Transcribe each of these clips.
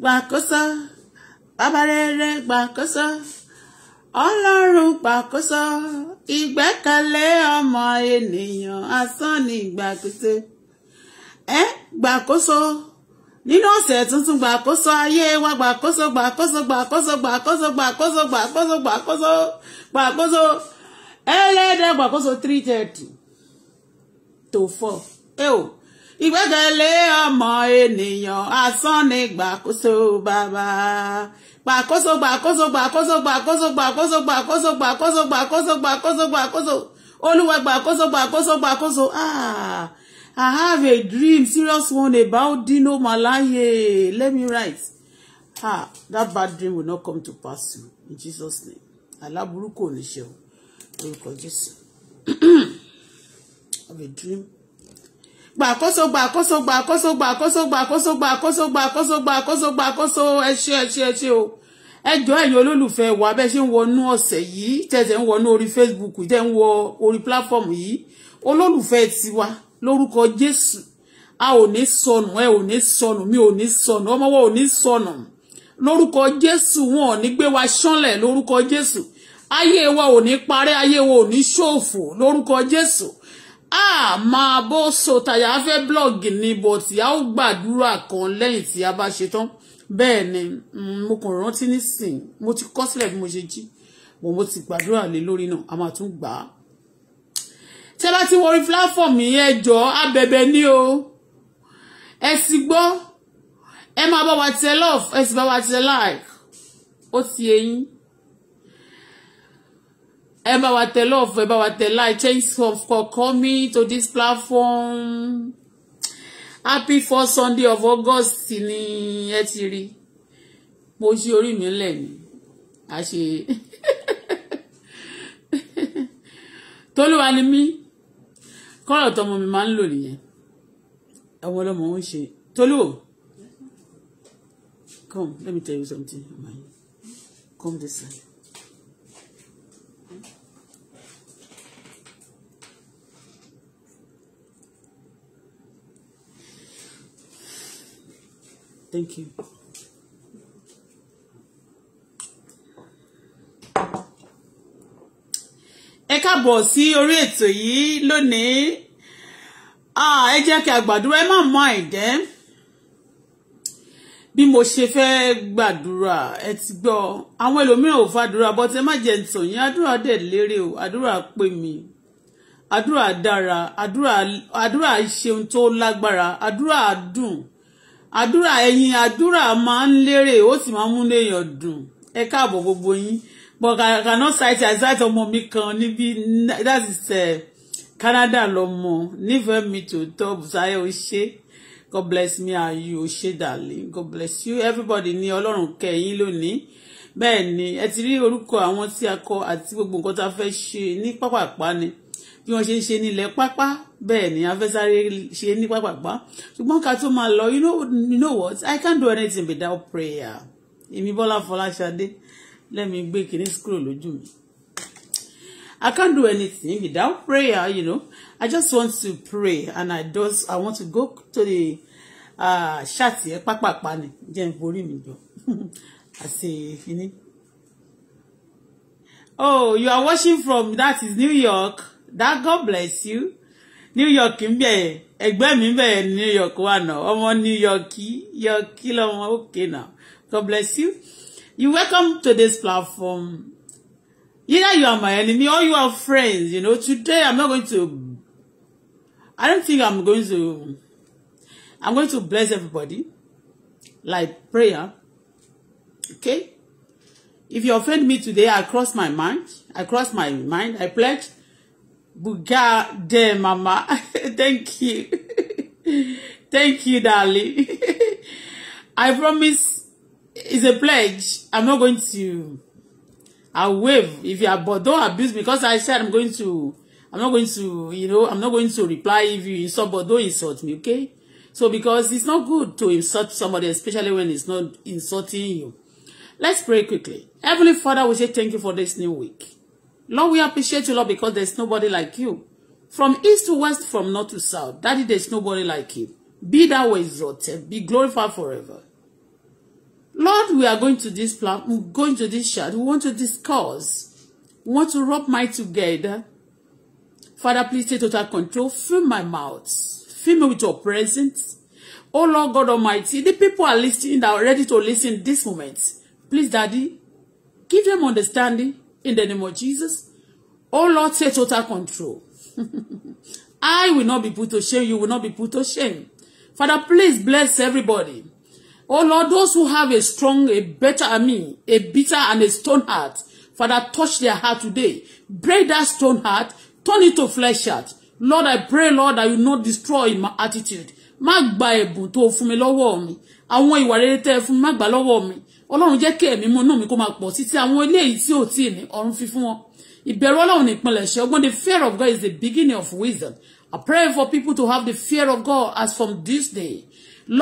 gbàkóso bàbá rere gbàkóso ọlọ́run gbàkóso ìgbẹ́kẹ̀lé ọmọ ènìyàn asán ni ìgbàkóso ẹ gbàkóso nínú ọ̀sẹ̀ tuntun gbàkóso ayé wa gbàkóso gbàkóso gbàkóso gbàkóso gbàkóso gbàkóso gbàkóso gbàkóso ẹlẹ́dẹ̀ gbàkóso three thirty to four ẹ o ìgbẹ́kẹ̀lé ọmọ ènìyàn asán ni gbàkóso bàbá gbàkóso gbàkóso gbàkóso gbàkóso gbàkóso gbàkóso gbàkóso gbàkóso gbàkóso gbàkóso olúwa gbàkóso gbàkóso gbàkóso ah i have a dream serious one about Dino Malaye. let me write ah that bad dream will not come to pass you in Jesus name aláburú kò ní ṣe o orúkọ Jésù i have a dream gbàkóso gbàkóso gbàkóso gbàkóso gbàkóso gbàkóso gbàkóso gbàkóso gbàkóso ẹ ṣé ẹ ṣé ẹ ṣé o ẹjọ́ ẹ̀yin olólùfẹ́ wa bẹ́ẹ̀ ṣe ń wọnú ọ̀sẹ̀ yìí tẹ̀sẹ̀ ń wọnú orí Facebook tẹ̀ ń wọ orí platform yìí olólùfẹ́ tiwa lórúkọ Jésù a ò ní sọnù ẹ ò ní sọnù mi ò ní sọnù ọmọ wa ò ní sọnù lórúkọ Jésù wọn ò ní gbé wa ṣánlẹ̀ lórúkọ Jésù ayé wa ò ní parẹ́ ayé wa ò ní ṣòfò lórúkọ Jésù a máa bó so tàyà á fẹ́ blọ́ọ̀gì ni but a ó gbàdúrà kan lẹ́yìn tí a bá ṣe tán bẹ́ẹ̀ ni mm, mo kàn rántí nísìn mo ti kọ́ sílẹ̀ bí mo ṣe jí mo mo ti gbàdúrà lé lórí náà a máa tún gbà á tẹ́ bá ti wọrí platform yìí ẹ jọ̀ọ́ abẹ̀bẹ̀ ni o ẹ sì gbọ́ ẹ máa bá wa tẹ love ẹ sì bá wa tẹ like ó ti yé ẹ bá wa tẹ love ẹ bá wa thanks for, for coming to this platform happy first sunday of august ni ẹ ti rí mo ṣe orí mi lẹ̀ ni a ṣe tolúwa ni mí kọ́rọ̀ tọmọ mi máa ń lò nìyẹn àwọn ọlọ́mọ ń ṣe tolúwo come let me tell you something come this side. Thank you. ẹ káàbọ̀ sí orí ètò yìí lónìí ẹ jẹ́ kí a gbàdúrà ẹ má mọ àìdẹ́ bí mo ṣe fẹ́ gbàdúrà ẹ ti gbọ́ àwọn ẹlòmíràn ò fàdúrà bọ́tí ẹ má jẹ́ ń yín àdúrà dẹ̀ lérè o àdúrà pè mí àdúrà dára àdúrà àdúrà ṣeun tó lágbára àdúrà dùn àdúrà ẹ̀yin àdúrà máa ń lérè ó sì máa ń múlé èèyàn dùn ẹ káàbọ̀ gbogbo yín but I cannot cite ọmọ mi kan níbi that is uh, Canada lọmọ nífẹ̀ẹ́ mi tòótọ́ Bùsáyé Oṣé God bless me and you Oṣé darling God bless you everybody ní Ọlọ́run kẹ́yìn lónìí bẹ́ẹ̀ ni ẹ ti rí orúkọ àwọn tí a kọ àti gbogbo nǹkan tá a fẹ́ ṣe ní pápá ìpáni bí wọ́n ṣe ń ṣe nílẹ̀ pápá bẹ́ẹ̀ ni afẹ́sáré ṣe ní pápápá ṣùgbọ́n ká tó máa lọ you know you know what I can't do anything without prayer èmi Bọ́lá Fọláṣadé lẹ́mi gbé kìíní kúrò lójú mi I can't do anything without prayer you know I just want to pray and I just I want to go to the ṣáàtì ah, ẹ pápápá ni jẹ́ n borí mi jọ àti ìfini. Oh, you are watching from that is New York that God bless you New York ń bẹ̀ ẹgbẹ́ mi ń bẹ̀ New York wà náà ọmọ New York York lọ́mọ okay now God bless you you welcome to this platform either you are my enemy or you are friends you know today I'm not going to I don't think I'm going to I'm going to bless everybody like prayer okay if you offend me today I cross my mind I cross my mind I pledge Buga there, Mama. Thank you. Thank you, darling. I promise it's a pledge. I'm not going to I wave if you are but don't abuse me because I said I'm going to I'm not going to you know I'm not going to reply if you insult but don't insult me, okay? So because it's not good to insult somebody, especially when it's not insulting you. Let's pray quickly. Heavenly Father, we say thank you for this new week. Lord, we appreciate you, Lord, because there's nobody like you. From east to west, from north to south, Daddy, there's nobody like you. Be that way, exalted, be glorified forever. Lord, we are going to this plan, we're going to this chat, we want to discuss, we want to rub my together. Father, please take total control, fill my mouth, fill me with your presence. Oh Lord God Almighty, the people are listening that are ready to listen this moment. Please, Daddy, give them understanding in the name of Jesus. Oh Lord, take total control. I will not be put to shame. You will not be put to shame. Father, please bless everybody. Oh Lord, those who have a strong, a better, I mean, a bitter and a stone heart, Father, touch their heart today. Break that stone heart, turn it to flesh heart. Lord, I pray, Lord, that you not destroy my attitude. Má gba to tó fún mi lọ́wọ́ mi. Àwọn ìwà rere tẹ́ fún mi, má mi ọlọ́run jẹ́ kí ẹ̀mí mọ́ náà mi kó máa pọ̀ títí àwọn eléyìí tí ò tí ì ní ọ̀run fífún wọn ìbẹ̀rù ọlọ́run nípìnlẹ̀ṣẹ̀ ọgbọ́n the fear of God is the beginning of wisdom I pray for people to have the fear of God as from this day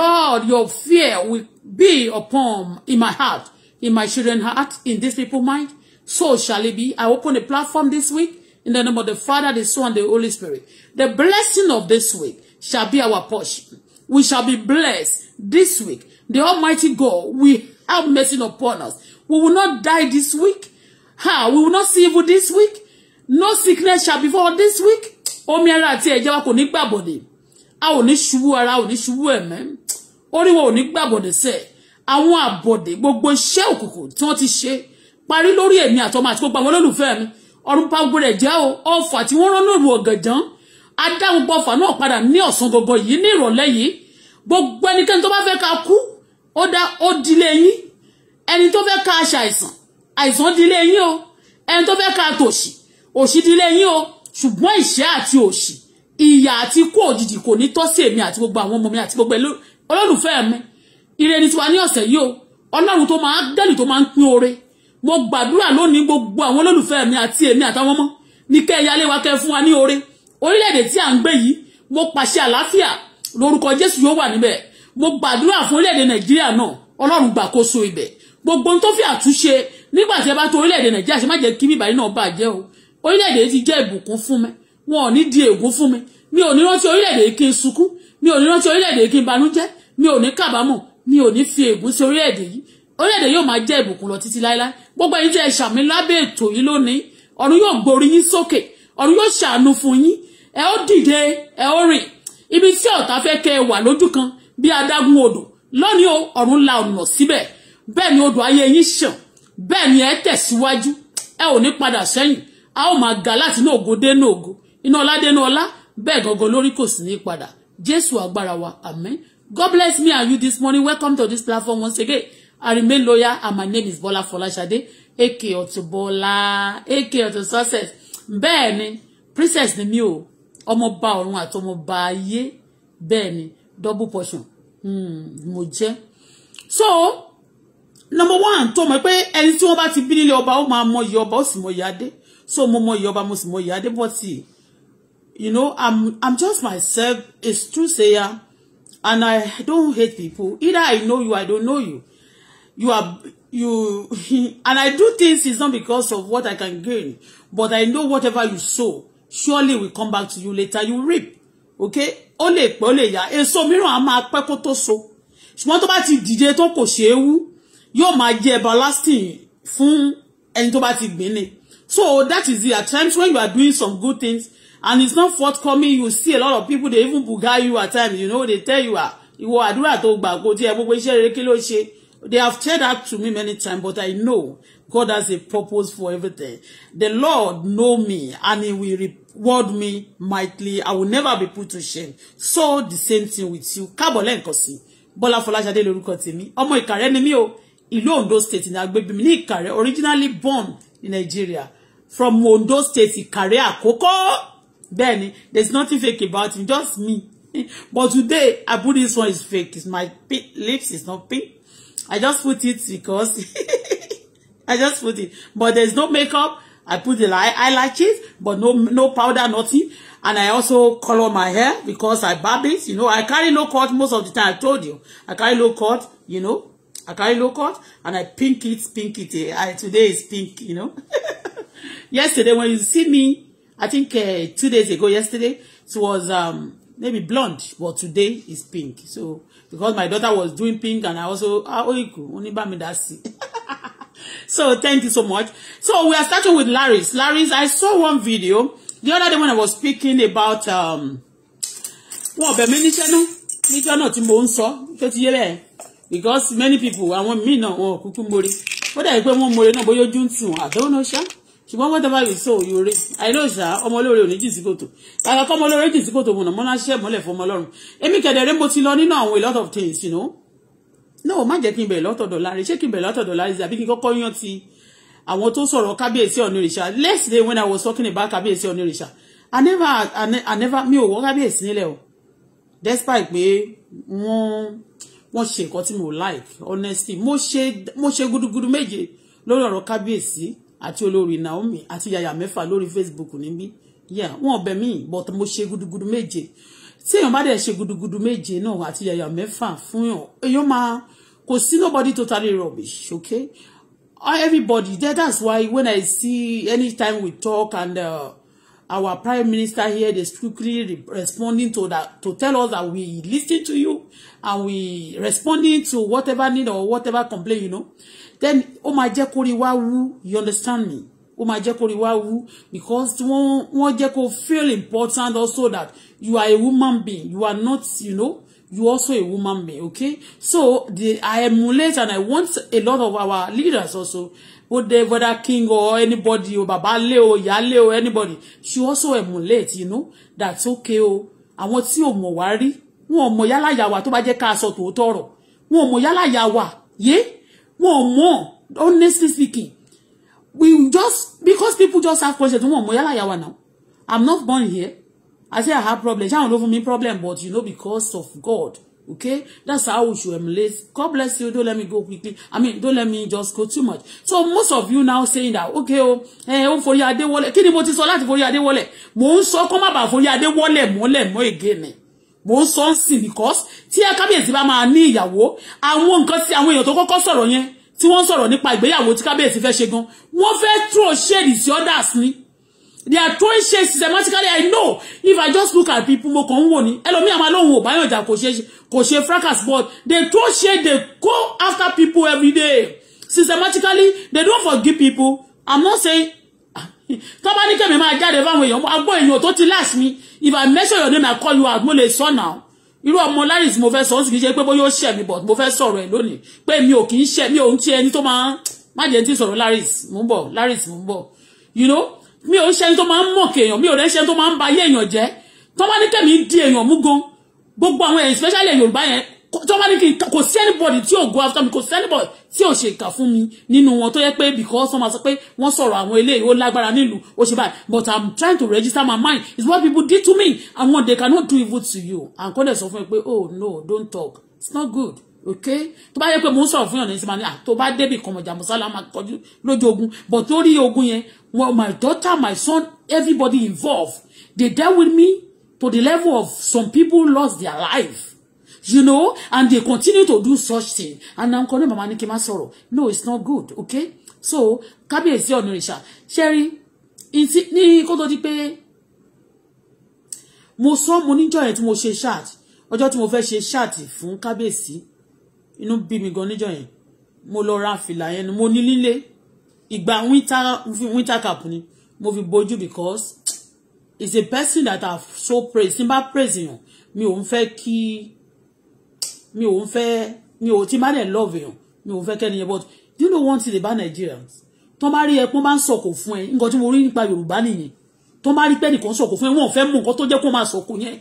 Lord your fear will be upon in my heart in my children heart in this people mind so shall it be I open a platform this week in the name of the Father the Son and the Holy Spirit the blessing of this week shall be our portion we shall be blessed this week the Almighty God will have mercy upon us. We will not die this week. Ha, we will not see evil this week. No sickness shall befall this week. Omi ara àti ẹ̀jẹ̀ wa kò ní gbàbọ̀dẹ̀. A ò ní ṣubú ara, a ò ní ṣubú ẹ̀mẹ́. Orí wa ò ní gbàbọ̀dẹ̀ sẹ̀. Àwọn àbọ̀dẹ̀ gbogbo iṣẹ́ òkùnkùn tí wọ́n ti ṣe parí lórí èmi àtọmọ àti gbogbo àwọn olólùfẹ́ mi. Ọ̀run pa gbogbo rẹ̀ jẹ́ o. Ọfà tí wọ́n rán lóru ọ̀gànján. Adáhùn gbọ́fà náà padà ní ọ̀sán gbogbo yìí ní ìrọ̀lẹ́ yìí. Gbogbo ẹnikẹ́ni tó bá fẹ́ ká kú ó dá ó dilé yín ẹni tó fẹ́ ka ṣàìsàn àìsàn dilé yín o ẹni tó fẹ́ ka tòṣì òṣì dilé yín o ṣùgbọ́n ìṣẹ́ àti òṣì ìyà àti kú òjijì kò ní tọ́ sí èmi àti gbogbo àwọn ọmọ mi àti gbogbo olólùfẹ́ mi ire ni tiwa ní ọ̀sẹ̀ yìí o ọlọ́run tó máa dẹ́lì tó máa ń pín oore mo gbàdúrà lónìí gbogbo àwọn olólùfẹ́ mi àti èmi àtàwọn ọmọ ní kẹ́ ẹ̀yà léwa kẹ́ fún wa ní oore orílẹ̀-èdè tí à ń gbé yìí mo pàṣẹ àlàáfíà lórúkọ jésù yóò wà níbẹ̀ mo gbàdúrà fún orílẹ̀-èdè nàìjíríà náà ọlọ́run gbàkóso ibẹ̀ gbogbo ohun tó fi àtúnṣe nígbà tí ẹ bá tó orílẹ̀-èdè nàìjíríà ṣe má jẹ́ kí bíbá yìí náà bàjẹ́ o orílẹ̀-èdè ti jẹ́ ìbùkún fún mi wọn ò ní di ègún fún mi mi ò ní rántí orílẹ̀-èdè kí n sunkún mi ò ní rántí orílẹ̀-èdè kí n banújẹ́ mi ò ní kábàámọ̀ mi ò ní fi ègún sí orílẹ̀-èdè yìí orílẹ̀-èdè yóò máa jẹ́ ìbùkún lọ títí láéláé gbogbo ẹ̀yin tí ẹ ṣàmì lábẹ́ ètò yìí lónìí ọ̀run yóò gborí yín sókè ọ̀run yóò ṣàánú fún yín ẹ ó dìde ẹ ó rìn ibi tí ọ̀tá fẹ́ kẹ́ ẹ wà lójú kan bí adágún odò lónìí o ọ̀run la ọ̀nà síbẹ̀ bẹ́ẹ̀ ni odò ayé yín ṣàn bẹ́ẹ̀ ni ẹ tẹ̀síwájú ẹ ò ní padà sẹ́yìn a ó máa ga láti inú ògo dé inú ògo inú ọlá dé inú ọlá bẹ́ẹ̀ gangan lórí kò sí ní padà jésù agbára wa amen god bless me and you this morning welcome to this platform once again i remain loyal and my name is bola folashade Eke Auto Bola Eke Auto Success bẹ́ẹ̀ ni princess ni mi o ba ọ̀run ba ayé bẹ́ẹ̀ ni double portion hmm, mo jẹ́ so number one tó mọ̀ pé ẹni tí wọ́n bá ti bí nílé ọba ó máa mọyì ọba ó sì mọyì adé so mo mọyì ọba mo sì mọyì adé bọ́ you know i'm i'm just myself a true sayer and i don't hate people either i know you i don't know you you are you and i do things is not because of what i can gain but i know whatever you sow surely will come back to you later you reap okay ó lè pẹ́ ó lè yá èso mìíràn á máa pẹ́ kó tó so ṣùgbọ́n tó bá ti dìde tó kò ṣeé wú yóò máa jẹ́ everlasting fún ẹni tó bá ti gbìn ni so that is it at times when you are doing some good things and it's not forthcoming you see a lot of people dey even buga you at times you know they tell you ah ìwọ àdúrà tó gbà kó tiẹ̀ gbogbo iṣẹ́ rere kí ló ṣe they have said that to me many times but I know God has a purpose for everything. The Lord know me and he will reward me mightily. I will never be put to shame. So the same thing with you. Káàbọ̀ lẹ́ǹkan sí. Bọ́lá Fọláṣadé lórúkọ tèmi. Ọmọ Ìkàrẹ́ ni mí o. ilu Ondo State ni agbébí mi ní Ìkàrẹ́ originally born in Nigeria from Ondo State Ìkàrẹ́ Àkókó. Bẹ́ẹ̀ni there is nothing fake about him just me. But today I put this one is fake. It's my lips is not pink. I just put it because I just put it. But there's no makeup. I put the eyelashes, but no no powder, nothing. And I also color my hair because I barb it. You know, I carry low cut most of the time. I told you. I carry low cut, you know. I carry low cut and I pink it, pink it. Eh, I, today is pink, you know. yesterday, when you see me, I think uh, two days ago, yesterday, it was um, maybe blonde, but today is pink. So, because my daughter was doing pink and I also, ah, oh, only me that So thank you so much. So we are starting with Larry's. Larry's, I saw one video the other day when I was speaking about um wọ́n ọ̀bẹ many channel? You cannot náà tí mo ń because many people àwọn míì náà wọn ò kúkú What I dàbí pé wọ́n mórí náà bóyá ojú ń tì wọ́n àtọ́wọ́n náà ṣá ṣùgbọ́n whatever you saw. you reap I know ṣá ọmọ olóore ò ní jìn sí kòtò kàkà kọ́ ọmọ olóore jìn sí kòtò mọ̀nà mọ́ná ṣẹ́ mọ́lẹ̀ fún ọmọ ọlọ́run èmi kẹ̀dẹ̀ rẹ́ mo ti lọ nínú àwọn a lot of things you know No má jẹ́ kí n bẹ̀rẹ̀ lọ́tọ̀dọ̀ láre ṣé kí n bẹ̀rẹ̀ lọ́tọ̀dọ̀ láre àbí kí n kọ́kọ́ yan ti àwọn tó sọ̀rọ̀ kábíyèsí ọ̀nìrìṣà last day when I was talking about kábíyèsí ọ̀nìrìṣà I never I never mi ò wọ́ kábíyèsí nílẹ̀ o despite pé wọ́n wọ́n ṣe nǹkan tí mo like honestly mo ṣe mo ṣe gudugudu méje lórí ọ̀rọ̀ kábíyèsí àti olórí Naomi àti yàyà mẹ́fà lórí Facebook níbí yeah wọn ọbẹ̀ mi but mo ṣe gudugudu méje tí èèyàn bá dẹ̀ ṣe gudugudu méje náà àti yàyà mẹ́fà fún èèyàn èèyàn máa kò sí nobody totally rubbish okay everybody that, that's why when I see anytime we talk and uh, our prime minister here is strictly re responding to that to tell us that we listen to you and we responding to whatever need or whatever complaint you know then ó máa jẹ́ kó you understand me ó máa jẹ́ kó because one one jẹ́ feel important also that you are a woman being you are not you know you also a woman man okay so the I emulate and I want a lot of our leaders also whether whether king or anybody or baba le o ìyá le o anybody She also emulate you know that's okay o àwọn tí ò mọ̀ wá rí wọn ò mọ̀ yálà yà wá tó bá jẹ́ ká sọ tòótọ́ ọ̀rọ̀ wọn ò mọ̀ yálà yà yé wọn ò honestly speaking we just because people just have questions wọn ò mọ̀ yálà yà now I'm not born here I say I have problems. I don't know fún me problem but you know because of God okay that's how we should emulate God bless you don't let me go quickly I mean don't let me just go too much so most of you now saying that okay o oh, ẹ eh, for you adé wọlé kí ni mo ti sọ láti forí adé wọlé mò ń sọ kó má bàa forí adé wọlé mọ́lẹ̀ mọ́ ègé mi mò ń sọ ń sìn because tí ẹ kábíyèsí bá máa ní ìyàwó àwọn nǹkan sí àwọn èèyàn tó kọ́kọ́ sọ̀rọ̀ yẹn tí wọ́n sọ̀rọ̀ nípa ìgbéyàwó tí kábíyèsí fẹ́ ṣe gan wọ́n fẹ́ throw shade sí others ni they are throwing shit systematically i know if i just look at people mo kàn ń wò ní ẹlòmíì àwọn alóhùn ò báyànjà kò ṣe kò ṣe fracas but they throw shit. they go after people every day systematically they don't forgive people i'm not saying tó bá ní kẹ́mi máa jáde fáwọn èèyàn agbó èèyàn tó ti last me if i measure your name i call you out mo lè sọ now irú ọmọ larry tí mo fẹ́ sọ ó sì kì ṣe pé bóyá ó ṣẹ̀ mi but mo fẹ́ sọ̀rọ̀ ẹ̀ lónìí pé mi ò kì í ṣẹ̀ mi ò ń ti ẹni tó máa má jẹ́ ti sọ̀rọ̀ larry mo ń bọ̀ larry mo ń bọ̀ you know mi ò ṣẹni tó máa ń mọ̀kè èèyàn mi ò rẹ́ ṣẹni tó máa ń ba ayé èèyàn jẹ́ tó bá ní kẹ́mi di èèyàn mú gan gbogbo àwọn èèyàn especially Yorùbá yẹn tó bá ní kí kò sí anybody tí ò go after me kò sí anybody tí ò ṣe ìkà fún mi nínú wọn tó yẹ pé because wọ́n máa sọ pé wọ́n sọ̀rọ̀ àwọn eléyìí ó lágbára nílùú ó ṣe báyìí but i'm trying to register my mind it's what people did to me and what they cannot do evil to you and kò dẹ̀ sọ fún mi pé oh no don't talk it's not good okay tó bá yẹ pé mo ń sọ̀rọ̀ fún yàn ní sinmi àná ah, tó bá débì kan mọ̀jà mọ̀sálà lójú ogun but torí ogun yẹn well, my daughter, my son, everybody involved. They dealt with me to the level of some people lost their life. You know, and they continue to do such thing. And I'm calling Mama Nikki sorrow. No, it's not good, okay? So, Kábíyèsí Ọ̀nàrìṣà. Sherry, ní kó tó di pe. mo sọ mo níjọ́ yẹn tí mo ṣe ṣáàtì ọjọ́ tí mo fẹ́ ṣe fun Kabi si, inú bí mi gan níjọ́ yẹn mo lọ ra fìlà yẹn mo ni nílé ìgbà winter winter cap ni mo fi bojú because it's a person that I so praise tí n bá praise yàn mi ò ń fẹ́ kí mi ò ń fẹ́ mi ò tí n bá dẹ̀ love yàn mi ò ń fẹ́ kẹ́ni yẹn but do you know one thing about Nigerians tó bá rí ẹpọ́n bá ń sọ̀kò fún ẹ nǹkan tí mo rí nípa Yorùbá nìyẹn tó bá rí pẹ́ nìkan sọ̀kò fún ẹ wọn ò fẹ́ mú nǹkan tó jẹ́ kó máa sọ̀kò yẹn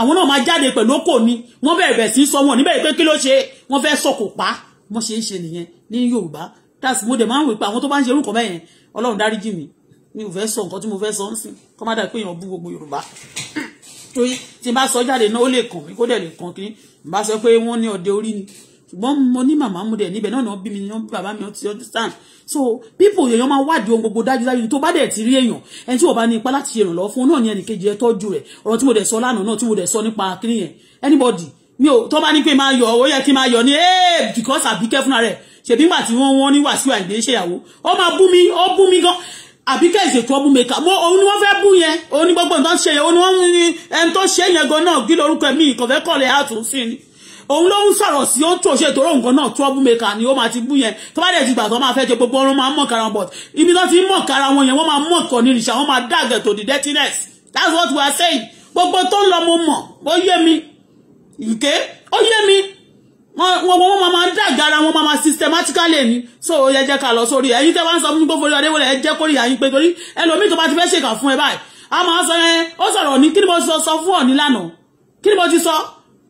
àwọn náà máa jáde pẹ̀lú òkò ni wọ́n bẹ̀rẹ̀ bẹ̀ sí sọ wọn níbẹ̀ pé kí ló ṣe wọ́n fẹ́ sọ̀kò pa wọ́n ṣe ń ṣe nìyẹn ní Yorùbá that's mo dẹ̀ máa ń wí pé àwọn tó bá ń ṣe orúkọ bẹ́yẹn ọlọ́run dáríjì mi mi ò fẹ́ sọ nǹkan tí mo fẹ́ sọ ń sìn kọ́ má dà pé èèyàn bú gbogbo yorùbá torí tí n bá sọ jáde náà ó lè kàn mí kó dẹ̀ lè kàn kí n bá sọ pé wọ́n ní ọdẹ orí ni ṣùgbọ́n mo ní màmá mu dẹ̀ níbẹ̀ náà náà bí mi náà bí bàbá mi ti understand so people èèyàn máa wádìí ohun gbogbo dájúdájú tó bá dẹ̀ ti rí èèyàn ẹni tí ò bá ní ipá láti ṣe ìrànlọ́wọ́ fún un náà ní ẹnìkejì ẹ tọ́jú rẹ̀ ọ̀rọ̀ tí mo dẹ̀ sọ lánàá náà tí mo dẹ̀ sọ nípa kíní yẹn anybody mi ò tó bá ní pé máa yọ ó yẹ kí máa yọ ní ẹ́ẹ̀ because àbíkẹ́ fúnra rẹ̀ ṣèbí gbà tí wọ́n wọ́n ní Wàsíù Àyìndé ṣèyàwó ó máa bú mi ó bú mi gan àbí kẹ́sì tó bú mi mo òun ni wọ́n fẹ́ bú yẹn òun ni gbogbo nǹkan ṣe yẹn ni wọ́n ní ẹni tó ṣe yẹn gan náà kí lorúkọ mi ìkọ̀fẹ́ kọ̀lẹ̀ àtúnṣin ni òun ló ń sọ̀rọ̀ sí ó tòṣe ìtòrò nǹkan náà trouble maker ni ó máa ti bú yẹn tó bá dẹ̀ ti gbà tó máa fẹ́ jẹ gbogbo ọrùn máa ń mọ̀ but ibi tó ti ń mọ̀ kára wọn yẹn wọ́n máa mọ̀ kọ̀ ní ìṣà wọ́n máa to the dirtiness that's what we are saying gbogbo tó ń lọ mo mọ̀ ó yé mi ǹkẹ́ ó yé mi wọn wọn máa máa dàgbà ara wọn máa máa systematically ni so ẹ jẹ́ ká lọ sórí ẹ̀yin tẹ́ wá ń sọ fún gbogbo Adéwọlé ẹ jẹ́ kórìíra yín pé torí ẹlòmíì tó bá ti fẹ́ ṣèkà fún ẹ báyìí a máa sọ ẹ ó sọ̀rọ̀ ní kí ni mo sọ sọ fún ọ nílànà kí ni mo ti sọ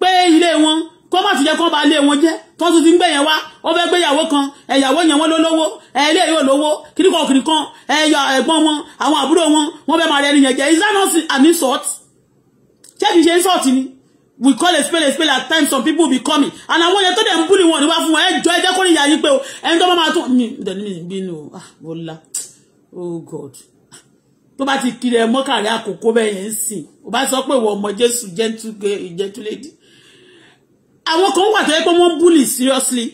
pé ilé wọn kó má ti jẹ́ kó ba ilé wọn jẹ́ tó tún ti ń gbé yẹn wá ó fẹ́ gbéyàwó kan ẹ̀yàwó yẹn wọ́n ló lówó ẹ̀ẹ́lẹ́ yóò lówó kìnnìkan kìnnìkan ẹ̀yà ẹ̀gbọ́n wọn àwọn àbúrò wọn wọ́n fẹ́ máa rẹ ẹni yẹn jẹ́ is that not an insult ṣé kìí ṣe insult ni we call a spell a spell at times some people be coming and àwọn yẹn tó dẹ̀ ń bú ni wọn níwá fún wọn ẹjọ́ ẹjẹ́ kó níyà yín pé o ẹni tó bá máa tún mi dẹ̀ni mi bínú o ah mo la oh god tó bá ti kiri ẹ mọ́kàrí àkókò bẹ́ẹ̀ yẹn ń sìn o bá sọ pé ìwọ ọmọ jésù jẹ́ntúlẹ́dì àwọn kan wà tó yẹ pé wọ́n bully seriously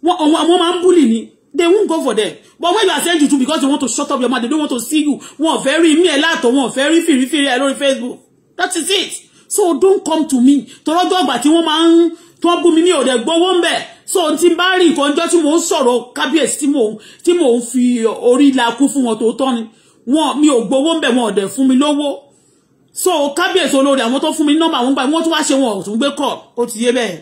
wọ́n máa ń bully ni they won't go for them but when you are saying you too because they want to shut up your mouth they don't want to see you wọn ò fẹ́ rí mí ẹ̀ látọ̀ wọn ò fẹ́ rí fìrífìrí ẹ̀ lórí facebook that is it so don't come to me tọ́lọ́jọ́ ìgbà tí wọ́n máa ń tó bú mi ní òde gbowó ń so n ti bá rí nǹkan ọjọ́ tí mò ń sọ̀rọ̀ kábíyèsí tí mò tí mò ń fi orí lakú fún wọn tòótọ́ ni wọn mi ò gbowó ń bẹ̀ wọn ọ̀dẹ̀ mi lówó so kábíyèsí olórí àwọn tó fún mi ní nọ́mbà àwọn gbà wọ́n tún wá ṣe wọn ọ̀tún gbé kọ̀ ó ti yé bẹ́ẹ̀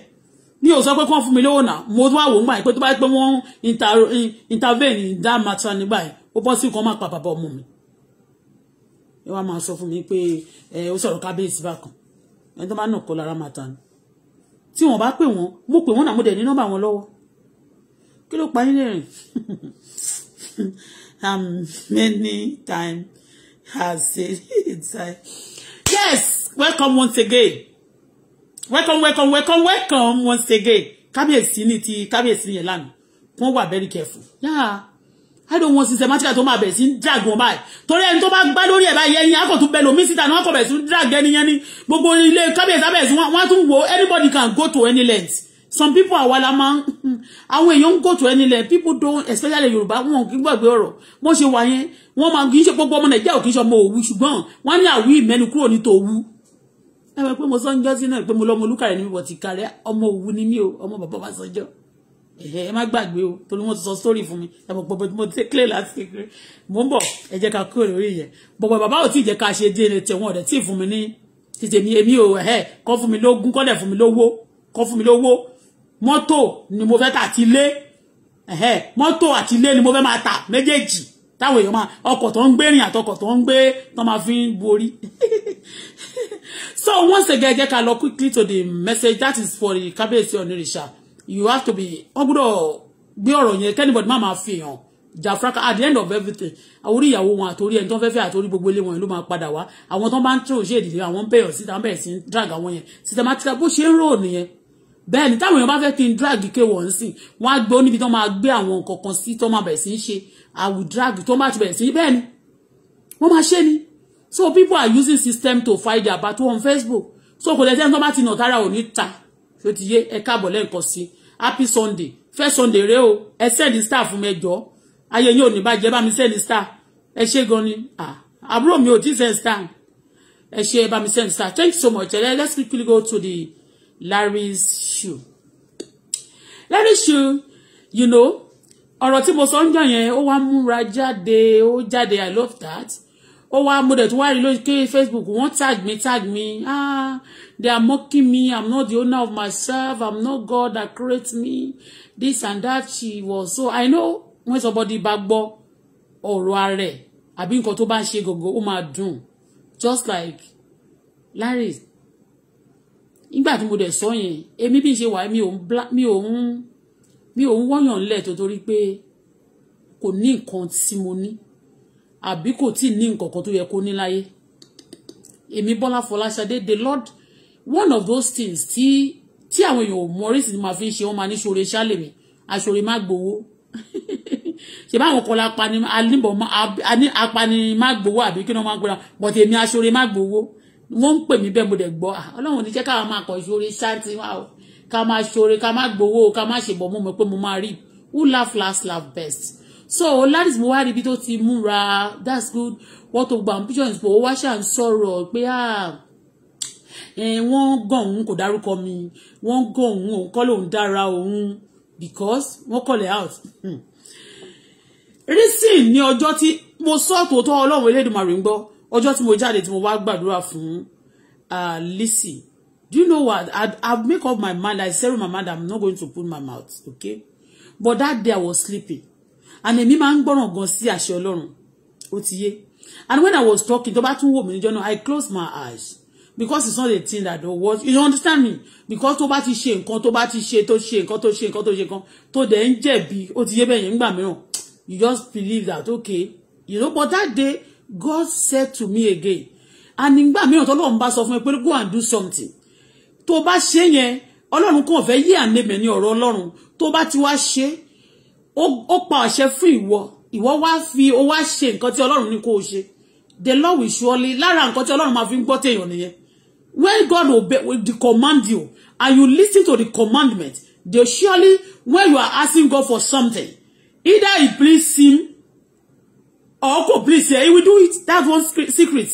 ní ò sọ pé kí wọ́n fún mi lówó náà mo tún wá wò ó gbà pé tó bá pé intervene in that matter nígbà yẹn ó bọ́ sí nǹkan má pa bàbá ọmọ mi ẹ wá máa sọ fún mi pé ẹ ó sọ̀rọ̀ kábíyèsí bákan ẹni tó máa ń nà kọ́ lára máa ta tí wọ́n bá pè wọ́n mo pè wọ́n náà mo dẹ̀ ní nọ́mbà wọn lọ́wọ́ kí ló pa yín lẹ́rìn um many times has said inside yes welcome once again welcome welcome welcome welcome once again kábíyèsí ní ti kábíyèsí yẹn lánàá wọ́n wà very careful Yeah àdó wọn systematica tó máa bẹ̀ sí dàgùn báyìí torí ẹni tó bá gbá lórí ẹ̀ báyìí ẹni akọ̀ tún bẹ lómi síta ni wọ́n kọ̀ bẹ̀ sí drag ẹni yẹn ni gbogbo ilé kábíyèsí abẹ́ẹ̀sì wọ́n tún wo anybody can go to any length some people are la máa And when you ń go to any length people don't especially Yorùbá wọn kì í gbàgbé ọ̀rọ̀ bó ṣe wà yẹn wọ́n máa kì í ṣe gbogbo ọmọ Nàìjíríà ò kì í ṣe ọmọ òwu ṣùgbọ́n wọ́n ní àwí ìmẹ́nu kúrò ní tòwu ẹ wẹ pé mo sọ́njọ́ sí náà pé mo lọ́mọ olúkàrẹ́ ní mi bọ̀ ti kàrẹ́ ọmọ òwu ni mí o ọmọ bàbá ẹ má gbàgbé o torí wọ́n ti sọ story fún mi ẹ mọ̀ pọ̀pọ̀ tí mo ti clear láti kékeré mò ń bọ̀ ẹ jẹ́ ká kúrò lórí yẹn bọ̀bọ̀ bàbá ò tí ì jẹ́ ká ṣe DNA tẹ̀ wọ́n ọ̀dẹ̀ tí ì fún mi ní tètè mi èmi ò ẹ̀ kọ́ fún mi lógún kọ́ dẹ̀ fún mi lówó kọ́ fún mi lówó mọ́tò ni mo fẹ́ tà àti ilé mọ́tò àti ilé ni mo fẹ́ máa tà méjèèjì táwọn èèyàn máa ọkọ̀ tó ń gbé rìn àtọkọ̀ tó ń gbé tó máa fi ń borí so once again jẹ́ ká lọ quickly to the message that is for the kábíyèsí onírìṣà you have to be wọ́n gbọ́dọ̀ gbé ọ̀rọ̀ yẹn kẹ́nìbọ̀dì má máa fi hàn jàfraka at the end of everything orí ìyàwó wọn àtòrí ẹni tó ń fẹ́ fẹ́ àtòrí gbogbo ilé wọn ló máa padà wá àwọn tó bá ń tí òṣè ìdílé àwọn bẹ̀rẹ̀ síta bẹ̀rẹ̀ sí drag àwọn yẹn systematica bó ṣe ń rò nìyẹn bẹ́ẹ̀ ni táwọn èèyàn bá fẹ́ kí n drag ké wọ̀ ń sìn wọ́n á gbé níbi tó máa gbé àwọn nǹkan kan sí tó máa bẹ̀rẹ̀ sí ń drag tó máa ti bẹ̀rẹ̀ sí bẹ́ẹ̀ ni wọ́n máa ni so people are using system to fight their battle on Facebook so kò lẹ́sẹ̀ tó bá ti nà tára ta ṣó ti yé ẹ káàbọ̀ lẹ́ǹkan sí i happy sunday first sunday rèé o ẹ send star fún mi ẹ jọ̀ọ́ ayé yín ò ní bàjẹ́ bá mi send star ẹ ṣé gan ni àbúrò mi ò tí send star ẹ ṣé bá mi send star thank you so much ẹ let's quickly go to the larry's shoe larry's shoe you know ọ̀rọ̀ tí mo sọ ń jọ yẹn ó wá múra jáde ó jáde i love that ó wá mo dẹ̀ tún wá rí lórí facebook wọ́n tag me. tag me. ah They are mocking me. I'm not the owner of myself. I'm not God that creates me. This and that she was. So I know when somebody bá or ọ̀rọ̀ I've been àbí nǹkan tó she go go gògó just like Larry In tí mo dẹ̀ sọ yẹn èmi bí n ṣe wà mi ò ń mi ò ń wọ́yàn ńlẹ̀ tó torí pé kò ní nǹkan tí mo ní àbí kò tí ì ní nǹkan kan tó yẹ kó ní láyé èmi Bọ́lá the Lord one of those things tí tí àwọn èèyàn ò mọrí sí ni màá fi ń ṣe wọn máa ní ṣoore ṣálè mi aṣoore má gbowó ṣe báwọn kọlá apani alíbọn apani má gbowó àbí kí ni no máa gbowó but èmi aṣoore má gbowó wọn ń pè mí bẹ́ẹ̀ mo dẹ̀ gbọ́ ah, ọlọ́run ní jẹ́ káwọn máa kọ̀ ṣoore ṣáàtì wa o ká máa ṣoore ká máa gbowó ká máa ṣèbọ̀ mú mi pé mo máa rí who laugh last laugh best so ladies mo wá rí ibi tó ti múra that's good What tó gba ambitions bò ó wá ṣà ń ah wọ́n gàn òun kò dárúkọ mi wọ́n gàn òun òun kọ́ lòun dára òun because wọ́n kọ̀lẹ̀ out. Hmm. reason ní ọjọ́ tí mo sọ tòótọ́ ọlọ́run elédùnmarè ń gbọ́ ọjọ́ tí mo jáde tí mo wá gbàdúrà fún Lizzy do you know what I I make up my mind I settle my mind I'm not going to put my mouth okay but that day I was sleeping and èmi máa ń gbọ́ràn gan sí àṣẹ ọlọ́run ó ti yé and when I was talking tó bá tún wò mí níjọ́ náà I closed my eyes because it's not a thing that don't work you understand me because tó bá ti ṣe nǹkan tó bá ti ṣe tó ṣe nǹkan tó ṣe nǹkan tó ṣe nǹkan tó dẹ̀ ń jẹ̀bi ó ti yé bẹ́ẹ̀ yẹn nígbà mìíràn you just believe that okay you know but that day God said to me again and nígbà mìíràn tó lọ́run bá sọ fún mi pé go and do something tó bá ṣe yẹn ọlọ́run kàn fẹ́ yí ànemẹ̀ ní ọ̀rọ̀ ọlọ́run tó bá ti wá ṣe ó pa àṣẹ fún ìwọ ìwọ wá fi ó wá ṣe nǹkan tí ọlọ́run ní kó o ṣe the Lord will surely lára nǹkan tí ọlọ́run máa fi ń gbọ́ téèyàn nìyẹn when God obey will command you and you listen to the commandment, they surely when you are asking God for something, either He please him or could please yeah, he will do it. That one secret.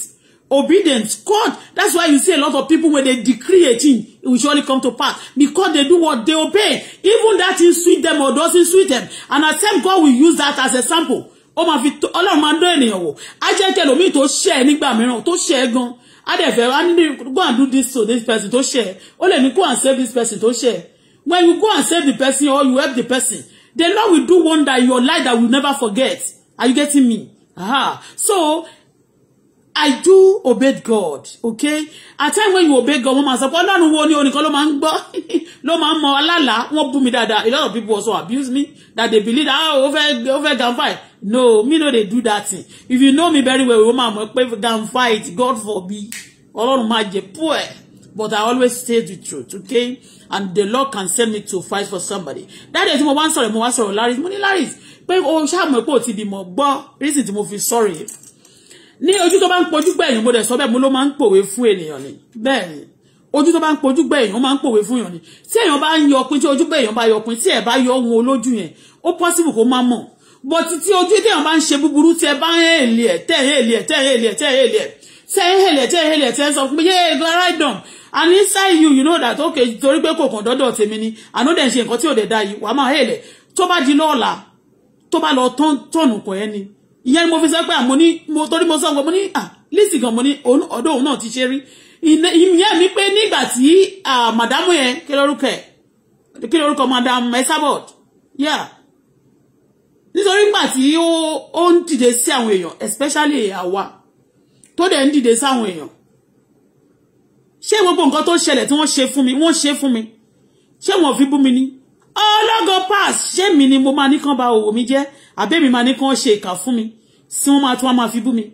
Obedience, God. That's why you see a lot of people when they decree a thing, it will surely come to pass because they do what they obey. Even that thing sweet them or doesn't sweet them. And at same God will use that as a sample. Ó máa fi Ọlọ́run máa ń dán ènìyàn wò. Á jẹ́ kẹlòmíì tó ṣẹ́ ẹ nígbà mìíràn tó ṣẹ́ ẹ gan-an á dẹ̀ fẹ́ á ní go and do this to this person tó ṣe ó lè ní go and save this person tó ṣe when you go and save the person or you help the person the Lord will do wonder in your life that we never forget are you getting me aha so I do obey God, okay? At time when you obey God, woman máa sọ pé ọlọ́run wo ni onìkan ló máa ń gbọ́ ló máa ń mọ alálàá wọ́n mi dáadáa. A lot of people also abuse me that they believe that ó ah, over ó fẹ́ gunfight. No, me no They do that thing. If you know me very well, woman, máa mọ̀ pé gunfight, God forbid, ọlọ́run máa jẹ poor. But I always say the truth, okay? And the Lord can send me to fight for somebody. That is mo one sorry, sọ̀rọ̀ mo wá sọ̀rọ̀ Larry. Mo ní Larry pé o ṣáà mọ̀ pé o ti bímọ gbọ́ reason tí mo fi sọ̀rọ̀ Ni oju tó bá ń pojú gbẹ̀yìn mo dẹ̀ sọ bẹ́ẹ̀ mo ló máa ń pòwe fún ni bẹ́ẹ̀ ni oju tó bá ń pojú gbẹ̀yìn ó máa ń pòwe ni tí èèyàn bá ń yọ ọpin tí ojú gbẹ̀yìn bá yọ ọpin tí ẹ̀ bá yọ ohun olójú yẹn o pọ́sibù kó má mọ̀ bọ́ títí ojú tí èèyàn bá ń ṣe búburú tí ẹ bá ń te ẹ̀ tẹ́ te ẹ̀ tẹ́ hèlì ẹ̀ tẹ́ hèlì ẹ̀ tẹ́ te ẹ̀ tẹ́ hèlì ẹ̀ tẹ́ sọ fún mi yéé and inside you you know that okay torí pé kò kàn dọ́dọ̀ tèmi ni àná dẹ̀ ń ṣe nǹkan tí ò dẹ̀ da yìí wàá máa hèlẹ̀ tó bá di lọ́ọ̀la tó bá lọ tọ́nù kọ̀ ẹ́ ni ìyẹn ni mo fi sọ pé àmọ́ ní mo torí mo sọ wọn mo ní à lísì gan mo ní ọ̀dọ̀ òun náà ti ṣe rí ìyẹn mi pé nígbà tí màdámù yẹn kí lórúkọ ẹ kí lórúkọ madam esabod yà nítorí nígbà tí ó ń dìde sí àwọn èèyàn especially àwa tó dẹ̀ ń dìde sí àwọn èèyàn ṣé gbogbo nǹkan tó ṣẹlẹ̀ tí wọ́n ṣe fún mi wọ́n ṣe fún mi ṣé wọ́n fi bú mi ni ọlọ́gọ pass ṣé mi ni mo máa ní kán ba òwò mi jẹ́ àbẹ́mi máa ní kán ṣe ìkà fún mi sí wọ́n máa tún wọ́n máa fi bú mi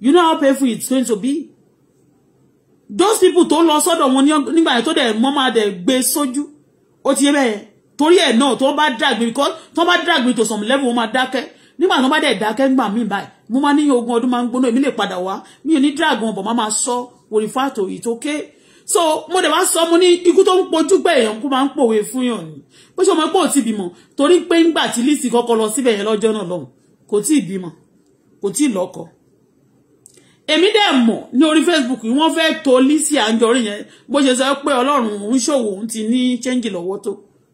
you know how painful it's going to be those people tó lọ sọ́dọ̀ wọn nígbà yẹn tó dẹ̀ mọ́ máa dẹ̀ gbé sójú ó ti yẹ bẹ́ẹ̀ torí ẹ̀ náà tó bá drag me because tó bá drag me to some level wọ́n máa dákẹ́ nígbà tó bá dẹ̀ dákẹ́ nígbà míì báyìí mo máa níyàn ogún ọdún máa ń gbóná èmi lè padà wá mi ò ní drag wọn bọ̀ máa máa sọ òrìfà tó yìí tó ké so mo dẹ̀ wá sọ mo ní ikú tó ń pojú pé èèyàn kú máa ń pòwe fún yàn ni bó ṣe mọ pé ò ti bímọ torí pé ńgbà tí lísì kọ́kọ́ lọ síbẹ̀ yẹn lọ́jọ́ náà lọ́hùn kò tí ì bímọ kò tí ì lọ́kọ èmi dẹ̀ mọ̀ ní orí Facebook yìí wọ́n fẹ́ẹ́ to Lizzy Anjorin yẹn bó ṣe sọ pé Ọlọ́run òun ṣòwò òun ti ní ṣẹ́ńjì lọ́wọ́ tó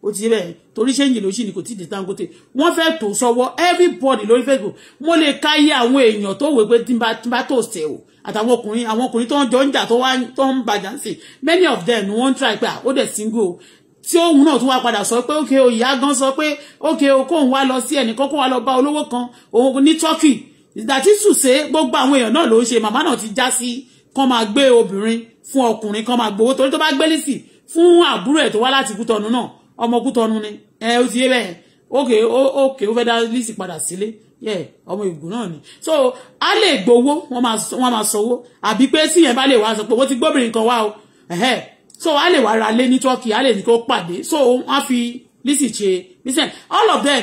ó ti bẹ́ẹ̀ torí ṣẹ́ńjì ló ṣì ní kò tí ì dé Dangote wọ́n fẹ́ẹ́ tó everybody lórí Facebook mo lè ka iye àwọn èèyàn tó wò pé tí n bá tó ṣe o àtàwọn ọkùnrin àwọn ọkùnrin tó ń jọ ń jà tó ń bàjá sí many of them ni wọ́n ń try pé ah, ó dẹ̀ single tí òun náà tún wá padà sọ pé ókè o ìyá gan sọ pé ókè o kóun wá lọ sí ẹnìkan kó wá lọ bá olówó kan òun ní Turkey that is to say gbogbo àwọn èèyàn náà ló ń ṣe màmá náà ti já sí kán máa gbé obìnrin fún ọkùnrin kán máa gbowó torí tó bá gbé lísì fún àbúrò ẹ̀ tó wá láti kútọ̀nù náà ọmọ kútọ̀nù ni ẹ ó ti yé bẹ́ẹ̀ okay okay ó fẹ́ dá lísì padà sílé yẹ ọmọ ìgò náà ni so a lè gbowó wọ́n máa sanwó àbí pé tí yẹn bá lè wá sọ pé wọ́n ti gbóbìnrin kan wá o so a lè wá ra lé ní turkey a lè ní kó pàdé so wọ́n á fi lísì ṣe all of them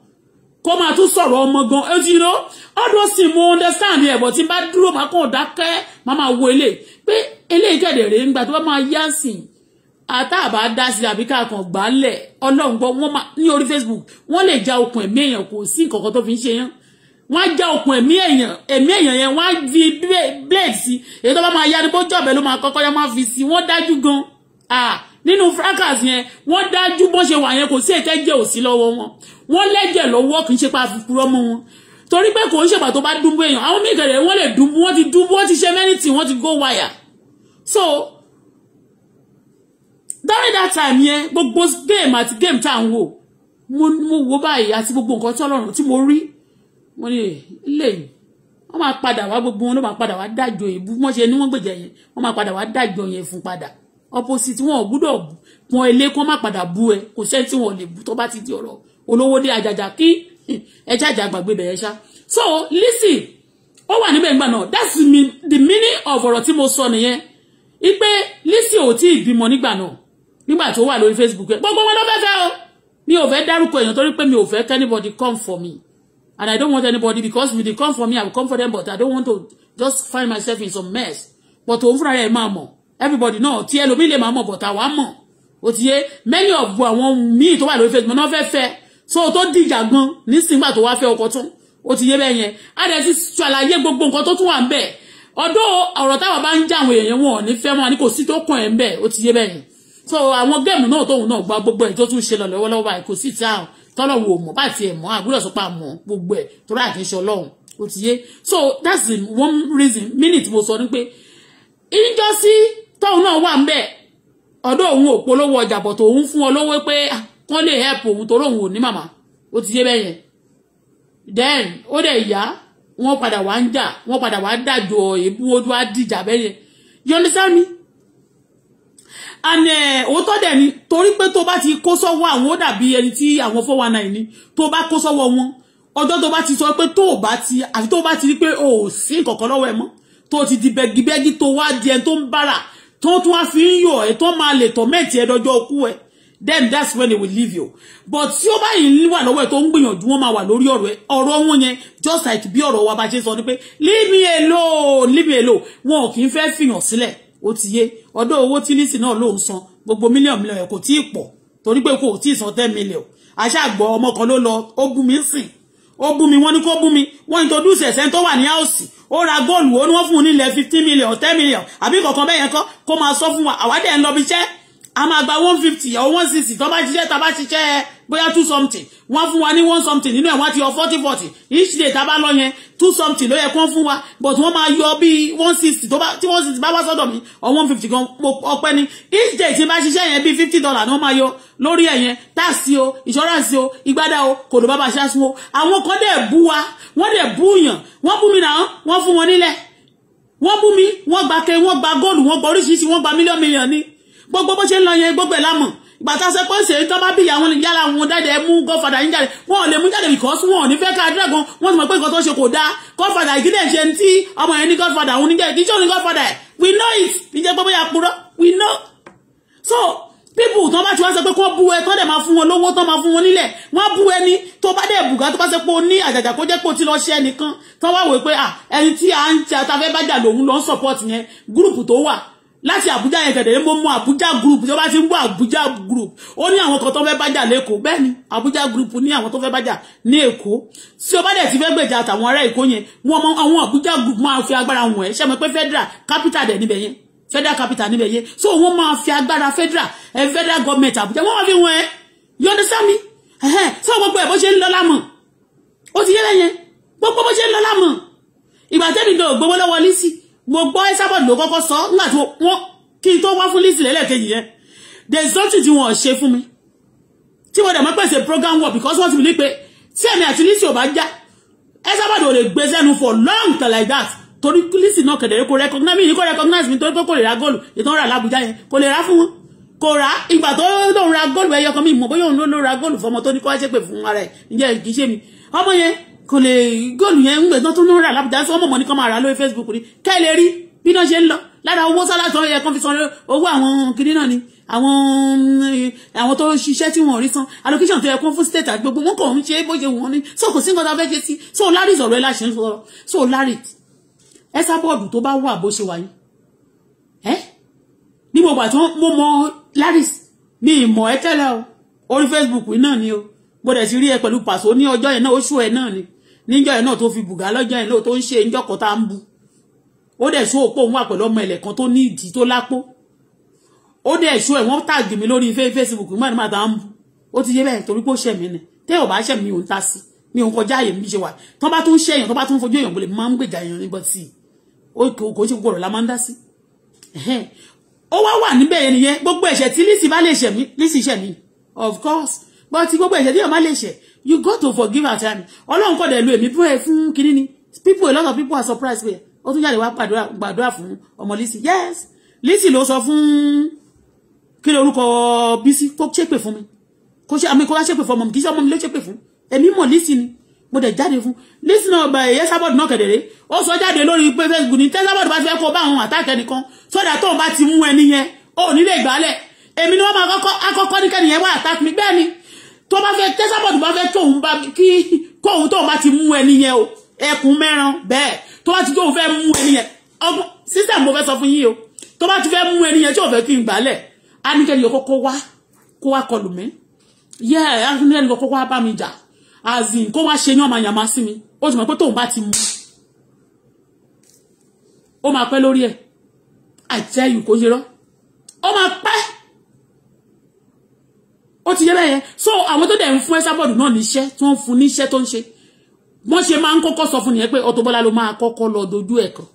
kó máa tún sọ̀rọ̀ ọmọ gan ẹ ti know all those things mo understand ẹ̀ bọ̀ tí n bá dúró máa kàn dákẹ́ máa máa wo eléyìí pé eléyìí kẹ̀dẹ̀ rèé ńgbà tó bá máa yá sí i àtàbà dá sí àbí káàkàn gbálẹ̀ ọlọ́run gbọ́ wọ́n máa ní orí Facebook wọ́n lè ja okùn ẹ̀mí èèyàn kò sí nǹkan to tó fi ń ṣe yán wọ́n á já okùn ẹ̀mí èèyàn ẹ̀mí èèyàn yẹn wọ́n á fi blade sí èyí tó bá máa yá ni bó jọ̀bẹ̀ ló máa kọ́kọ́ yá máa fi sí wọ́n dájú gan-an ah! nínú fracas yẹn wọ́n dájú bọ́n ṣe wà yẹn kò sí ètẹ́jẹ́ òsí lọ́wọ́ wọn wọ́n lẹ́jẹ̀ lọ́wọ́ kì í ṣe pa àfikún ọmọ wọn torí pé kò ń ṣègbà tó bá dúnbó èèyàn àwọn míì gẹ̀rẹ̀ wọ́n lè dúnbó wọ́n ti dúnbó wọ́n ti ṣe mẹ́rìntì wọ́n ti go wire so during that time yẹn gbogbo game àti game tá à ń wò mo wo báyìí àti gbogbo nǹkan tí ọlọ́run tí mo rí mo ní ilé yìí wọ́n máa padà wá gbogbo wọn ló máa padà wá dájọ́ yẹn bí wọ́n ṣe ní wọ́n gbèjà yẹn wọ́n máa padà wá dájọ́ yẹn fún padà opposite wọn gbúdọ̀ pọn ilé kó má padà bú ẹ kò sẹ́ni tí wọn lè bú tó bá ti di ọ̀rọ̀ olówó dé àjàjà kí ẹ jàjà gbàgbé bẹ̀rẹ̀ ṣá so listen ó wà níbẹ̀ nígbà náà that's the meaning of ọ̀rọ̀ tí mo sọ nìyẹn ipe listen ò tí ì bímọ nígbà náà nígbà tó wà lórí Facebook ẹ gbogbo wọn ló fẹ́ fẹ́ o mi ò fẹ́ dárúkọ èèyàn torí pé mi ò fẹ́ anybody come for me and I don't want anybody because if they come for me I will come for them but I don't want to just find myself in some mess but òun fúnra rẹ̀ máa mọ̀ everybody náà tí ẹlòmíì lè máa mọ̀ bọ̀tà wàá mọ̀ ó ti yé many of àwọn míì tó wà lórí facebook náà fẹ́ fẹ́ so tó dìjà gan nísìngbà tó wá fẹ́ ọkọ tún ó ti yé bẹ́ẹ̀ yẹn á dẹ̀ ti ṣàlàyé gbogbo nǹkan tó tún wà ń bẹ̀ ọ̀dọ̀ ọ̀rọ̀ táwọn bá ń já àwọn èèyàn wọn ní fẹ́ mọ́ ni kò sí tó kàn ẹ̀ ń bẹ̀ ó ti yé bẹ́ẹ̀ yẹn so àwọn géèmù náà tóun náà gba gbogbo ẹ̀ tó tún ṣe lọ lọ́wọ́lọ́wọ́ báyìí kò sí ìta tọ́lọ́wọ́ mọ̀ bá tiẹ̀ mọ́ àgbúrò sọpá mọ́ gbogbo ẹ̀ tó rà kí n ṣe ọlọ́run ó ti yé so that's one reason minute mo sọ ni pé injọ́sí tóun náà wà ń bẹ̀ òun ò ọjà bọ̀ tòun fún ọ lówó pé ah, kán lè help òun torí òun ò ní màmá ó ti yé bẹ́yẹn then ó dẹ̀ yá wọ́n padà wá ń jà wọ́n padà wá dàjọ èébú ojú á dìjà bẹ́yẹn you understand me and eh, òótọ́ dẹ̀ ni torí pé tó bá ti kó sọ́wọ́ àwọn ó dàbí ẹni tí àwọn four one nine ni tó bá kó sọ́wọ́ wọn ọjọ́ tó bá ti sọ pé tó bá ti àfi tó bá ti rí pé o ò sí nǹkan kan lọ́wọ́ ẹ mọ́ tó ti di bẹ́gibẹ́gi tó wá di ẹni tó ń bára tó tún wá fi ń yọ ẹ tó máa lè tọ̀ mẹ́ẹ̀tì ẹ dọjọ́ ẹ then that's when they will leave you but tí ó bá yìí wà lọ́wọ́ ẹ tó ń gbìyànjú wọn máa wà lórí ọ̀rọ̀ ẹ ọ̀rọ̀ wọn yẹn just like bí ọ̀rọ̀ wa bá ṣe sọ ni pé leave me alone leave me alone wọn ò kì í fẹ́ fìyàn sílẹ̀ ó ti yé ọdọ owó tí lísì náà ló ń san gbogbo mílíọ̀nù mílíọ̀nù ẹ̀ kò tí ì pọ̀ torí pé kò tí ì san ten million aṣáàgbọ̀ ọmọ kan ló lọ ó bú mi sìn ó bú mi wọ́n ní kó bú mi wọ́n introduce ẹ̀sẹ̀ tó wà ní áòsì ó ra góòlù ó ní wọ́n fún un nílẹ̀ fifteen million ten million àbí kọ̀ọ̀kan bẹ́ẹ̀ yẹn kọ́ kó máa sọ fún wa àwádẹ́ ń lọ bí iṣẹ́ a máa gba one fifty or one sixty tó bá ṣiṣẹ́ tá a bá ṣiṣẹ́ bóyá two something wọ́n fún wa ní one something nínú ẹ̀ wọ́n ti forty forty each day tá a bá lọ yẹn two something ló yẹ kó fún wa but wọ́n máa yọ bí one sixty tó bá tí one sixty bá wá sọ́dọ̀ mi or one fifty gan ọpẹ́ ni each day tí n bá ṣiṣẹ́ yẹn bí fifty dollar ni wọ́n máa yọ lórí ẹ̀ táàsì o insurance o ìgbádà o kò ló bá ba ṣáṣú o àwọn kan dẹ̀ bú wa wọ́n dẹ̀ bú yàn wọ́n bú mi náà wọ́n fún wọn nílẹ̀ wọ́n bú mi wọ́n gba kẹ́ wọ́n gba góòlù wọ́n gba oríṣiríṣi wọ́n gba mílíọ̀n mílíọ̀n ní gbogbo bó ṣe ń lọ yẹn gbogbo ẹ̀ lámọ̀ gbàtà sẹ pé ṣe tọ́ bá bí ìyá wọn yára wọn dáadé mú gọ́fàdà yín jáde wọn ò lè mú jáde because wọn ò ní fẹ́ ká dragon wọn ti mọ̀ pé nǹkan tó ṣe kò dáa gọ́fàdà ìdílé ṣe ti ọmọ yẹn ní gọ́fàdà òun ní jáde kì í ṣe òun ní gọ́fàdà ẹ̀ we know it ìjẹ́ pé bóyá purọ́ we know so people tó bá ti wá sọ pé kó bú ẹ tó dẹ̀ máa fún wọn lówó tó máa fún wọn nílẹ̀ wọ́n bú ẹni tó bá dẹ̀ bùgá tó bá sọ pé ó ní àjàjà kó jẹ́ pé ó ti lọ ṣe ẹnìkan tó wá wò pé ẹni tí à ń ta fẹ́ bá jà lòun lọ ń support yẹn gúrùpù tó wà láti Àbújá yẹn kẹ̀dẹ̀ mo mọ Àbújá group tí wọ́n bá ti ń gbọ́ Àbújá group ó ní àwọn kan tó fẹ́ bájà lẹ́kọ̀ọ́ bẹ́ẹ̀ ni Àbújá group ní àwọn tó fẹ́ bájà ní Èkó tí o bá dẹ̀ ti fẹ́ gbèjà àtàwọn ará Èkó yẹn wọn mọ àwọn Àbújá group máa fi agbára wọn ẹ̀ ṣe mọ̀ pé federal capital dẹ̀ níbẹ̀ yẹn federal capital níbẹ̀ yẹn so wọ́n máa fi agbára federal ẹ̀ eh, federal government Àbújá wọ́n máa fi wọn ẹ̀ you understand me so gbogbo ẹ̀ bó ṣe ń lọ lámọ̀ ó ti yẹ́ lẹ́yẹn gbogbo bó ṣe ń lọ lámọ̀ mo gbọ́ Esabod ló kọ́kọ́ sọ nígbà tí wọ́n kí n tó wá fún lísì lẹ́lẹ́kejì yẹn there is nothing tí wọ́n ṣe fún mi tí wọ́n dẹ̀ mọ́ pèsè program work because wọ́n ti believe pé tí èmi àti lísì ò bá já Esabod ò lè gbé sẹ́nu for long time like that torí lísì náà kẹ̀dẹ̀ kò recognize mi kò recognize mi torí pé kò lè ra góòlù ìtàn rà lábújá yẹn kò lè ra fún wọn kò rà ìgbà tó lóun ra góòlù ẹyọ kan mi mọ̀ bóyá òun ló ra góòlù fọmọ tó ní kó wá ṣépè fún ara ẹ̀ ǹjẹ́ kì í ṣe mi ọmọ yẹn kò lè góòlù yẹn ń gbé tán tó ń rà lábùjá sí ọmọ mọ̀ ní kan máa rà lórí Facebook ni ká ẹ lè rí bí náà ṣe ń lọ lára owó sálàtọ yẹ kán fi san owó àwọn kiri náà ni àwọn àwọn tó ṣiṣẹ́ tí wọ́n rí san allocation tó yẹ kó fún state àti gbogbo wọn kò ń ṣe bó ṣe wọ́n ní so kò sí nǹkan tá a fẹ́ ṣe sí so larry sọ̀rọ̀ ẹ láṣẹ ń sọ̀rọ̀ so larry ẹ sábọ̀dù tó bá wà bó ṣe wáyé ẹ ní mo gbà tí mo mọ larry mi ìmọ̀ ẹ tẹ́lẹ̀ o orí Facebook náà ni o mo dẹ̀ ti rí ẹ pẹ̀lú pàṣọ ní ọjọ́ yẹn náà oṣù ẹ náà ni níjọ́ yẹn náà tó fi bùgá lọ́jọ́ yẹn náà tó ń ṣe níjọ́ kan tá ń bu ó dẹ̀ ṣó òpó òun wà pẹ̀lú ọmọ ẹ̀lẹ̀ kan tó ní ìdí tó lápó ó dẹ̀ ṣó ẹ̀ wọ́n tàgì mi lórí Facebook mọ́ ẹ̀ máa tá ń bu ó ti yé bẹ́ẹ̀ torí pé ó ṣẹ̀ mí ni tẹ́ ò bá ṣẹ̀ mí òun ta sí mi òun kọjá àyè mi ṣe wà tó bá tún ṣẹ̀yàn tó bá tún fojú èèyàn bolè máa ń gbèjà èèyàn níbọ̀ sí i kò ṣe gbogbo la máa ń dá sí ó wá wà níbẹ̀ yẹn gbogbo ẹ̀ṣẹ̀ tí Lizzy bá lè ṣẹ̀ mí Lizzy of course but gbogbo ẹ̀ṣẹ̀ tí yóò má lè ṣẹ̀ you got to forgive at time ọlọ́run kọ́ dẹ̀ lu èmi fún ẹ fún kínní ni people a lot of people are surprised pé ó tún jáde wá gbàdúrà fún ọmọ Lizzy yes Lizzy ló sọ fún kí lorúkọ Bísí kó ṣépè fún mi kó ṣe àmì kó wá ṣépè fún ọmọ mi kì í ṣe ọmọ mi ló ṣépè fún èmi mọ̀ Lizzy ni mo dẹ̀ jáde fún Lizzy náà ọba ẹ̀yẹ sábọ̀dù náà kẹ̀dẹ̀rẹ́ ó sọ jáde lórí pé Facebook ní tẹ́sábọ̀dù bá ti fẹ́ kó bá àwọn àtàkẹ́ nìkan sódà tóun bá ti mú ẹni yẹn ò nílé ìgbálẹ̀ èmi ni wọ́n máa kọ́kọ́ akọ́kọ́ níkẹ́ nìyẹn wá àtàkùn mi bẹ́ẹ̀ ni tó bá fẹ́ tẹ́sàbọ̀dù bá fẹ́ tóun bá kí kóun tóun bá ti mú ẹni yẹn o ẹkùn mẹ́ran bẹ́ẹ̀ tó bá ti tóun fẹ́ mú ẹni yẹn ọgbọ́n sísẹ̀ mo fẹ́ sọ fún yín o tó bá ti fẹ́ mú ẹni yẹn tí ò fẹ́ kí n gbálẹ̀ á ní kẹ́ni yòókó kó wá kó wá kọlù mí yẹ ẹ á ní kẹ́ni yòókó wá bá mi jà azin kó wá ṣe ní ọmọ àyàmá sí mi ó sì mọ̀ pé tóun bá ti mú ó máa pẹ́ lórí ẹ̀ àjẹyù kò ó máa pẹ́ ó ti yẹ bẹ́ẹ̀ yẹn so àwọn tó dẹ̀ ń fún Esabod náà níṣẹ́ tí wọ́n fún níṣẹ́ tó ń ṣe wọ́n ṣe máa ń kọ́kọ́ sọ fún nìyẹn pé Auto Bola ló máa kọ́kọ́ lọ dojú ẹ̀ kan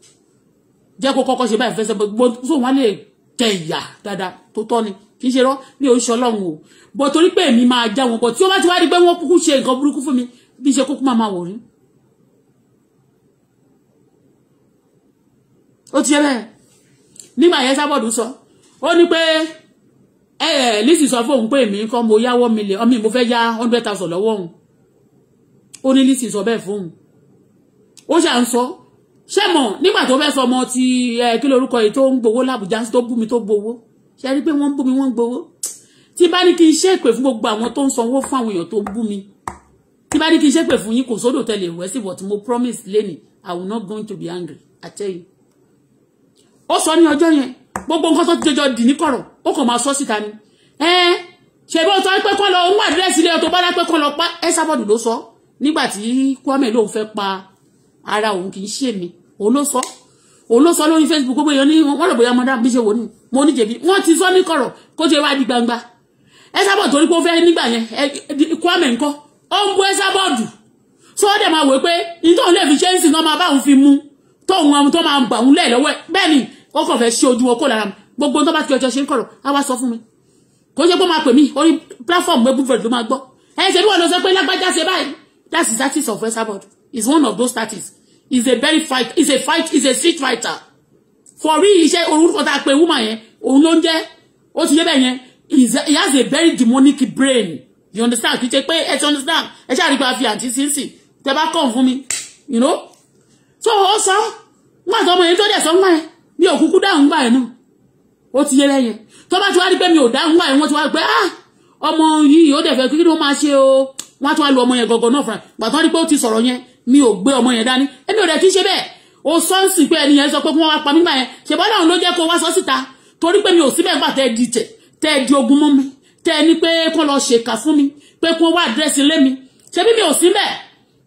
jẹ́ kó kọ́kọ́ ṣe báyìí fẹ́ Esabod so wọ́n lè jẹ ìyà dáadáa tó tọ́ ni kì í ṣe rọ́ ní oṣù ọlọ́run o bọ̀ torí pé èmi máa já wọn bọ̀ tí ó bá ti wá di pé wọ́n kúkú ṣe nǹkan burúkú fún mi bí ṣe kúkú máa máa wò rí. ó ti yẹ bẹ́ẹ̀ nígbà yẹn Esabod sọ ó ní pé ẹ ẹ Lizzy sọ fóun pé èmi nǹkan mo yáwọ́ mílíọ̀n ọmọ mi mo fẹ́ yá hundred thousand lọ́wọ́ òun ó ní Lizzy sọ bẹ́ẹ̀ fóun ó ṣà ń sọ ṣé mọ̀ nígbà tó fẹ́ sọ ọmọ ti ẹ kí lorúkọ yìí tó ń gbowó làbújá tó bú mi tó gbowó ṣe rí pé wọ́n ń bú mi wọ́n ń gbowó tí bá ní kí n ṣe èpè fún gbogbo àwọn tó ń sanwó fún àwọn èèyàn tó ń bú mi tí bá ní kí n ṣe èpè fún yín kò sódò tẹlẹ ìwẹ́ sí but mo promise lẹ́nìí I will not going to be angry I tell you ó sọ ní ọjọ́ yẹn gbogbo nǹkan tó ti jọjọ dì ní kọ̀rọ̀ ó kàn máa sọ síta ni ṣèbí o sọ pé kọ́ lọ ohun àdírẹ́sì ilé ọtọ bá dá pé kọ́ lọ pa ẹ sábọ̀dù ló sọ nígbà tí Kwame lòun fẹ́ pa ara òun kì í ṣe mi òun ló sọ òun ló sọ lórí Facebook gbogbo èèyàn ní wọn rò bóyá ọmọdé àbí ṣe wò ní mo ní jèbi wọn ti sọ ní kọ̀rọ̀ kó ṣe wá di gbangba ẹ sábọ̀dù torí pé ó fẹ́ nígbà yẹn Kwame ńkọ́ ó ń bú ẹ sábọ̀dù sọ ọ́ dẹ̀ máa wò pé nítorí lè fi ṣe ń sìn náà máa bá òun fi mú tóun ọmọ tó máa gbà òun lẹ̀ bẹ́ẹ̀ ni ó kàn fẹ́ ṣí ojú wọn kó lára mi gbogbo tó bá fi ọjọ́ ṣe ń kọ̀rọ̀ á wá sọ fún mi kò ṣe pé máa pè mí orí platform gbé búfẹ̀rẹ̀ ló máa gbọ́ ẹ ṣe bí wọn lọ sọ pé lágbájá ṣe báyìí that's the status of Esabod is one of those status is a very fight is a fight is a street fighter for real iṣẹ́ orúkọ tá a pè woman yẹn òun ló ń jẹ́ ó ti yé bẹ́ẹ̀ yẹn he has a very demonic brain you understand kì í ṣe pé ẹ ti understand ẹ ṣáà rí pé a fi àǹtí sínsì tẹ bá kàn fún mi you know so ó sọ wọn àti ọmọ yẹn tó dẹ̀ sọ wọn yẹn mi ò kúkú dáhùn gbà ẹ̀ náà ó ti yẹ lẹ́yìn tó bá ti wá rí pé mi ò dáhùn gbà ẹ̀ wọ́n ti wá pé ah ọmọ yìí ó dẹ̀ fẹ́ kí ló máa ṣe o wọ́n á tún wá lu ọmọ yẹn gọ̀gọ̀ náà fúnra gbàtọ́ rí pé ó ti sọ̀rọ̀ yẹn mi ò gbé ọmọ yẹn dání èmi ò dẹ̀ kí ṣe bẹ́ẹ̀ o sọ́ọ̀sì pé ẹni yẹn sọ pé kí wọ́n wá pa mí gbà yẹn ṣe bọ́dọ̀ òun ló jẹ́ kó wá sọ síta torí pé mi ò síbẹ̀ gbà tẹ́ di tẹ̀ tẹ́ di ogun mọ́ mi tẹ́ ní pé kó lọ ṣèkà fún mi pé kó wá àdírẹ́sì lé mi ṣe bí mi ò síbẹ̀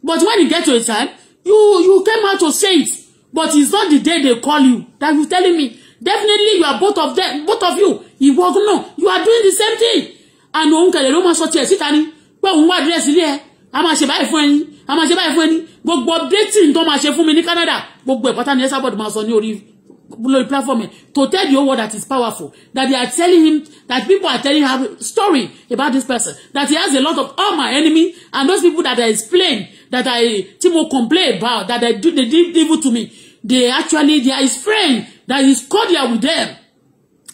but when you get to a time you you came out to say it but it's not the day they call you that you telling me definitely you are both of them both of you You ìwọ no. you are doing the same thing and òun kẹlẹ ló máa sọ tiẹ̀ síta ni pé òun wá àdírẹ́sì ilé ẹ a máa ṣe báyìí fún ẹyin a máa ṣe báyìí fún ẹyin gbogbo updating tó máa ṣe fún mi ní Canada gbogbo ẹ̀ pátá ni Esabod máa sọ ní orí lórí platform ẹ̀ to tell the whole world that is powerful that they are telling him that people are telling her story about this person that he has a lot of all my enemy and those people that are explained that I tí mo complain about that they do they did evil to me they actually they are his friend that is cordial with them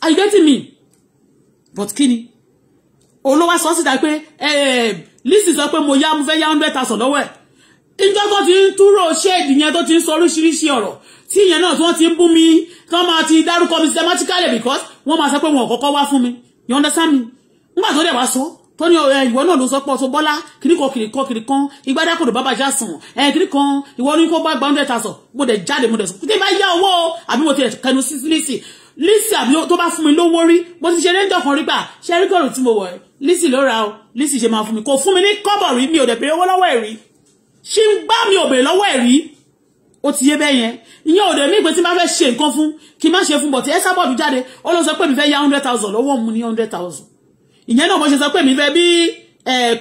are you getting me but kini olówó sọ síta pé eh, Lizzy sọ pé mo yá mo fẹ́ yá hundred thousand lọ́wọ́ ẹ̀ níjọ́ tó ti ń túrò ṣéèdì yẹn tó ti ń sọ oríṣiríṣi ọ̀rọ̀ tí ìyẹn náà tí wọ́n ti ń bú mi tí wọ́n máa ti dárúkọ mi systematically because wọ́n máa sọ pé wọn ò kọ́kọ́ wá mi you understand me nígbà tó dẹ̀ wá so? tó ní eh, ìwọ náà ló sọ pé Auto Bola kìnnì kan kìnnì kan kìnnì kan ìgbádá kò dùn bàbá já sàn ẹ eh, kìnnì kan ìwọ ní kó bá gba hundred thousand mo dẹ̀ jáde mo dẹ̀ sọ kí bá yá owó àbí mo tiẹ̀ kẹnu sí lísì lísì àbí tó bá fún mi lówó rí mo ti ṣe rédíò kan rí gbà ṣe rí kọ̀rọ̀ tí mo wọ̀ lísì ló ra o lísì ṣe máa fún mi kò fún mi ní kọ́bọ̀ rí mi ò dẹ̀ béèrè owó lọ́wọ́ ẹ̀rí ṣì ń gbá mi ò béèrè lọ́wọ́ ẹ̀rí ó ti yé bẹ́yẹn ìyẹn ò dẹ̀ mí pé tí n bá fẹ́ ṣe nǹkan fún kí n má ṣe fún bọ̀tí ẹ sábọ̀dù jáde ó lọ sọ pé mi fẹ́ yá hundred thousand lọ́wọ́ mu ní hundred thousand ìyẹn náà mo ṣe sọ pé mi fẹ́ bí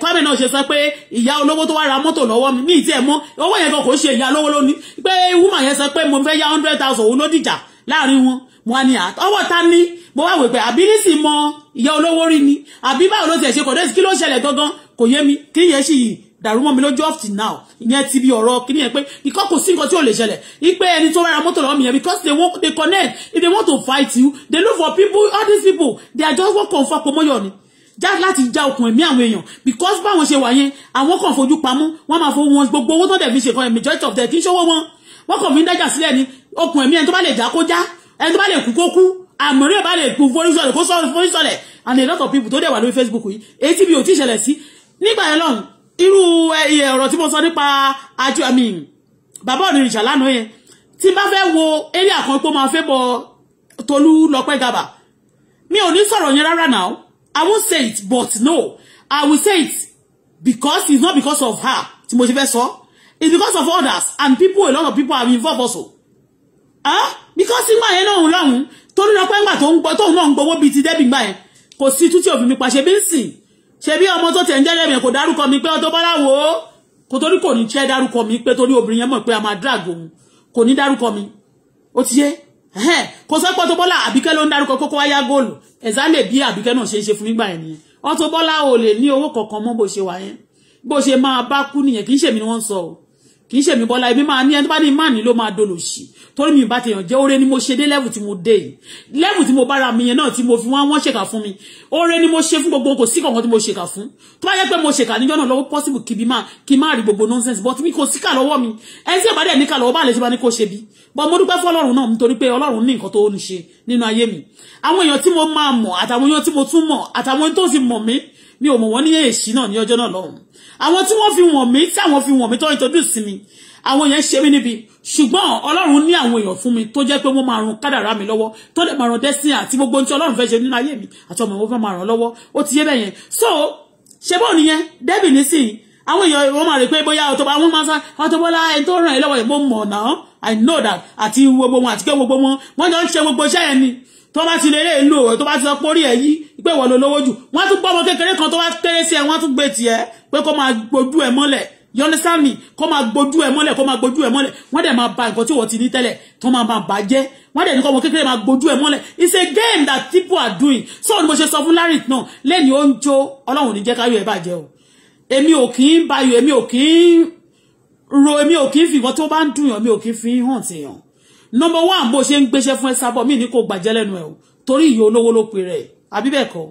Kwame náà ṣe sọ pé ìyá olówó tó wá ra mọ́tò lọ́wọ́ mi ní ìtí ẹ̀ mọ́ owó yẹn kan kò ṣe ìyá olówó lónìí pé woman yẹn sọ pé mo fẹ́ yá hundred thousand òun ló dìjà láàrin wọn wọn ni ọwọ́ ta ní mo wá wò pé àbí nísì mọ ìyá olówó rí ni àbí báwo ló ti ẹ̀ ṣe kọ̀dẹ́sì kí ló ṣẹlẹ̀ gangan kò yé mi kí yẹn sì dàrú mọ́ mi lójú up till now ìyẹn ti bí ọ̀rọ̀ kíní yẹn pé ikọ́ kò sí nǹkan tí ò lè ṣẹlẹ̀ ipe ẹni tó rárá mọ́tò lọ́wọ́ mi yẹn because they want they connect if they want to fight you they look for people all these people they are just one confam pomóyọ̀ ni já láti já okùn ẹ̀mí àwọn èèyàn because báwọn ṣe wà yẹn àwọn kan fojú pamọ́ wọ́n máa fowó wọn gbogbo owó tó dẹ̀ fi ṣe kan majority of the kì í ṣòwò wọn wọ́n kàn fi ń dájà sílẹ̀ ni okùn ẹ̀mí ẹni tó bá lè já kó já ẹni tó bá lè kú kó kú àmọ́rí ẹ̀ bá lè kú forí sọ̀lẹ̀ kó forí sọ̀lẹ̀ and a lot of people tó dẹ̀ wà lórí Facebook yìí èyí tí mi ò tí ì ṣẹlẹ̀ sí nígbà yẹn lọ́hùn irú ọ̀rọ̀ tí mo sọ nípa ajú àmì bàbá ọ̀nà ìjà lánàá yẹn tí bá fẹ́ wo eré àkànpọ̀ máa fẹ́ bọ Tolú Lọ́pẹ́ Gàbà mi ò ní sọ̀rọ̀ yẹn rárá náà I won't say it, but no, I will say it because it's not because of her, tí mo It's because of others and people, a lot of people are involved also. Huh? Because in my own long, Tolu Lọpẹ́ ńgbà tó ń gbọ́ tóun náà ń gbowó bíi ti débì gbà yẹn. Kò sí tútí òfin mi pa ṣe bí ń sìn. Ṣé bí ọmọ tó tẹ̀ ń jẹ́lẹ̀ mi kò dárúkọ mi pé Auto Bola wò ó? Kò torí kò ní jẹ́ dárúkọ mi pé torí obìnrin yẹn mọ̀ pé a máa drag òun. Kò ní dárúkọ mi. Ó ti yé? kò sọ pé Auto Bola àbíkẹ́ ló ń dárúkọ kókó wáyá góòlù ẹ̀sánlè bí àbíkẹ́ náà ṣe ń ṣe fún nígbà yẹn nìyẹn Auto Bola ò lè ní owó kankan mọ́ bó ṣe wà bó ṣe máa bá kú nìyẹn kì í ṣèmi ni wọ́n ń sọ o kì í ṣe mi bọ́lá èmi máa ní ẹni bá ní má ní ló máa dolòṣì torí mi bá ti yàn jẹ́ oore ni mo ṣe dé level tí mo dé yìí level tí mo bára mi yẹn náà tí mo fi wọ́n wọ́n ṣèkà fún mi oore ni mo ṣe fún gbogbo kò sí kankan tí mo ṣèkà fún tó bá yẹ pé mo ṣèkà níjọ́ náà lọ́wọ́ possible kì í má kì í má rí gbogbo nonsense but mi kò sí kà lọ́wọ́ mi ẹni tí ìbádẹ́ ní kà lọ́wọ́ bá lè ṣe bá ní kó ṣe bí but mo dúpẹ́ fún ọlọ́run náà mo máa mọ̀ àtàwọn mo tún mi ò mọ̀ wọ́n ní èsì náà ní ọjọ́ náà lọ́hùn àwọn tí wọ́n fi wọ̀n mí tí àwọn fi wọ̀n mí tó introduce mi àwọn yẹn ṣe mí níbi ṣùgbọ́n ọlọ́run ní àwọn èèyàn fún mi tó jẹ́ pé wọ́n máa ran kádàrá mi lọ́wọ́ tó lè máa ran destiny àti gbogbo ohun tí ọlọ́run fẹ́ ṣe nínú ayé mi àti ọmọ ìwọ́n fẹ́ máa ràn lọ́wọ́ ó ti yé bẹ́ẹ̀ yẹn so ṣe bọ́ọ̀ nìyẹn débì nísìnyí àwọn èèyàn wọn máa rí pé bóyá ọtọ àwọn máa sá ọtọ bọlá ẹni tó ràn ẹ lọ́wọ́ ìbò mọ náà i know that àti gbogbo wọn àti kí gbogbo wọn wọn jọ ń ṣe gbogbo iṣẹ́ yẹn ni tó bá ti lérè lò ó tó bá ti sọ pórí ẹ yí pé wọ́n ló lówó jù wọ́n tún gbọ́mọ kékeré kan tó bá kéré sí ẹ wọ́n tún gbé tiẹ̀ pé kó máa gbójú ẹ mọ́lẹ̀ you understand me kó máa gbójú ẹ mọ́lẹ̀ kó máa gbójú ẹ mọ́lẹ̀ wọ́n dẹ̀ máa ba nǹkan tí wọ́n ti ní tẹ́lẹ̀ tó máa máa bàjẹ́ wọ́n dẹ̀ ní kọ́mọ kékeré máa gbójú ẹ mọ́lẹ̀ it's a game that people are doing so ni mo ṣe sọ fún larry náà lẹ́ni ó ń jó ọlọ́run ò ní jẹ́ káyọ̀ ẹ bàjẹ́ o èmi ò kì í bayọ̀ èmi ò kì í ro èmi ò kì í fi ìwọ́n tó bá ń dùn yàn mi ò kì í fi hàn tèèyàn number one bó ṣe ń gbéṣẹ́ fún ẹ sábọ̀ mí ní kò gbàjẹ́ lẹ́nu ẹ̀ o torí ìyá olówó ló pe rẹ̀ àbí bẹ́ẹ̀ kọ́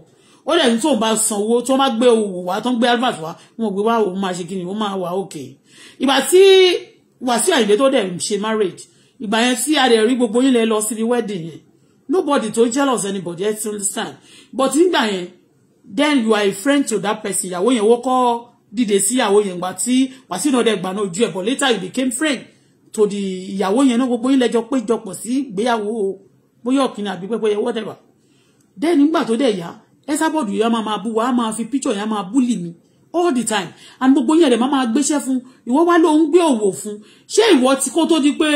ó lẹ̀ ní tó bá san owó tó má gbé owó wá tó ń gbé advert wá wọn gbé wá òun máa ṣe kí ni ó máa wà òkè ìgbà tí Wàsíù Àyìndé tó dẹ̀ ń ṣe marriage ìgbà yẹn tí a dẹ̀ rí gbogbo yín lẹ lọ sí ibi wedding yẹn nobody tó jealous anybody else understand but nígbà yẹn then you are a friend to that person ìyàwó yẹn wọ́kọ́ dìde sí ìyàwó yẹn gbà tí Wàsíù náà dẹ̀ gbà náà ojú ẹ̀ but later you became friend to the ìyàwó yẹn náà gbogbo yín lẹ́jọ́ péjọpọ̀ sí ìgbéyàwó bóyá ọ̀kìnrin àbí pẹ́pẹ́yẹ whatever then nígbà tó dẹ̀ yá Esabod yẹn máa máa bú wa máa fi picture yẹn máa búlì mi all the time and gbogbo yẹn lè máa máa gbéṣẹ́ fún ìwọ wá ló ń gbé òwò fún ṣé ìwọ ti kó tó di pé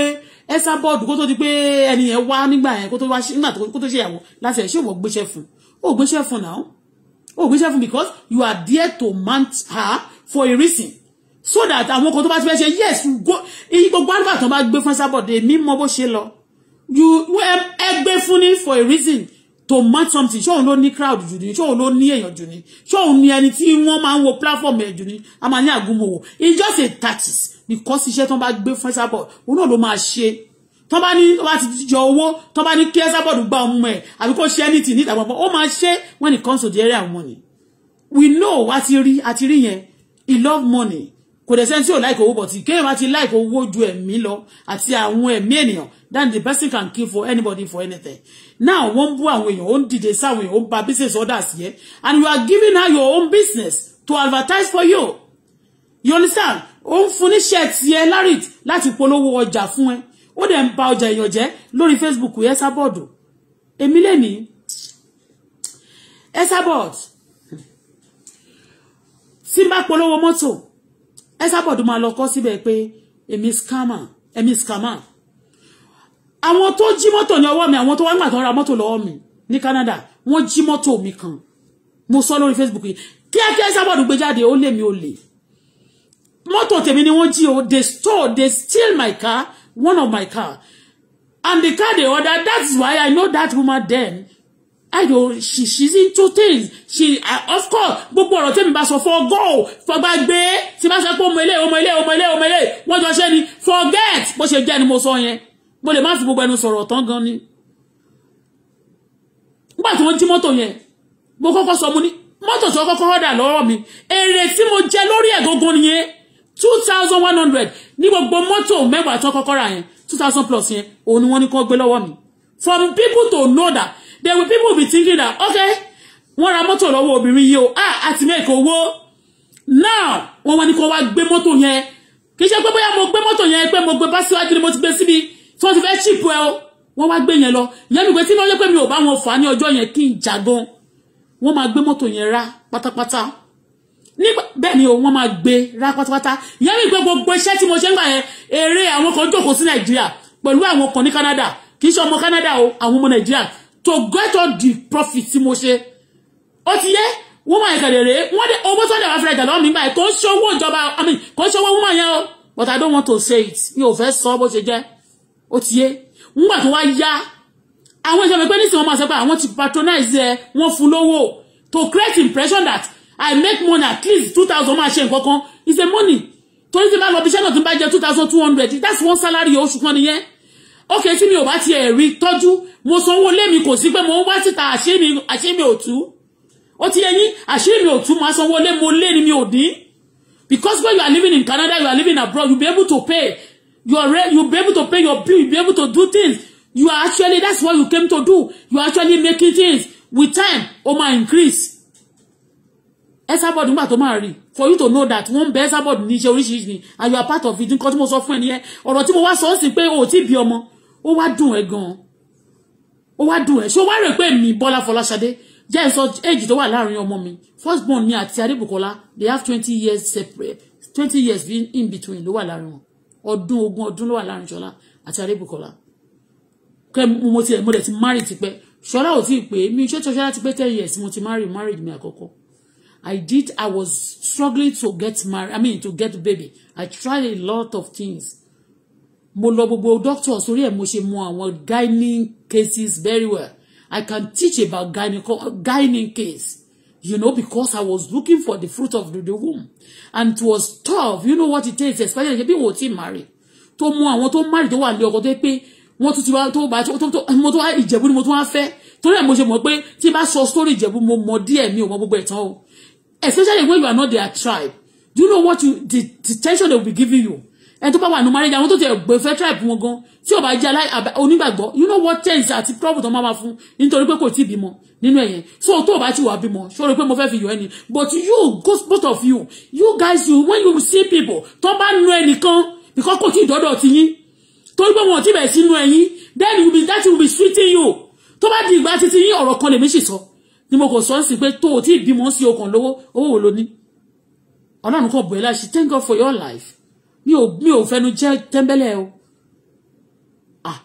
Esabod kó tó di pé ẹni yẹn wá nígbà yẹn kó tó wá nígbà kó tó ṣe ìyàwó láti ẹ̀ ṣé ìwọ gbéṣẹ́ fún ó gbéṣẹ́ fún now ó gbéṣẹ́ fún because you are there to mount her for a reason so that àwọn kan tó bá ti fẹ́ ṣe yes go iye gbogbo alba tó bá gbé fún sábọ̀dé mímọ bó ṣe lọ you ẹ gbé fún ní for a reason to match something ṣóun ló ní crowd jù ní ṣóun ló ní èèyàn jù ní ṣóun ní ẹni tí wọ́n máa ń wo platform ẹ̀ jù ní a máa ní àgúnmọ̀wò it's just a tactics because iṣẹ́ tó bá gbé fún sábọ̀dé òun náà ló máa ṣe tó bá ní wá ti jọ owó tó bá ní kí ẹ́sàbọ̀dù gba ọmọ ẹ̀ àbí kó ṣe anything níta pọ̀pọ̀ ó máa ṣe when it comes to the area of money we know wá ti rí àti rí yẹn he love money kò dẹ̀ sẹ́ni tí ò láìkò owó bọ̀ tí kéèyàn bá ti láìkò owó ju ẹ̀mí lọ àti àwọn ẹ̀mí ènìyàn then the person can kill for anybody for anything now wọ́n ń bú àwọn èèyàn ó ń dìde sáwọn èèyàn ó ń ba business orders yẹ and you are giving her your own business to advertise for you you understand ó ń fún ní ṣẹ́ tiẹ̀ lárit láti polówó ọjà fún ẹ ó dẹ̀ ń ba ọjà èèyàn jẹ́ lórí Facebook yẹ sábọ̀dù èmi lè ní ẹ sábọ̀dù tí n bá polówó mọ́tò ẹ sábọ̀dù máa lọ kọ́ síbẹ̀ pé èmi scammer èmi scammer àwọn tó jí mọ́tò ní ọwọ́ mi àwọn tó wá nígbà tó ra mọ́tò lọ́wọ́ mi ní Canada wọ́n jí mọ́tò mi kan mo sọ lórí Facebook yìí kíákíá sábọ̀dù gbé jáde ó lé mi ó lè mọ́tò tèmi ni wọ́n jí o they stole they steal my car one of my car and the car they order that is why I know that woman then I don't she she's into things she uh, of course gbogbo ọ̀rọ̀ tẹ́mi bá sọ for fọgbàgbé tí bá sọ pé ọmọ ilé ọmọ ilé ọmọ ilé ọmọ ilé wọ́n jọ ṣe ni forget bó ṣe jẹ́ ni mo sọ yẹn mo lè má fi gbogbo ẹnu sọ̀rọ̀ tán gan ni. nígbà tí wọ́n jí mọ́tò yẹn mo kọ́kọ́ sọ mo ní mọ́tò tí wọ́n kọ́kọ́ ọ̀dà lọ́wọ́ mi èrè tí mo jẹ lórí ẹ̀ gógó nìyẹn two thousand one hundred ní gbogbo mọ́tò mẹ́wàá tí wọ́n kọ́kọ́ rà yẹn two thousand plus yẹn òun ni wọ́n ní kó gbé lọ́wọ́ mi from people to know that there will people be thinking that okay wọ́n ra mọ́tò lọ́wọ́ obìnrin yìí o ah àti mẹ́ẹ̀kì owó now wọ́n wá ní kó wá gbé mọ́tò yẹn kì í ṣe pé bóyá mo gbé mọ́tò yẹn pé mo gbé bá síwájú ni mo ti gbé síbi tí wọ́n ti fẹ́ ṣìpù ẹ o wọ́n wá gbé yẹn lọ ìyá mi pé tí wọ́n yẹ pé mi ò bá wọn fà á ní ọjọ́ yẹn kí n jà gan wọ́n máa gbé mọ́tò yẹn rá pátápátá nígbà bẹ́ẹ̀ ni wọ́n máa gbé rá pátápátá ìyá mi pé gbogbo iṣẹ́ tí mo ṣe ń gbà yẹn eré àwọn kan jókòó sí nàìjíríà pẹ̀lú àwọn kan ní Canada kì í ṣe Canada o àwọn ọmọ nàìjíríà to get all the profits, tí mo ṣe ó ti yẹ woman yẹn kẹ̀lẹ̀ rèé wọ́n dé owó sọ́dọ̀ wàá fẹ́rẹ̀ jà lọ́mí báyìí kò ń ṣe owó ìjọba i mean kò ń ṣe owó woman yẹn o but i don't want to say it mi ò fẹ́ sọ bó ṣe jẹ́ ó ti yẹ nígbà tó wá yá àwọn ìjọba pé nísìnyí wọ́n máa sọ pé àwọn ti patronize ẹ wọ́n fún lówó to create impression that i make money at least two thousand máa ṣe nǹkan kan is a money torí ti bá lọ bí iṣẹ́ náà ti bá jẹ two thousand two hundred that's one salary oṣù kan nìyẹn ókè tí mi ò bá ti ẹ̀rí tọ́jú mo sanwó lémi kò sí pé mo ń wá síta àṣírí mi ò tú ó ti yẹ yín àṣírí mi ò tú máa sanwó lé mo lé ni mi ò dín because when you are living in Canada you are living abroad you be able to pay your rent you be able to pay your bill you be able to do things you are actually that's what you came to do you are actually making things with time o ma increase ẹsàbọọdù nígbà tó máa rí for you to know that one, ń bẹ ẹsàbọọdù ní iṣẹ́ oríṣiríṣi and you are part of it nǹkan tí mo sọ fún ẹ nìyẹn ọ̀rọ̀ tí mo wá sọ ọ sí pé o ò tí bí ọmọ ó wá dùn ẹ́ gan ó wá dùn ẹ́ ṣé ó wá rè pé mi Bọ́lá Fọláṣadé jẹ́ ìsọ éèjì tó wà láàrin ọmọ mi first born mi àti Adébùkọ́lá they have twenty years separate twenty years in between ló wà láàrin wọn ọdún ogún ọdún ló wà láàrin Ṣọlá àti Adébùkọ́lá kẹ mo ti ẹ mo dẹ ti marry tipẹ́ Ṣọlá ò tí ì pé mi ṣé Ṣọlá ti pé ten years mo ti marry marriage mi àkọ́kọ́ I did I was struggling to get married I mean to get baby I tried a lot of things mo lọ gbogbo doctor sórí ẹ̀ mo ṣe mọ àwọn gynae cases very well I can teach about gynae gynae case you know because I was looking for the fruit of the, the womb and it was tough you know what it takes especially bí wò tí marry tó mú àwọn tó marry tó wà ní ọkọ tó pé wọ́n tún ti wá tó bá tó tó mo tó wá ìjẹ̀bú ni mo tún wá fẹ́ torí ẹ̀ mo ṣe mọ̀ pé tí bá sọ story ìjẹ̀bú mo mọ díẹ̀ mi ò mọ gbogbo ẹ̀ tán o especially when you are not their tribe do you know what you the the tension they will be giving you ẹni tó bá wà nù marriage àwọn tó ti gbé fẹ́ tribe wọn gan tí ò bá jẹ́ you know what change àti trouble tó máa ma fún nítorí pé kò tí ì bímọ nínú ẹ̀yẹn so tó o bá ti wà bímọ sọ̀rọ̀ pé mo fẹ́ fi yọ ẹni but you both of you you guys you when you see people tó bá nu ẹnìkan because kò tí ì dọ́dọ̀ ti yín torí pé wọn ò tí ì bẹ̀rẹ̀ sí nu ẹ̀yìn then you be that will be sweeting you tó bá di ìgbà títí yín ọ̀rọ̀ kan lèmi sì sọ ni mo kò sọ sí pé tó o tí ì bímọ sí ọkàn lówó owó wo lo ní ọlọ́run kò bọ̀ ẹ́ láṣì thank God for your life mi ò mi ò fẹnu jẹ́ tẹ́ńbẹ́lẹ̀ o ah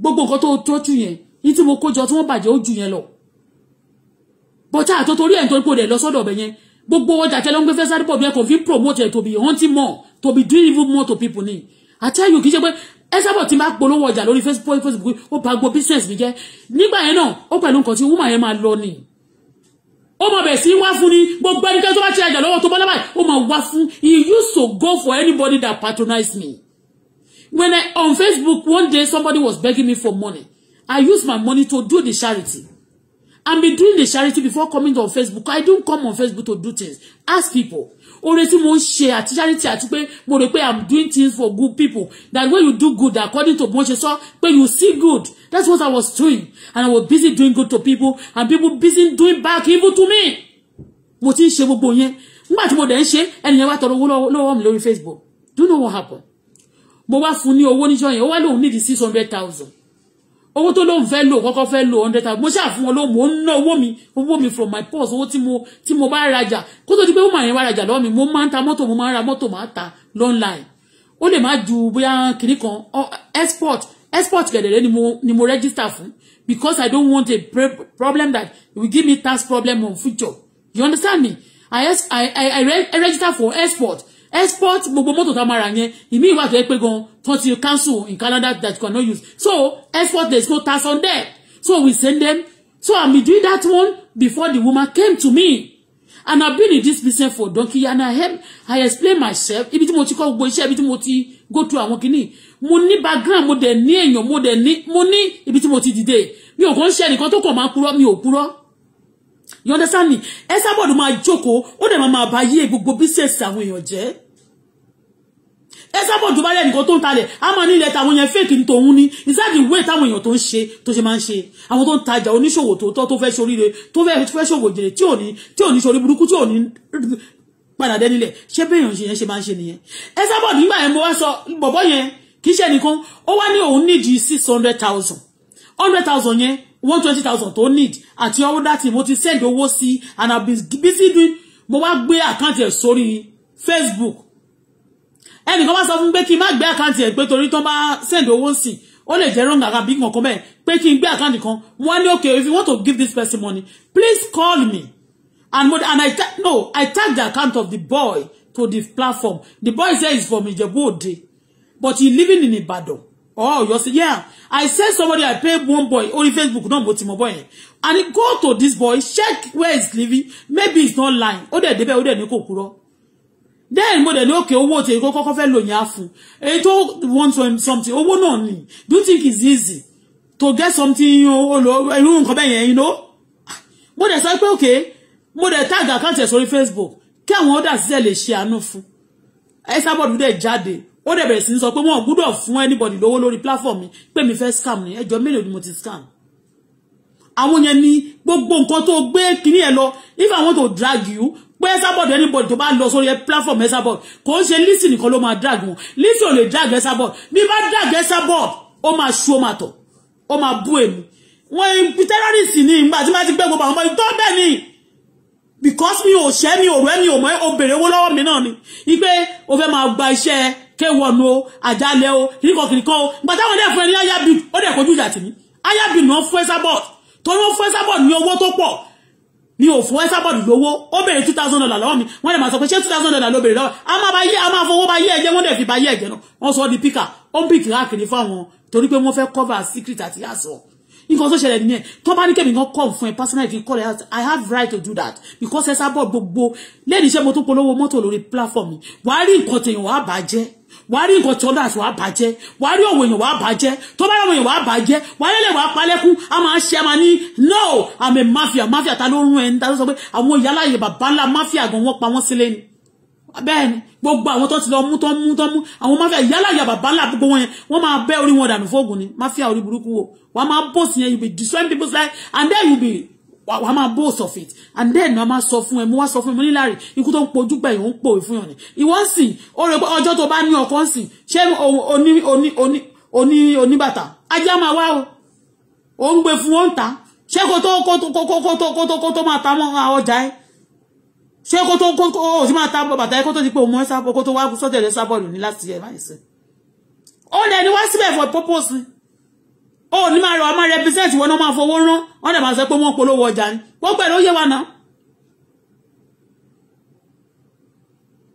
gbogbo nǹkan tó tọ́jú yẹn ní tí mo kó jọ tí wọ́n bàjẹ́ ó jù yẹn lọ bọ́tà àtòtórí ẹ̀ nítorí pé o dẹ̀ lọ sọ́dọ̀ ọ̀bẹ yẹn gbogbo ọjà tẹ́lẹ̀ ń gbé fẹ́ sáré pọ̀ bí ẹ kò fi promote ẹ̀ to be hunting more to be doing even more to people ni àti ayò kìí ṣe pé ẹ sábà tí n bá polówó ọjà lórí Facebook ó ba gbogbo business mi jẹ́ nígbà yẹn náà ó pẹ̀lú nǹkan tí woman yẹn máa lọ nìyí ó máa bẹ̀ sí wá fún ni gbogbo ẹnikẹ́ni tó bá ṣe àjà lọ́wọ́ tó bọ́lá báyìí ó máa wá fún he used to go for anybody that patronize me when I on Facebook one day somebody was begging me for money I used my money to do the charity and be doing the charity before coming on Facebook I don't come on Facebook to do things ask people oore tí mo ń ṣe àti charity àti pé mo rò pé i'm doing things for good people that when you do good according to bó ṣe sọ pé you see good that's what i was doing and i was busy doing good to people and people busy doing back even to me mo ti ń ṣe gbogbo yẹn nígbà tí mo dẹ̀ ń ṣe ẹnìyẹn wá tọrọ owó lọ́wọ́ mi lórí facebook do you know what happened mo wá fún ní owó níjọ́ yẹn ó wá lóun nídìí six hundred thousand owó tó lóun fẹ́ lò kọ́kọ́ fẹ́ lò hundred thousand mo ṣáà fún wọn lóun mo ń ná owó mi owó mi from my purse owó tí mo tí mo bá rajà kó tó di pé woman yẹn wá rajà lọ́wọ́ mi mo máa ń ta mọ́tò mo máa ń ra mọ́tò máa ta online ó lè má ju bóyá kìnnì kan export export gẹ̀dẹ̀rẹ̀ ni mo ni mo register fún because I don't want a problem that will give me tax problem on future you understand me I I I, I register for export export gbogbo mọ́tò tá a máa rà yẹn ìmí ìwà tó yẹ pé gan tó ti cancel in Canada that you cannot use so export there is no tax on there so we send them so I been doing that one before the woman came to me and I been in this business for donkey and I help I explain myself ibi tí mo ti kọ́ gbogbo iṣẹ́ ibi tí mo ti go through àwọn kìíní mo ní background mo dẹ̀ ní èèyàn mo dẹ̀ ní mo ní ibi tí mo ti dìde mi ò kàn ń ṣe ẹnìkan tó kàn máa purọ́ mi ò purọ́ you understand me Esabod máa jókòó ó dẹ̀ máa bá yí gbogbo bísẹ̀sì àwọn je. jẹ́ Esabod bá rẹ̀ nìkan tó ń talẹ̀ a máa nílẹ̀ tàwọn yẹn fèkì ní tòun ní ìsáàdì ìwé táwọn èèyàn tó ń ṣe tó ṣe máa ń ṣe àwọn tó ń tajà oníṣòwò tó tọ́ tó fẹ́ ṣoríire tó fẹ́ ṣòwò jèrè tí ò ní tí ò ní ṣorí burúkú tí ò ní padà dé nílẹ̀ ṣé béèyàn ṣe yẹn ṣe máa ń ṣe nìyẹn Esabod nígbà yẹn mo wá sọ bọ̀bọ̀ yẹn kì í ṣe nìkan ó wá ní òun nídìí six hundred thousand hundred thousand yẹn one twenty thousand tó need àti owó dátì mo ti send owó sí and i been busy doing mo wá gbé àkáǹtì ẹ̀ sórí facebook ẹnìkan wá sọ fún pé kí n má gbé àkáǹtì ẹ̀ pé torí tó bá send owó sí ó lè jẹ́ wrong àkàbí kankan bẹ́ẹ̀ pé kí n gbé àkáǹtì kan wọ́n ní okay if you want to give this person money please call me and and i no i tag the account of the boy to the platform the boy say he's from Ijebu Ode but he living in Ibadan Oh, you State yeah I said somebody I paid one boy only Facebook not but ti mọ boy yẹn and go to this boy check where he's living maybe he's not lying ó dẹ̀ débẹ̀ ó dẹ̀ ní kò then mo dẹ̀ okay, what you go kó kọ́kọ́ fẹ́ lò yẹn á fún èyí something Oh, náà ni do you think it's easy to get something olo irú nǹkan bẹ́ẹ̀ yẹn you know mo dẹ̀ sọ pé òkè mo dẹ̀ tag account ẹ̀ sórí Facebook Can kí àwọn ọ̀dà sísẹ̀ share no àánú I say about dẹ̀ jade ó dẹ̀ bẹ̀rẹ̀ sí ní sọ pé wọ́n gbúdọ̀ fún anybody lówó lórí platform mi pé mi fẹ́ scam ni ẹjọ́ mélòó ni mo ti scam àwọn yẹn ni gbogbo nǹkan tó gbé kinní ẹ lọ if i want to drag you pé Esabod anybody tó bá lọ sórí ẹ platform Esabod kò ń ṣe Lizzy nìkan ló máa drag wọn Lizzy ò lè drag Esabod bí bá drag Esabod ó máa ṣú ó máa tọ̀ ó máa bú èmi wọn terrorist ni ìgbà tí wọn ti gbẹ gbogbo àwọn ọmọ ìtọ́ bẹ́ẹ̀ ni because mi ò ṣẹ́ mi ò rẹ́ mi ò mọ́ obìnrin owó lọ́wọ́ mi náà ni ipe o fẹ́ máa gba iṣẹ́ kéwọnù o àjálẹ̀ o kíríkọ kíríkọ o gbàtàwọn ilé ẹ̀fọn ẹni ayabi ó dẹ̀ kojú ìjà tì mí ayabi náà fún Esabod torí ó fún Esabod ní owó tó pọ̀ ni ò fún Esabod lówó ó béèrè two thousand dollar lọ́wọ́ mi wọ́n dẹ̀ máa sọ pé ṣé two thousand dollar ló béèrè lọ́wọ́ a máa bá yé a máa fowó bá yé ẹ̀jẹ̀ wọ́n dẹ̀ fi bá yé ẹ̀jẹ̀ náà wọ́n sọ ọ́ di píkà ó ń pìkì káàkiri fáwọn torí pé wọ́n fẹ́ cover secret àti àṣọ nǹkan tó ṣẹlẹ̀ nìyẹn tó bá ní kẹ́mi kan kọ́ fún ẹ personal if you call it i have right to do that because Esabod gbogbo lẹ́yìn iṣẹ́ mo tún polówó mọ́tò lórí platform wàá rí nǹkan tèèyàn wàá bàjẹ́ wàá rí nǹkan tí ọ̀dà àti wàá bàjẹ́ wàá rí ọ̀wọ̀ èèyàn wàá bàjẹ́ tó bá yọ̀wọ̀ èèyàn wàá bàjẹ́ wàá yẹlẹ̀ wàá palẹ́kún a máa ṣe a máa ní no I'm a mafia mafia ta ló ń rún ẹni ta ló sọ pé àwọn ìyáláyè bàbá ńlá mafia gan wọ́n pa wọ́n sílé ni bẹ́ẹ̀ ni gbogbo àwọn tó ti lọ mú tó mú tó mú àwọn mafia ìyáláyè bàbá ńlá gbogbo wọn yẹn wọ́n máa bẹ́ orí wọn dànù fóògùn ni mafia orí burúkú wo wàá máa bó sí yẹn you be destroying people's life and then you be wàá máa boast of it and then wàá máa sọ fún ẹ mo wá sọ fún ẹ mo ní láàrin ikú tó ń pojú gbà yìí ó ń pòwe fún yàn ni ìwọ ń sìn ó rẹ pé ọjọ́ tó bá ní ọkọ ń sìn ṣé oní oní oní oní oníbàtà ajá máa wá o ó ń gbé fún ó ń ta ṣé kó tó kó tó kó tó kó tó kó tó máa ta mọ́ ọjà ẹ ṣé kó tó kó tó ó sì máa ta bàtà ẹ kó tó di pé òun mọ́ sábọ̀ kó tó wá sọ́tẹ̀lẹ̀ sábọ̀ lù ní láti ẹ̀ máa ń sìn ó lẹ́ni wá síbẹ̀ for purpose ó ní máa rọ a máa represent wọn náà máa fowó rán wọn dẹ̀ máa sọ pé wọ́n polówó ọjà ni gbogbo ẹ̀ ló yé wa náà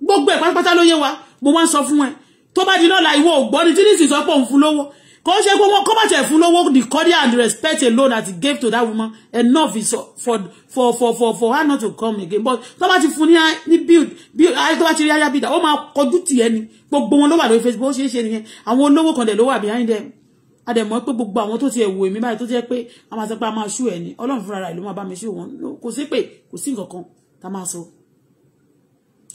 gbogbo ẹ̀ pátápátá ló yé wa mo máa ń sọ fún ẹ tó bá di lọ́la ìwọ ògbọ́ ni tínísì sọ pé òun fún lówó kò ṣe pé wọ́n kọ́ bá tẹ̀ fún lówó the cordial and respect alone that he gave to that woman enough is for for for for for her not to come again but tó bá ti fún ní ní build build ayé tó bá ti rí ayé build ó máa kọjú tì ẹni gbogbo wọn ló wà lórí Facebook ó ṣeé ṣe nìyẹn àwọn olówó kan dẹ̀ ló wà behind them a dẹ̀ mọ̀ pé gbogbo àwọn tó ti ẹ̀ èmi báyìí tó jẹ́ pé a máa sọ pé a máa ṣú ẹ̀ ni ọlọ́run fúnra rẹ̀ ló máa bá mi ṣú wọn kò sí pé kò sí nǹkan kan tá a máa sọ.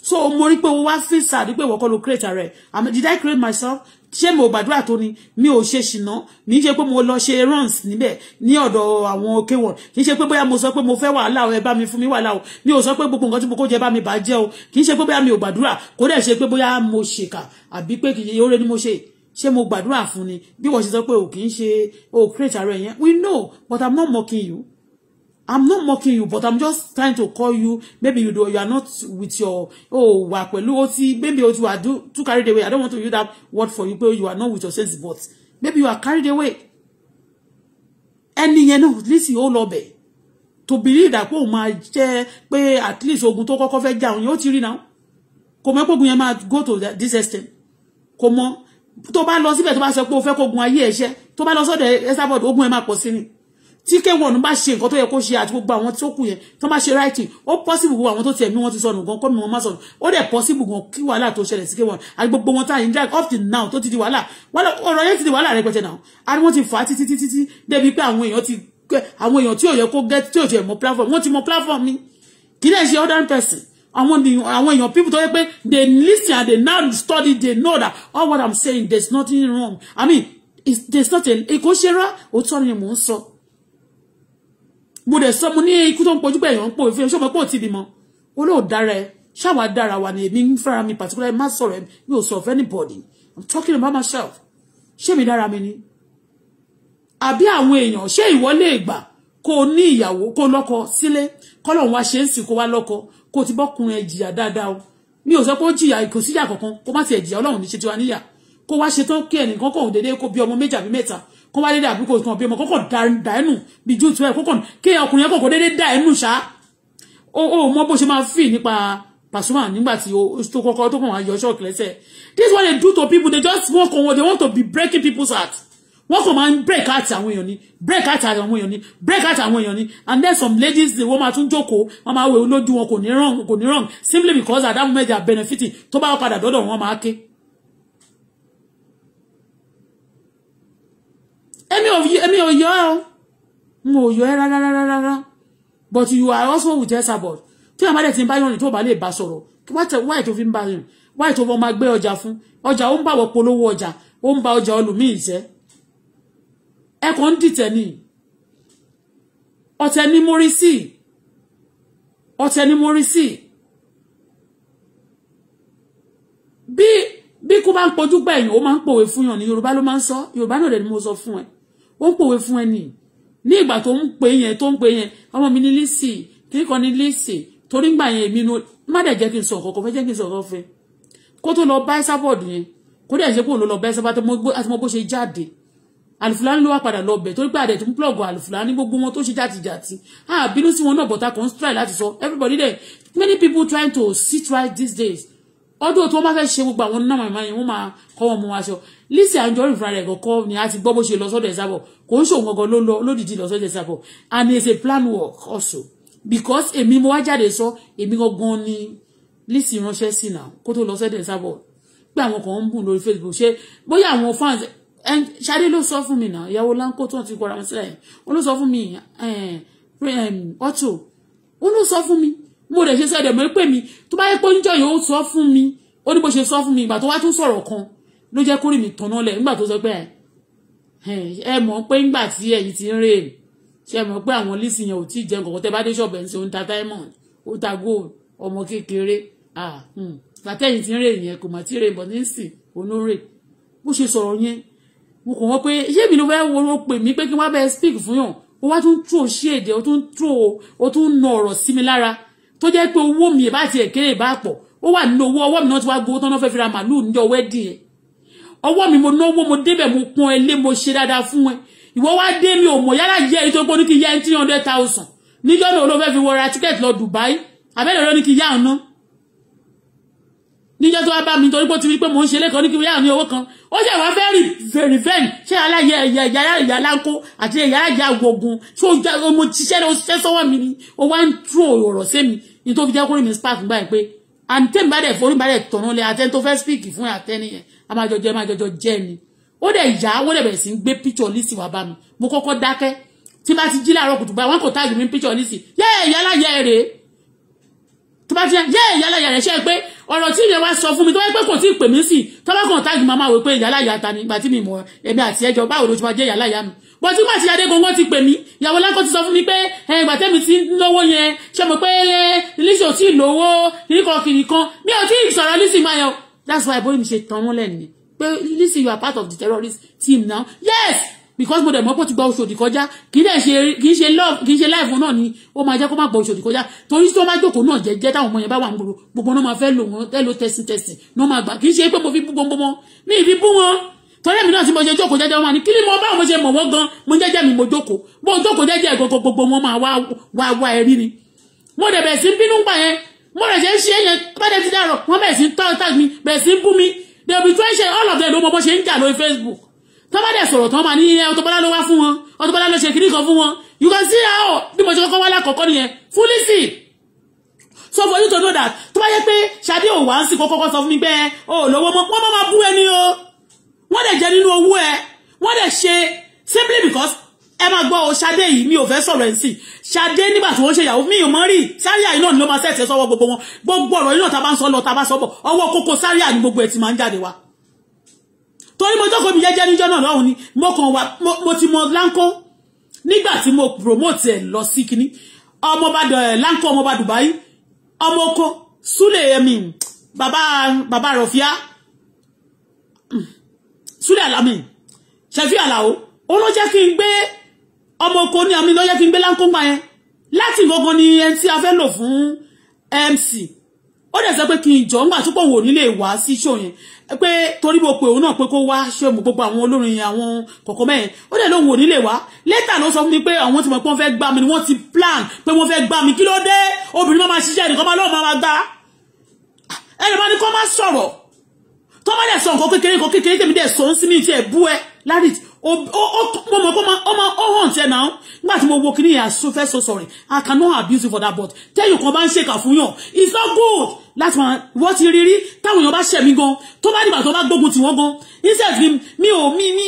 so mo rí pé o wá feel sad pé ìwọ kọ́ ló create ara ẹ̀ did I create myself ṣé mo gbàdúrà tó ni mi ò ṣe ṣìnà mi ṣe pé mo lọ ṣe runs níbẹ̀ ní ọ̀dọ̀ àwọn kéwọ̀n kì í ṣe pé bóyá mo sọ pé mo fẹ́ wàhálà o ẹ bá mi fún mi wàhálà o mi ò sọ pé gbogbo nǹkan tí mo kó jẹ bá mi bà jẹ́ o kì í ṣe pé bóyá mi ò gbàdúrà kó dẹ̀ ṣe pé bóyá mo ṣèkà àbí pé kì í ṣe oore ni mo ṣe ṣé mo gbàdúrà fún ni bí wọ́n ṣe sọ pé o kì í ṣe o create ara yẹn we know but i'm not mocking you i'm not mocking you but i'm just trying to call you maybe you, do, you are not with your oh wà pẹ̀lú o ti maybe o ti wà do too carried away i don't want to use that word for you pé you are not with your sense but maybe you are carried away ẹni yẹn náà listen ó lọ bẹ̀ to believe that pé òun máa jẹ́ pé at least ogun tó kọ́kọ́ fẹ́ jà òun yẹn ó ti rí náà kò mọ̀ pé ogun yẹn máa go to this extent kò mọ̀ tó bá lọ síbẹ̀ tó bá sọ pé o fẹ́ kógun ayé ẹ̀ṣẹ́ tó bá lọ sọ́dọ̀ Esabod ogun ẹ̀ máa pọ̀ sí ni tí kéwọ̀n bá ṣe nǹkan tó yẹ kó ṣe àti gbogbo àwọn tó kù yẹn tó bá se writing ó possible gbogbo àwọn tó tiẹ̀ mí wọ́n ti sọnù gan kọ́mi wọn má sọnù ó dẹ̀ possible gan kí wàhálà tó ṣẹlẹ̀ sí kéwọ̀n àti gbogbo wọn táyìn drag up till now tó ti di wàhálà ọ̀rọ̀ yẹn ti di wàhálà rẹpẹtẹ náà àti wọ́n ti fà á títí títí débi pé àwọn èèyàn ti àwọn èèyàn tí ò yẹ kó get tí ò tiẹ̀ mọ platform wọ́n ti mọ platform mi kì í other person àwọn àwọn èèyàn people tó yẹ pé they listen and they now study they know that all what i'm saying there's nothing wrong i mean it's, there's not a èkó ṣe rá òótọ́ ni mò ń sọ mo dẹ̀ sọ mo ní ikú tó ń pojú pé èèyàn ń pò ìfẹ́ ṣọ́mọ pé ò ti bímọ olóòdára ẹ ṣáwa dára wà ní èmi fúnra mi particular má sọ̀rọ̀ ẹ mi ò sọ of anybody i'm talking about myself ṣé mi dára mi ni àbí àwọn èèyàn ṣé ìwọ lè gbà kó o ní ìyàwó kó o lọ́kọ sílé kọ́lọ́hún wá ṣe é sì kó wá lọ́kọ kó ti bọ́kùnrin ẹ̀ dáadáa o mi ò sọ pé ó jìyà kò síyà kankan kó má tiẹ̀ jìyà ọlọ́run ní ṣe tiwa níyà kó wá ṣe tán kí ẹnìkan kò dédé kó bí ọmọ méjì àbí mẹ́ta kó wá dédé àbí kò kàn bí ọmọ kókò dà ẹnu bí jù tó ẹ kókò kí ọkùnrin ẹ kókò dédé dà ẹnu ṣá o ò mọ bó ṣe máa fì nípa Pasuma nígbà tí o tó tó kàn wá yọ ṣọ́ọ̀kì lẹ́sẹ̀ this is what they do to people they just smoke on they want to be breaking people's hearts wọ́n kò máa ń break out àwọn èèyàn ni break out àwọn èèyàn ni break out àwọn èèyàn ni and then some ladies wọ́n máa tún jókòó wọ́n máa wo olójú wọn kò ní wrong kò ní wrong simply because at that moment they are benefiting tó bá padà dọ́dọ̀ wọn máa ké. èmi ò èmi ò yọ ẹ́ o n ò yọ ẹ́ rárá rárá rárá but you are also with Esabod tí àwọn àdẹ̀ ti ń bá yọrin tó bá lè bá sọ̀rọ̀ wáyé tó fi ń bá yọrin wáyé tó fọ́ máa gbé ọjà fún ọjà ó ń bàwọ̀ polówó ọjà ó ń ba ọjà olùmíì jẹ́ ẹ kàn ń dìtẹ̀ ni ọ̀tẹ̀ ni mo rí sí ọ̀tẹ̀ ni mo rí sí bí bí kò bá ń pojú gbà èèyàn ó máa ń pòwe fún yàn ní Yorùbá ló máa ń sọ Yorùbá náà dẹ̀ ni mo sọ fún ẹ ó ń pòwe fún ẹ nìyí ní ìgbà tó ń pè yẹn tó ń pè yẹn ọmọ mi ní Lizzy kí kan ní Lizzy torí ń gbà yẹn èmi nu má dẹ̀ jẹ́ kí n sọ ọ̀kọ̀ọ̀kan fẹ́ jẹ́ kí n sọ ọ̀kọ̀ọ̀kan fẹ́ kó tó lọ bá ẹ́sà bọ́ọ̀dù yẹn kó dẹ̀ ṣe kó lọ bá ẹ́sà bá àti mo bó ṣe jáde àlùfùlání ló wá padà lọ bẹ̀ torí pé àdẹ̀ tó ń plọ̀gù àlùfùlání gbogbo wọn tó ṣe jàtìjàtì a bínú sí wọn náà bọ̀tà kan try láti sọ everybody there many people trying to sit right these days ọdún tó bá fẹ́ ṣe gbogbo àwọn náà màmá yẹn wọ́n máa kọ́ wọn mú aṣọ Lizzy Anjorin fúnra rẹ̀ kọ́kọ́ ni a ti gbọ́ bó ṣe lọ sọ́dọ̀ ẹ̀ sábọ̀ kò ń ṣòwò gangan ló lọ lódìdí lọ sọ́dọ̀ ẹ̀ and it's a plan work also because èmi mo wá jáde sọ èmi gangan ni Lizzy ránṣẹ́ sí náà kó tó lọ sọ́dọ̀ ẹ̀ sábọ̀ pé àwọn kan ń bùn lórí Facebook ṣe bóyá àwọn fans Ṣadé ló sọ fún mi náà ìyàwó láńkó tó ti kọra sílẹ̀ ó ló sọ fún mi eh, eh, Auto ó ló sọ fún mi mo dẹ̀ ṣe sọ ẹ̀dẹ̀ mo pè mí tó bá yẹ pé oníjọ́ yóò sọ fún mi ó ní bó ṣe sọ fún mi ìgbà tó wá tún sọ̀rọ̀ kan ló jẹ́ kórìí mi tọ̀nà lẹ̀ nígbà tó sọ pé eh, ẹ mọ̀ pé nígbà tí ẹ̀yìn ti ń rè ṣe mọ̀ pé àwọn lísì yẹn ò tí ì jẹun kọ̀ọ̀kan tẹ́ bá dé ṣọ̀bẹ̀ ṣe ń ta diamond ó ta gold ọmọ kékeré ah, hmm. àtẹ̀yìn ti ń rè yẹn kò mà tí rè bọ̀ nísìn onórè bó ṣe sọ̀rọ̀ yẹn mo kàn wọ́n pé ṣé èmi ló fẹ́ wọ́n pè mí pé kí wọ́n bẹ́ẹ̀ speak fún yàn ó wá tún tú òṣì èdè ó tún tú ó tún na ọ̀rọ̀ sí mi lára tó jẹ́ pé owó mi ìbá ti ẹ̀kẹ́rẹ́ ìbá pọ̀ ó wà nínú owó ọwọ́ mi náà ti wá gbowó tán náà fẹ́ fi ra màlúù níjọ́ wedding ẹ̀ ọwọ́ mi mo náwó mo débẹ̀ mo pọn ẹlé mo ṣe dáadáa fún ẹ ìwọ wá dé mi ò mọ̀ yálà yẹ ẹni tó gbóni kí yá ẹni tí hundred thousand níjọ́ náà ló fẹ́ fi wọra tíkẹ́ẹ̀tì lọ Dubai àbẹ́rẹ́ ló ní kí yá ọ̀nà níjọ́ tó wá bá mi torí pé ó ti rí pé mò ń ṣe lẹ́kọ̀ọ́ ní kí wíyà ní owó kan ó ṣe wá fẹ́ rì fèrè fẹ́ẹ̀n ṣé aláyẹ ẹ̀yà ìyá ìyá láńkó àti ẹ̀yà ìyá ògùn tí ó já ọmọ ṣiṣẹ́ ó ṣiṣẹ́ sọ́wọ́ mi ni ó wá ń tú ọ̀rọ̀ sí mi ní tó fi jẹ́ kórìí mi spark gbà pé and tẹ́ mi bá dẹ̀ forí mi bá dẹ̀ tọ̀nà lẹ àtẹ́ni tó fẹ́ speak fún àtẹ́ni yẹn a máa jọjọ máa jọjọ jẹ́ picture lísì wá bá mi mo kọ́kọ́ dákẹ́ tí bá ti jí láàárọ̀ kùtù bá wọn kò táàgì mi picture lísì yẹ́ẹ̀ yálà yẹ́ẹ̀ rèé tó bá ti yẹ́ẹ̀ yálà ọ̀rọ̀ tí ìyẹn wá sọ fún mi tó wáyé pé kò tí ì pè mí sí tọ́lọ́kàn táàgì màmá wò pé ìyálà ìyá ta ni ìgbà tí mi mọ̀ ẹ̀mí àti ẹjọ́ báwo ló ti máa jẹ́ ìyálà ìyá mi bọ́n tí màtí adé gbọ̀ngàn ti pè mí ìyàwó lákọ̀ ti sọ fún mi pé ìgbà tẹ́mi ti lówó yẹn ṣe mọ̀ pé eh, lísì ò tí ì lówó kíríkan kìnìkan mi ò tí ì sọ̀rọ̀ lísì máa yọ that's why bóyá mi ṣe tan wọn lẹ́nu you are part of the terrorist team now yes because mo dẹ̀ mọ́ pọ̀ ti gba Oṣòdì kọjá kì í dẹ̀ ṣe kì í ṣe love kì í ṣe life náà ni ó máa jẹ́ kó má gba Oṣòdì kọjá torí tí wọ́n bá jókòó náà jẹ́jẹ́ táwọn ọmọ yẹn bá wà ń gbòòrò gbogbo náà máa fẹ́ lò wọ́n tẹ́lò tẹ̀sìn tẹ̀sìn náà máa gbà kì í ṣe pé mo fi bú gbogbo wọn ní ìfi bú wọn torí èmi náà tí mo ṣe jókòó jẹ́jẹ́ wọn ni kí ni mo bá wọn ṣe mọ̀ wọ́n gan mo jẹ́jẹ́ mi mo jókòó bó jókòó jẹ́jẹ́ gbogbogbò wọn máa wá wá ẹrí ni mo dẹ̀ bẹ̀ sí bínú gbà yẹn mo rẹ̀ ṣe ń ṣe yẹn pẹ́ẹ́dẹ́ ti dàrọ̀ wọ́n bẹ̀ sí tọ́ọ̀tà mi bẹ̀ sí bú mi dẹ̀bi tó ń ṣe all of them ló mọ bó tó sọ̀rọ̀ tó máa ní Auto Bola ló wá fún wọn Auto ló ṣe kiri kan fún wọn you can see how bí mo ṣe kọ́kọ́ wá lákọ̀ọ́kọ́ nìyẹn fúlísì so for you to know that tó bá yẹ pé Ṣadé ò wá ń sìn kọ́kọ́ sọ fún mi pé o lówó mọ́ wọ́n máa bú ẹni o wọ́n dẹ̀ jẹ nínú owó ẹ wọ́n dẹ̀ ṣe simply because ẹ máa gbọ́ o Ṣadé yìí mi ò fẹ́ sọ̀rọ̀ ẹ̀ sí Ṣadé nígbà tí wọ́n ṣe ìyàwó mi ò mọ́ rí sáríà yìí náà ni ló máa ṣẹ̀ṣẹ̀ sọ́wọ́ gbogbo wọn gbogbo ọ̀rọ̀ yìí náà ta bá ń sọ lọ ta bá sọ bọ̀ ọwọ́ kókó sáríà ni gbogbo ẹ̀ ti máa ń jáde wá torí mo jókòó mi jẹ́jẹ́ níjọ́ náà lọ́hùn ni mo kàn wá mo ti mọ láńkó nígbà tí mo promote ẹ̀ lọ sí kínní ọmọọba láńkó ọmọọba Dubai ọmọ oko súlẹ̀ ẹ̀mí bàbá bàbá rọ̀fíà súlẹ̀ àlámì ṣẹ̀fí àlàó ó ló jẹ́ kí n gbé ọmọ oko ní àmì ló jẹ́ kí n gbé láńkó gbà yẹn láti gbogbo ni ẹni tí a fẹ́ lò fún MC ó dẹ̀ sọ pé kí n jọ ńgbà tó pọ̀ wò nílé wá sí ṣó yẹn pé torí mo pe òun náà pé kó wá ṣe mo gbogbo àwọn olórin àwọn kọ̀ọ̀kan mẹ́rin ó dẹ̀ ló wò nílé wá lẹ́tà ló sọ fún mi pé àwọn ti mọ̀ pé wọ́n fẹ́ gbá mi ni wọ́n ti plan pé wọ́n fẹ́ gbá mi kí ló dé obìnrin máa ṣiṣẹ́ nìkan máa lọ́ọ̀ máa gbá ẹnì máa ní kó má sọ̀rọ̀ tó má dẹ̀ sọ nǹkan kékeré nǹkan kékeré tèmi dẹ̀ sọ ń sí mi tiẹ̀ bú ẹ láti Oh oh oh! ọ̀hún tiẹ̀ náà Oh, tí mo wo kí ni yà so fẹ́ so sorry I cannot abuse you for that but tẹ́yìn kan bá ń ṣèkà fún yàn it's not good láti máa wọ́n ti rírí táwọn èèyàn bá ṣẹ̀ mí gan tó bá dìgbà tó bá gbógun tì wọ́n gan instead mi ò mi mi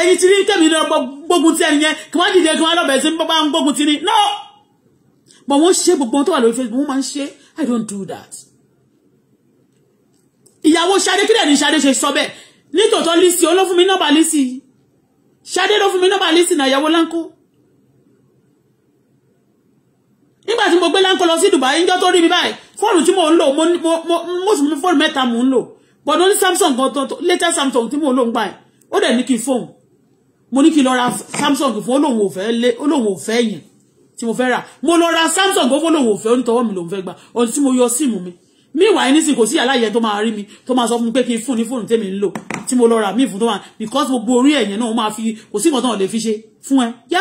ẹni tí rí tẹ̀mí lọ gbógun tì ẹni yẹn kí wọ́n dìde kí wọ́n lọ bẹ̀rẹ̀ sí bá ń gbógun tì ni no but wọ́n ṣe gbogbo ohun tó wà lórí Facebook wọ́n máa ń ṣe I don't do that ìyàwó Ṣadé kílẹ̀ ní Ṣadé ṣe sọ bẹ́ẹ̀ nítòótọ́ Lizzy olófúnmi nọ́mbà Lizzy Ṣadé ló fún mi nọ́mbà lísìnà ìyàwó láńkó nígbà tí mo gbé láńkó lọ sí Dubai ńjọ́ tó rí mi báyìí fóònù tí mo ń lò mo mo sì mú fóònù mẹ́ta mò ń lò bọ̀dọ̀ ní Samsung kan tó later Samsung tí mò ń lò ń gbà yìí ó dẹ̀ ní kí fóònù mo ní kí lọ ra Samsung fún olóhùn òfẹ́ lé olóhùn òfẹ́ yẹn tí mo fẹ́ rà mo lọ ra Samsung fún olóhùn òfẹ́ onítọ̀wọ́ mi lòún fẹ́ gbà ọ̀n tí mo yọ síìmù mi meanwhile nísìnyí kò sí aláyẹ tó máa rí mi tó máa sọ fún mi pé kí n fún ní fóònù tèmi ń lò tí mo lọ rà mí fún tó máa because gbogbo orí ẹ̀yẹ náà máa fi kò sí nǹkan tó lè fi ṣe fún ẹ yá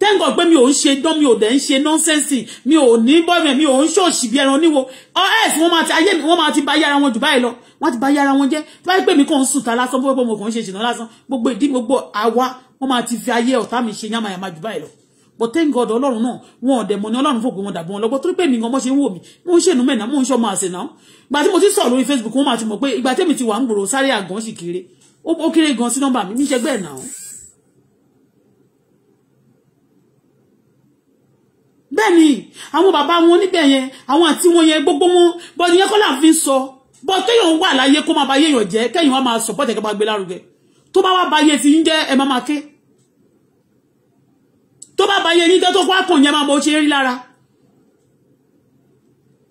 thank God pé mi ò ń ṣe dán mi ò dẹ̀ ń ṣe nonsense mi ò ní bọ́ọ̀mẹ̀ mi ò ń ṣòṣì bí ẹran níwo ọ́s wọ́n máa ti ayé mi wọ́n máa ti ba yára wọn jù báyìí lọ wọ́n ti ba yára wọn jẹ́ tó báyìí pé mi kàn ń sùn ta lásán bó pé mo kàn ń ṣe ṣìnà lásán gbogbo ìdí gbogbo àwa wọ́n máa ti fi ayé ọ̀tá mi ṣe yàmàyàmà jù báyìí lọ but thank God ọlọ́run náà wọn ọ̀dẹ̀ mọ̀ ní ọlọ́run fòpin wọn dàbí wọn lọ́gbọ́n torí pé mi gan bọ́ ṣe ń wò mí mo ń ṣèlú mẹ́ẹ̀ná mo ń ṣọmọ àṣẹ náà ìgbà tí mo ti sọ̀rọ̀ lórí Facebook wọn máa ti mọ̀ pé ìgbà tẹ́mi ti wà ń gbòòrò sáré àgàn sì kéré ó kéré gan sí nọ́mbà mi níṣẹ́ bẹ́ẹ̀ náà. bẹ́ẹ̀ ni àwọn bàbá wọn níbẹ̀ yẹn àwọn àti wọn yẹn gbogbo wọn bọ́ ni yẹn kọ́ là ń fi sọ bọ́ téèyàn wà láyé kó máa ba yéèyàn jẹ́ kéèyàn wá máa sọ̀pọ̀tẹ̀ kẹ́ máa gbé lárugẹ tó bá wá ba yé ti ń jẹ́ ẹ máa máa ké tó bá bá yẹn nígbà tó kó àkàn yẹn máa mọ ṣe rí lára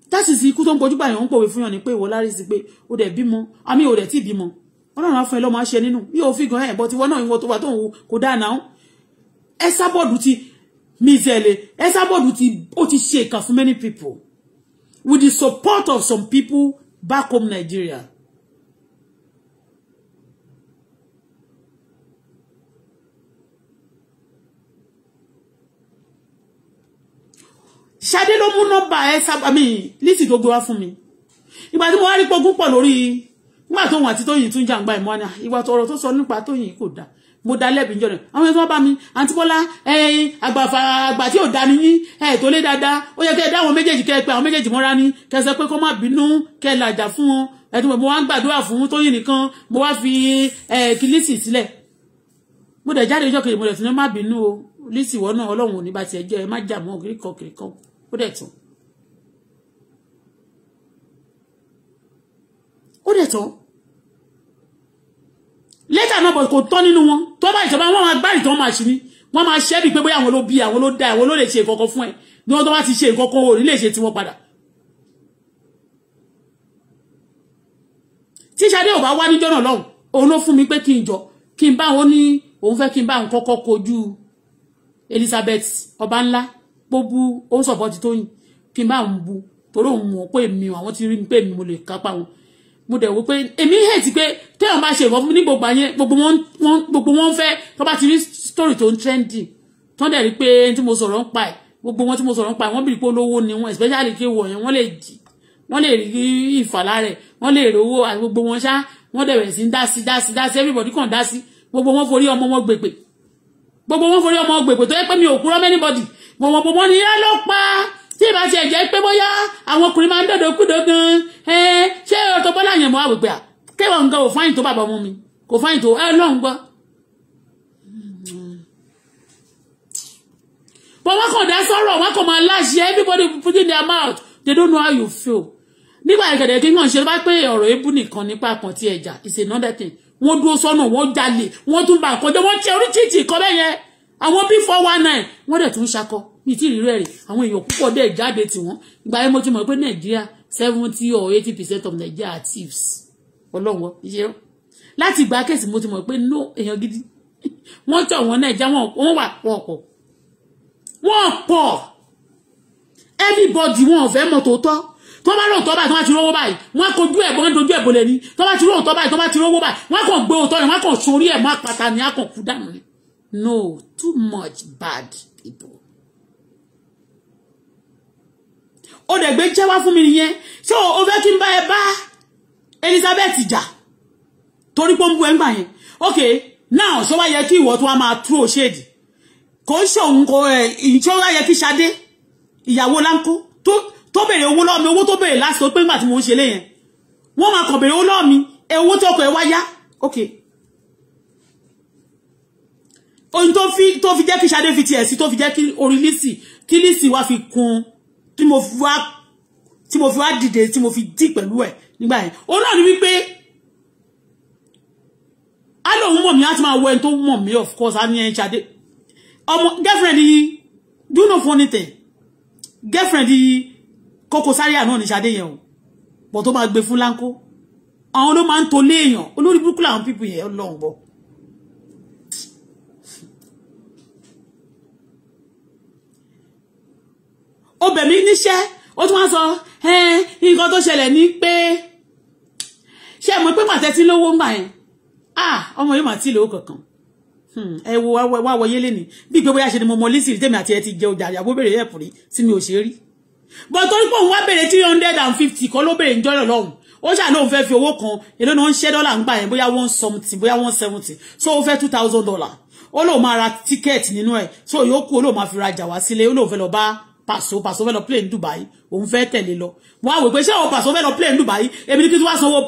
that is ikú tó ń gbójú báyìí ó ń pòwe fún yàn ni pé ìwọ lárí sí pé ó dẹ̀ bímọ àmì ò dẹ̀ tí bímọ ọlọ́run afọ ẹ lọ́mọ aṣẹ nínú bí o fi gan ẹ̀ bọ́ tiwọ́ náà ìwọ tó wà tó ń wo kò dáa náà ẹ sábọ́ọ̀dù ti mizẹ̀lẹ̀ ẹ sábọ́ọ̀dù ti ó ti ṣe ìkà fún many people with the support of some people back home Nigeria Ṣadé ló mú nọ́mbà ẹ sábà mi lísì tó wá fún mi ìgbà tí mo wá rí pogún pọ̀ lórí nígbà tóun àti Tóyìn tún jàǹgbá ìmọ̀ ni ìwà ọ̀rọ̀ tó sọ nípa Tóyìn kò dáa mo dá lẹ́bi ìjọ rẹ̀ àwọn ẹni tó bá mi àǹtí Bọ́lá ẹ̀yin àgbàfà àgbà tí ò dá ni yín ẹ̀ tó lé dáadáa ó yẹ kẹ́ ẹ dá àwọn méjèèjì kẹ́ ẹ pé àwọn méjèèjì mọ́ra ni kẹ́ ẹ sọ pé kó má bínú kẹ́ ẹ làjà fún wọn ẹ̀dùn mo wá ń gbàdúrà fún Tóyìn nìkan mo wá fi kìlísì sílẹ̀ mo dẹ̀ jáde ìjọ kejì mo dẹ̀ tún ní má bínú o lísì wọ́n náà Ọlọ́run ò ní bá tiẹ̀ jẹ́ ẹ má jà mọ́ kiri kan ó dẹ̀ tán ó dẹ̀ tán lẹ́tà náà bọ̀ kò tán nínú wọn tó bá ìjọba wọn máa gbáyìí tán máa ṣe ni wọn máa ṣẹ́ bíi pé bóyá àwọn ló bí àwọn ló dá àwọn ló lè ṣe ìkọ̀kọ̀ fún ẹ ní wọn tó bá ti ṣe ìkọ̀kọ̀ ò ní lè ṣe tiwọn padà tí Ṣadé ò bá wá níjọ́ náà lọ́hùn òun ló fún mi pé kí n jọ kí n bá òun ní òun fẹ́ kí n bá òun kọ́kọ́ kojú Elizabeth ọba ńlá pó bú ó sọ̀pọ̀tì Tóyìn kí n bá òun bu torí òun mọ̀ pé èmi àwọn ti rí pé èmi mo lè kápá wọn mo dẹ̀ wò pé èmi hẹ̀tì pé téèyàn máa ṣe ìwọ́n ní gbogbo àyẹn gbogbo wọn fẹ́ tó bá ti rí story tó ń trending tó ń dẹ̀ rí pé tí mo sọ̀rọ̀ ń pa ẹ̀ gbogbo wọn tí mo sọ̀rọ̀ ń pa ẹ̀ wọ́n bìrì pé olówó ni wọn especially kí wọ̀ yẹn wọ́n lè jì wọ́n lè rí ìfàlà wọ́n lè rówó àti gbogbo wọn ṣá wọ́n dẹ̀ bẹ̀rẹ̀ sí ń dá sí dá everybody kàn dá gbogbo wọn forí ọmọ wọn gbègbè gbogbo wọn forí ọmọ gbègbè tó yẹ pé mi ò kúrọ́ mẹ́nibọ́dì bọ̀bọ̀bọ̀bọ̀ ni yá ló pa tí ìbá ti ẹ̀jẹ̀ pé bóyá àwọn ọkùnrin máa ń dọ̀dọ̀ kúdọ̀ gan ẹ ṣé Auto Bola yẹn mọ́ àwògbé à nǹkan kò fáyìn tó bàbá ọmọ mi kò fáyìn tó ẹ gbọ́. but wọn dá sọ̀rọ̀ wọn kàn máa láṣẹ everybody put in their mouth they don't know how you feel. nígbà ìkẹ̀dẹ̀ kí wọ́n ṣe bá pé ọ̀rọ̀ ebú nìkan nípa kan ti ẹ̀jà is another thing wọ́n dúró sọ́nà wọ́n jalè wọ́n tún bá àkọjọ́ wọ́n tẹ orí títì kọ́ bẹ́yẹn àwọn bí four one nine wọ́n dẹ̀ tún ṣakọ ní tí ìrírí ẹ̀rì àwọn èèyàn púpọ̀ dẹ̀ jáde tiwọn ìgbà yẹn mo ti mọ̀ pé nàìjíríà seventy or eighty percent of Nigeria are thieves ọlọ́wọ́ iṣẹ́ láti ìgbà kẹ̀sì mo ti mọ̀ pé no èèyàn gidi wọ́n tọ̀ wọ́n nàìjíríà wọ́n wà wọ́n pọ̀ wọ́n pọ̀ everybody wọn ò fẹ́ mọ̀ tòótọ́ tó bá lóòótọ́ báyìí tó bá ti rówó báyìí wọ́n kojú ẹ̀ wọ́n dojú ẹ̀ bolẹ̀ ni tó bá ti lóòótọ́ báyìí tó bá ti rówó báyìí wọ́n kàn gbé òótọ́ ni wọ́n kàn sórí ẹ̀ mọ́ àpáta ni á kàn kú dànù ni No, too much bad people. Ó dẹ̀ gbé jẹ́wá fún mi nìyẹn. Ṣé o fẹ́ kí n bá ẹ Elizabeth jà? Tori pé ó ń bu ẹ̀ ń gbà yẹn. Okay, now ṣé wá yẹ kí ìwọ tó shade. máa tú òṣèdì? Kò ń ṣe òun kò ẹ̀ ìṣe ó yẹ kí To ìyàwó Láńkó tó béèrè owó lọ́ọ̀mí owó tó béèrè lásìkò pé ńgbà tí mo ń ṣe léyẹn. Wọ́n máa kàn béèrè owó lọ́ọ̀mí owó tó kọ̀ ẹ̀ wá yá. Okay oyin tó fi tó fi jẹ́ kí Ṣadé fi tiẹ̀ sí tó fi jẹ́ kí orin Lizzy kí Lizzy wá fi kún tí mo fi wá tí mo fi wá dìde tí mo fi dì pẹ̀lú ẹ̀ nígbà yẹn òun náà ni wípé á lóun mọ̀ mí á ti máa wọ ẹni tó mọ̀ mí of course á ni en Ṣadé ọmọ girlfriend yìí do you know funny thing girlfriend yìí Koko Zaria náà ní Ṣadé yẹn o bọ̀ tó máa gbé fún láńkó àwọn ló máa ń tolé èèyàn olórí burúkú làwọn pípù yẹn ọlọ́run bọ̀ ó bẹ̀ mí níṣẹ́ ó tún wá sọ nǹkan tó ṣẹlẹ̀ ní pé ṣé ẹ mọ̀ pé pàtẹ́tí lówó ń bà yẹn ah, ọmọ yóò máa tí lówó kankan hmm, ẹ wo wá wọyé lẹ́ni bí pé bóyá ṣe ni mo mọ lísìrì tèmi àti ẹ ti jẹ ọjà àyàwó bèrè ẹ̀pù rí tí mi ò ṣe rí bọ́ torí pé òun wá bèrè three hundred and fifty kọ́ ló bèrè ń jọ́rọ̀ lọ́hùn ó ṣà lóun fẹ́ fi owó kan èló ni wọ́n ń ṣẹ́ dọ́là ń gbà yẹn bóyá one something bóyá one seventy so ó fẹ́ two thousand dollar ó lóun máa ra tíkẹ́ẹ̀tì nínú ẹ̀ so yóò kú ó lóun máa fi rajà wá sílé ó lóun fẹ́ lọ bá pàṣọ pàṣọ fẹ́ lọ play ní Dubai òun fẹ́ tẹ̀lé lọ wọ́n á wò pé ṣé àwọn pàṣọ fẹ́ lọ play ní Dubai èmi ní kí tí wọ́n sanwó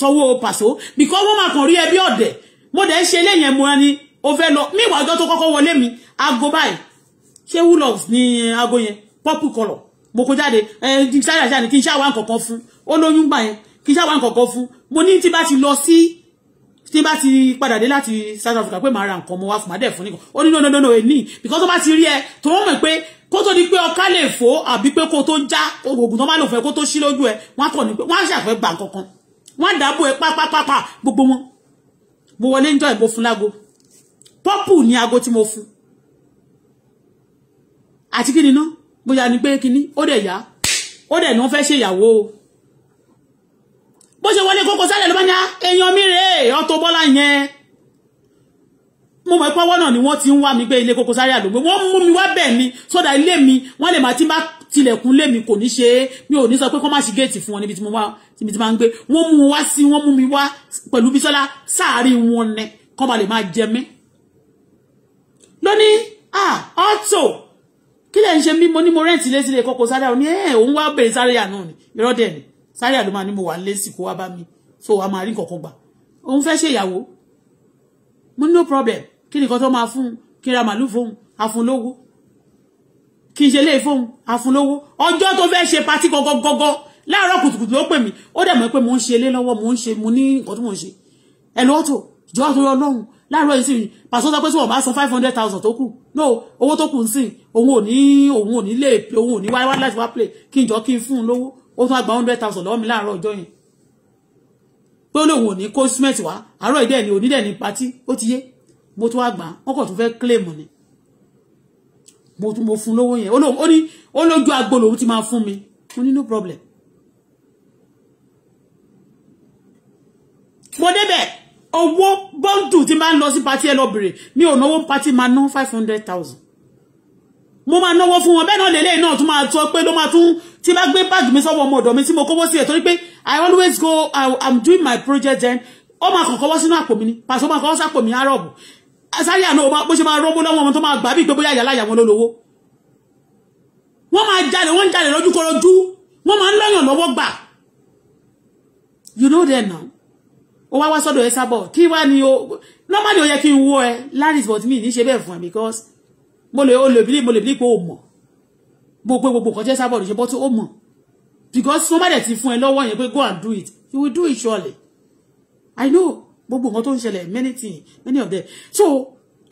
sanwó pàṣọ because wọ́n máa kàn rí ẹbí ọ̀dẹ̀ mo dẹ̀ ń ṣe eléyìí ẹ̀mú ẹni o fẹ́ lọ mí ìwà ọjọ́ tó kọ́kọ́ wọlé mi aago báyìí ṣé wooloves ní aago yẹn purple colour mo kó jáde ẹ ṣáà ṣáà ní kí n ṣáà wá nǹkan kan fún ó gbà yẹn kí n ṣáà wá nǹkan kan fún mo ní tí bá ti lọ sí tí bá ti padà dé láti South Africa pé màá ra nǹkan mo wá fún màá dẹ̀ fún nìkan ó ní no no no no èní because ó bá ti rí ẹ tó wọ́n mọ̀ pé kó tó di pé ọká lè fò àbí pé kó tó já oògùn tó má lò fẹ́ kó tó ṣí lójú ẹ wọ́n kàn ní pé wọ́n á ṣàfẹ́ gbà kankan wọ́n á dáàbò ẹ pápápápá gbogbo wọn mo wọlé ń jọ ìbò fún lágo pọ́pù ní ago tí mo fún àti kí ni ná bóyá ni pé kíní ó dẹ̀ yá ó dẹ̀ ní wọ́n fẹ́ ṣèyàwó o bó ṣe wọlé kókó sálẹ̀ ló bá ní ah, èèyàn mi rèé Auto Bola yẹn mo mọ̀ pé náà ni wọ́n ti ń wá mi pé ilé Koko Zaria àdúgbò wọ́n mú mi wá bẹ̀ mi sódà ilé mi wọ́n lè máa ti bá tilẹ̀kùn lé mi kò ní ṣe é mi ò ní sọ pé kọ́ má ṣe géètì fún wọn níbi tí mo máa ń gbé wọ́n mú wá sí wọ́n mú mi wá pẹ̀lú Bísọ́lá sáàárín wọn nẹ kọ́ ba lè máa jẹ mí. lónìí ah Auto kí lè ń ṣe mí mo ní mo rẹ́ǹtì lé sílé Koko Zaria ò ní ẹ̀ eh, òun wá bèrè sáré àná ni irọ́ dẹ̀ ni sáré àlọ́ máa ní mo wà lẹ́sìn kó wá bá mi so wàá máa rí nǹkan kan gbà òun fẹ́ ṣèyàwó mo ní no problem kí nìkan tó máa fún un kí n ra màálù fóun àfúnlówó kí n ṣe lè fóun àfúnlówó ọjọ́ tó fẹ́ ṣe patí gọ́gọ́gọ́gọ́ láàárọ̀ kùtùkùtù ló pè mí ó dẹ̀ mọ̀ pé mo ń ṣe ilé lọ́wọ́ mo ń ṣe mo ní nǹkan tí mo ń ṣe ẹ̀ lọ́tò ìjọba tó yọ lọ́hùn láàárọ̀ yìí sì ní pàṣẹ sọ pé tí wọ́n bá san five hundred thousand tó kù no owó tó kù ń sìn òun ò ní òun ò ní lè òun ò ní wáyé wá láti wá play kí n jọ kí n fún un lówó ó tún àgbà hundred thousand lọ́wọ́ mi láàárọ̀ ọjọ́ yẹn pé olóhùn ò ní kó cement wá àárọ̀ ìdẹ́ ni onídẹ̀ ní patí ó ti yé mo tún àgbà wọn kàn tún fẹ́ claim ni mo fún lówó yẹn ó ní ó lójú agbo lòun ti máa fún mi mo ní no problem mo débẹ̀ owó bọ́ǹdù tí máa ń lọ sí patí ẹ lọ bèrè mi ò náwó patí máa ná five hundred thousand mo máa náwó fún wọn bẹ́ẹ̀ náà lélẹ́yìn náà tún máa sọ pé ló máa tún tí bá gbé báàgì mi sọ́wọ́ ọmọ ọ̀dọ̀ mi tí mo kówó sí ẹ̀ torí pé I always go I, I'm doing my project then ó máa kàn kọ́wọ́ sínú àpò mi ni pàṣẹ ó máa kọ́wọ́ sápò mi arọ́ọ̀bù sáré àná bó ṣe máa rọ́bó lọ́wọ́ wọn tó máa gbà bí ìgbé bóyá ìyàláyà wọn lólówó wọ́n máa jalè wọ́n ń jalè lójúkorojú wọ́n máa ń lọ́yàn lọ́wọ́ gbà you know them now ó wá wá sọ́dọ̀ ẹ sábọ̀ kí wá ni o normally ó yẹ kí n wó ẹ that is what me ní ṣe bẹ́ẹ̀ fún because mo lè olè bí mo lè bí pé o mọ̀ mo pé gbogbo nǹkan jẹ́ sábọ̀dù ṣe bọ́ tó o mọ̀ because somebody ti fún ẹ lọ́wọ́ yẹn pé go and do it you will do it surely i know gbogbo nǹkan tó ń ṣẹlẹ̀ many things many of them so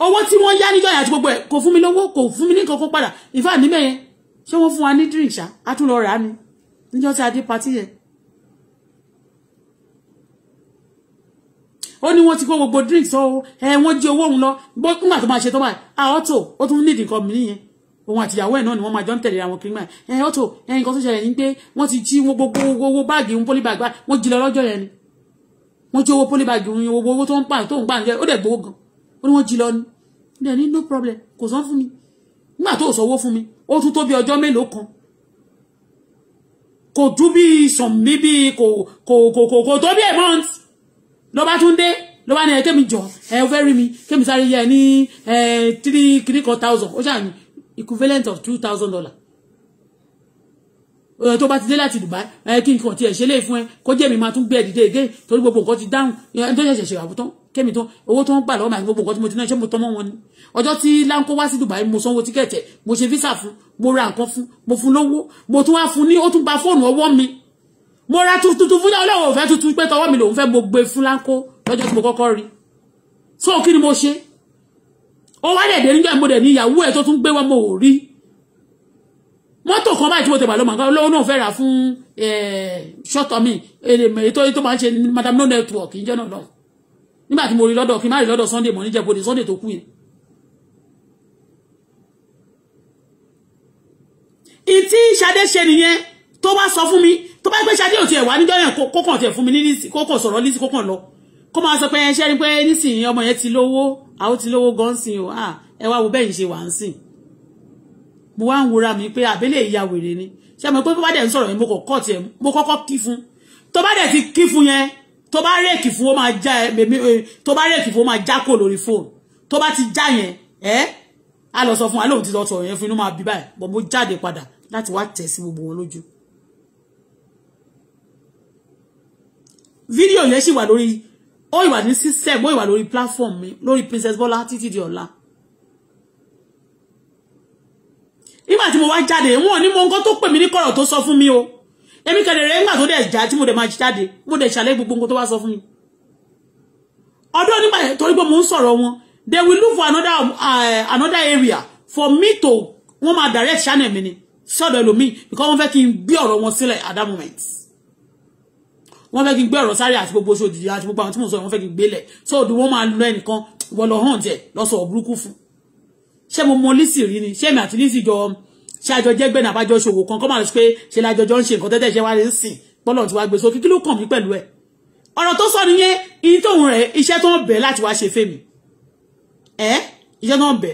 owó tí wọ́n yá níjọ́ yẹn àti gbogbo ẹ̀ kò fún mi lówó kò fún mi ní kankan padà in fact níbẹ̀ yẹn ṣé wọ́n fún wa ní drink ṣá a tún lọ rà á ni níjọ́ tí a party yẹn ó ní wọ́n ti kó gbogbo drinks ọ ẹ wọ́n jí owó òun lọ gbọ́ nígbà tó máa ṣe tó báyìí à ọ́tò ó tún nídìí nǹkan mi nìyẹn òun àti ìyàwó ẹ̀ náà ni wọ́n máa jọ ń tẹ̀lé àwọn kiri ẹ ọ́tò ẹ nǹkan tó ṣẹlẹ̀ ní pé wọ́n ti jí owó gbogbo owó báàgì òun pólí báàgì wọ́n jí lọ lọ́jọ́ yẹn ni wọ́n jí owó pólí báàgì òun owó owó tó ń pààyàn tó ń gbàǹjẹ́ ó dẹ̀ gbowó gan ó ní wọ́n jí lọ ni dẹ̀ ní no problem kò sọ fún mi nígbà tó sọ owó fún mi ó tún tó bí ọjọ́ mélòó kan kò dún bí sàn mí bí kò kò kò kò tó bí a month ló bá tún dé ló bá ní ẹ kémi jọ ẹ fẹ́ rí mi kémi sáré yẹ ní ẹ three kìíní kan thousand ó ṣàní equivalent of two thousand dollar ẹ tó bá ti dé láti Dubai ẹ kí nǹkan tiẹ̀ ṣe léè fún ẹ kó jẹ́ mi máa tún gbé ẹ dìde again torí gbogbo nǹkan ti dáhùn ẹ tó ṣẹ̀ṣẹ̀ ṣèwà tán kémi tán owó tó ń gbà lọ́wọ́ màá gbogbo nǹkan tí mo ti ná ṣé mo tán mọ́ wọn ni ọjọ́ tí láńkó wá sí Dubai mo sanwó tíkẹ̀tẹ̀ mo ṣe visa fún mo ra nǹkan fún mo fún lówó mo tún wá fún ní ó tún gba fóònù ọwọ́ mi mo ra tuntun fún náà ọlọ́wọ́ òfẹ́ tuntun pé tọwọ́ mi lòun fẹ́ mo gbé fún láńkó lọ́jọ́ tí mo kọ́kọ́ rí so kí ni mo ṣe ó wá dẹ̀dẹ̀ níjọ́ mo dẹ̀ ní ìyàwó ẹ̀ tó tún gbé wọn mo ò rí mọ́tò kan báyìí tí mo tẹ̀ bà lọ́mọ nǹkan olówó náà fẹ́ rà fún ṣọ́tọ̀ mi ètò tó máa ń ṣe madam no network ìjọ náà lọ nígbà tí mo rí lọ́dọ̀ kí n má rí lọ́dọ̀ Sunday mo níjẹ́ bode Sunday tó kú yẹn ìtí Ṣadé ṣe nìyẹn tó bá sọ fún mi tó bá gbé ṣadé òtí ẹ̀ wá níjọ́ yẹn kókàn tiẹ̀ fún mi ní nísì kókàn sọ̀rọ̀ lísì kókàn lọ kó máa sọ pé ẹ ṣe rí pé nísìnyí ọmọ yẹn ti lówó àwọn ti lówó gan sìn o ah, ẹ wá wo bẹ́yìn ṣe wà ń sìn mo wá ń wura mi pé àbẹ́lẹ̀ ìyá wèrè ni ṣe mọ̀ pé bó bá dẹ̀ ń sọ̀rọ̀ yẹn mo kọ̀ kọ́ tiẹ̀ mo kọ́kọ́ kí fún tó bá dẹ̀ ti kí fún yẹn tó bá rèkì fún ó máa já eh, tó bá rèkì fún ó máa já kò lórí fóònù tó bá ti já yẹn ẹ a lọ sọ fún wa lóòótọ́ yẹn fún inú máa bí báyìí bọ̀ mo jáde padà láti wá tẹ̀ sí gbogbo wọn lójú fídíò yẹn sì wà lórí ó ìwà ní system ó ìwà lórí platform mi lórí Princess Bọ́lá títí di ọ̀la nígbà tí mo wá jáde wọn ní mo nǹkan tó pè mí ní kọ̀rọ̀ tó sọ fún mi o èmi kẹ̀dẹ̀rẹ̀ ńgbà tó dẹ̀ já tí mo dẹ̀ máa jáde mo dẹ̀ ṣàlẹ́ gbogbo nǹkan tó wá sọ fún mi ọdún nígbà torí pé mo ń sọ̀rọ̀ wọn they will look for another uh, another area for me to wọ́n máa direct channel mi ni sọ́dọ̀ ẹlòmíì because wọ́n fẹ́ kí n gbé ọ̀rọ̀ wọn sílẹ̀ at that moment wọ́n fẹ́ kí n gbé ọ̀rọ̀ sáré àti gbogbo Ṣódìdì àti gbogbo àwọn tí mò ń sọ wọ́n fẹ́ kí so the woman máa lọ ẹnìkan wọ́n lọ hàn jẹ́ lọ́sọ̀ burúkú fún ṣé mo mọ lísì rí ni ṣé èmi àti lísì jọ ṣé àjọ jẹ́gbẹ́ náà àbájọ ṣòwò kan kọ́ máa ṣe pé ṣe lájọ jọ ń ṣe nǹkan tẹ́tẹ́ ṣe wá lè ń sìn bọ́lọ̀ tí wàá gbé sókè kí ló kàn mí pẹ̀lú ẹ̀ ọ̀rọ̀ tó sọ nìyẹn iye tóun rẹ̀ iṣẹ́ tó ń bẹ̀ láti wá ṣe fèmí ẹ̀ iṣẹ́ tó ń bẹ̀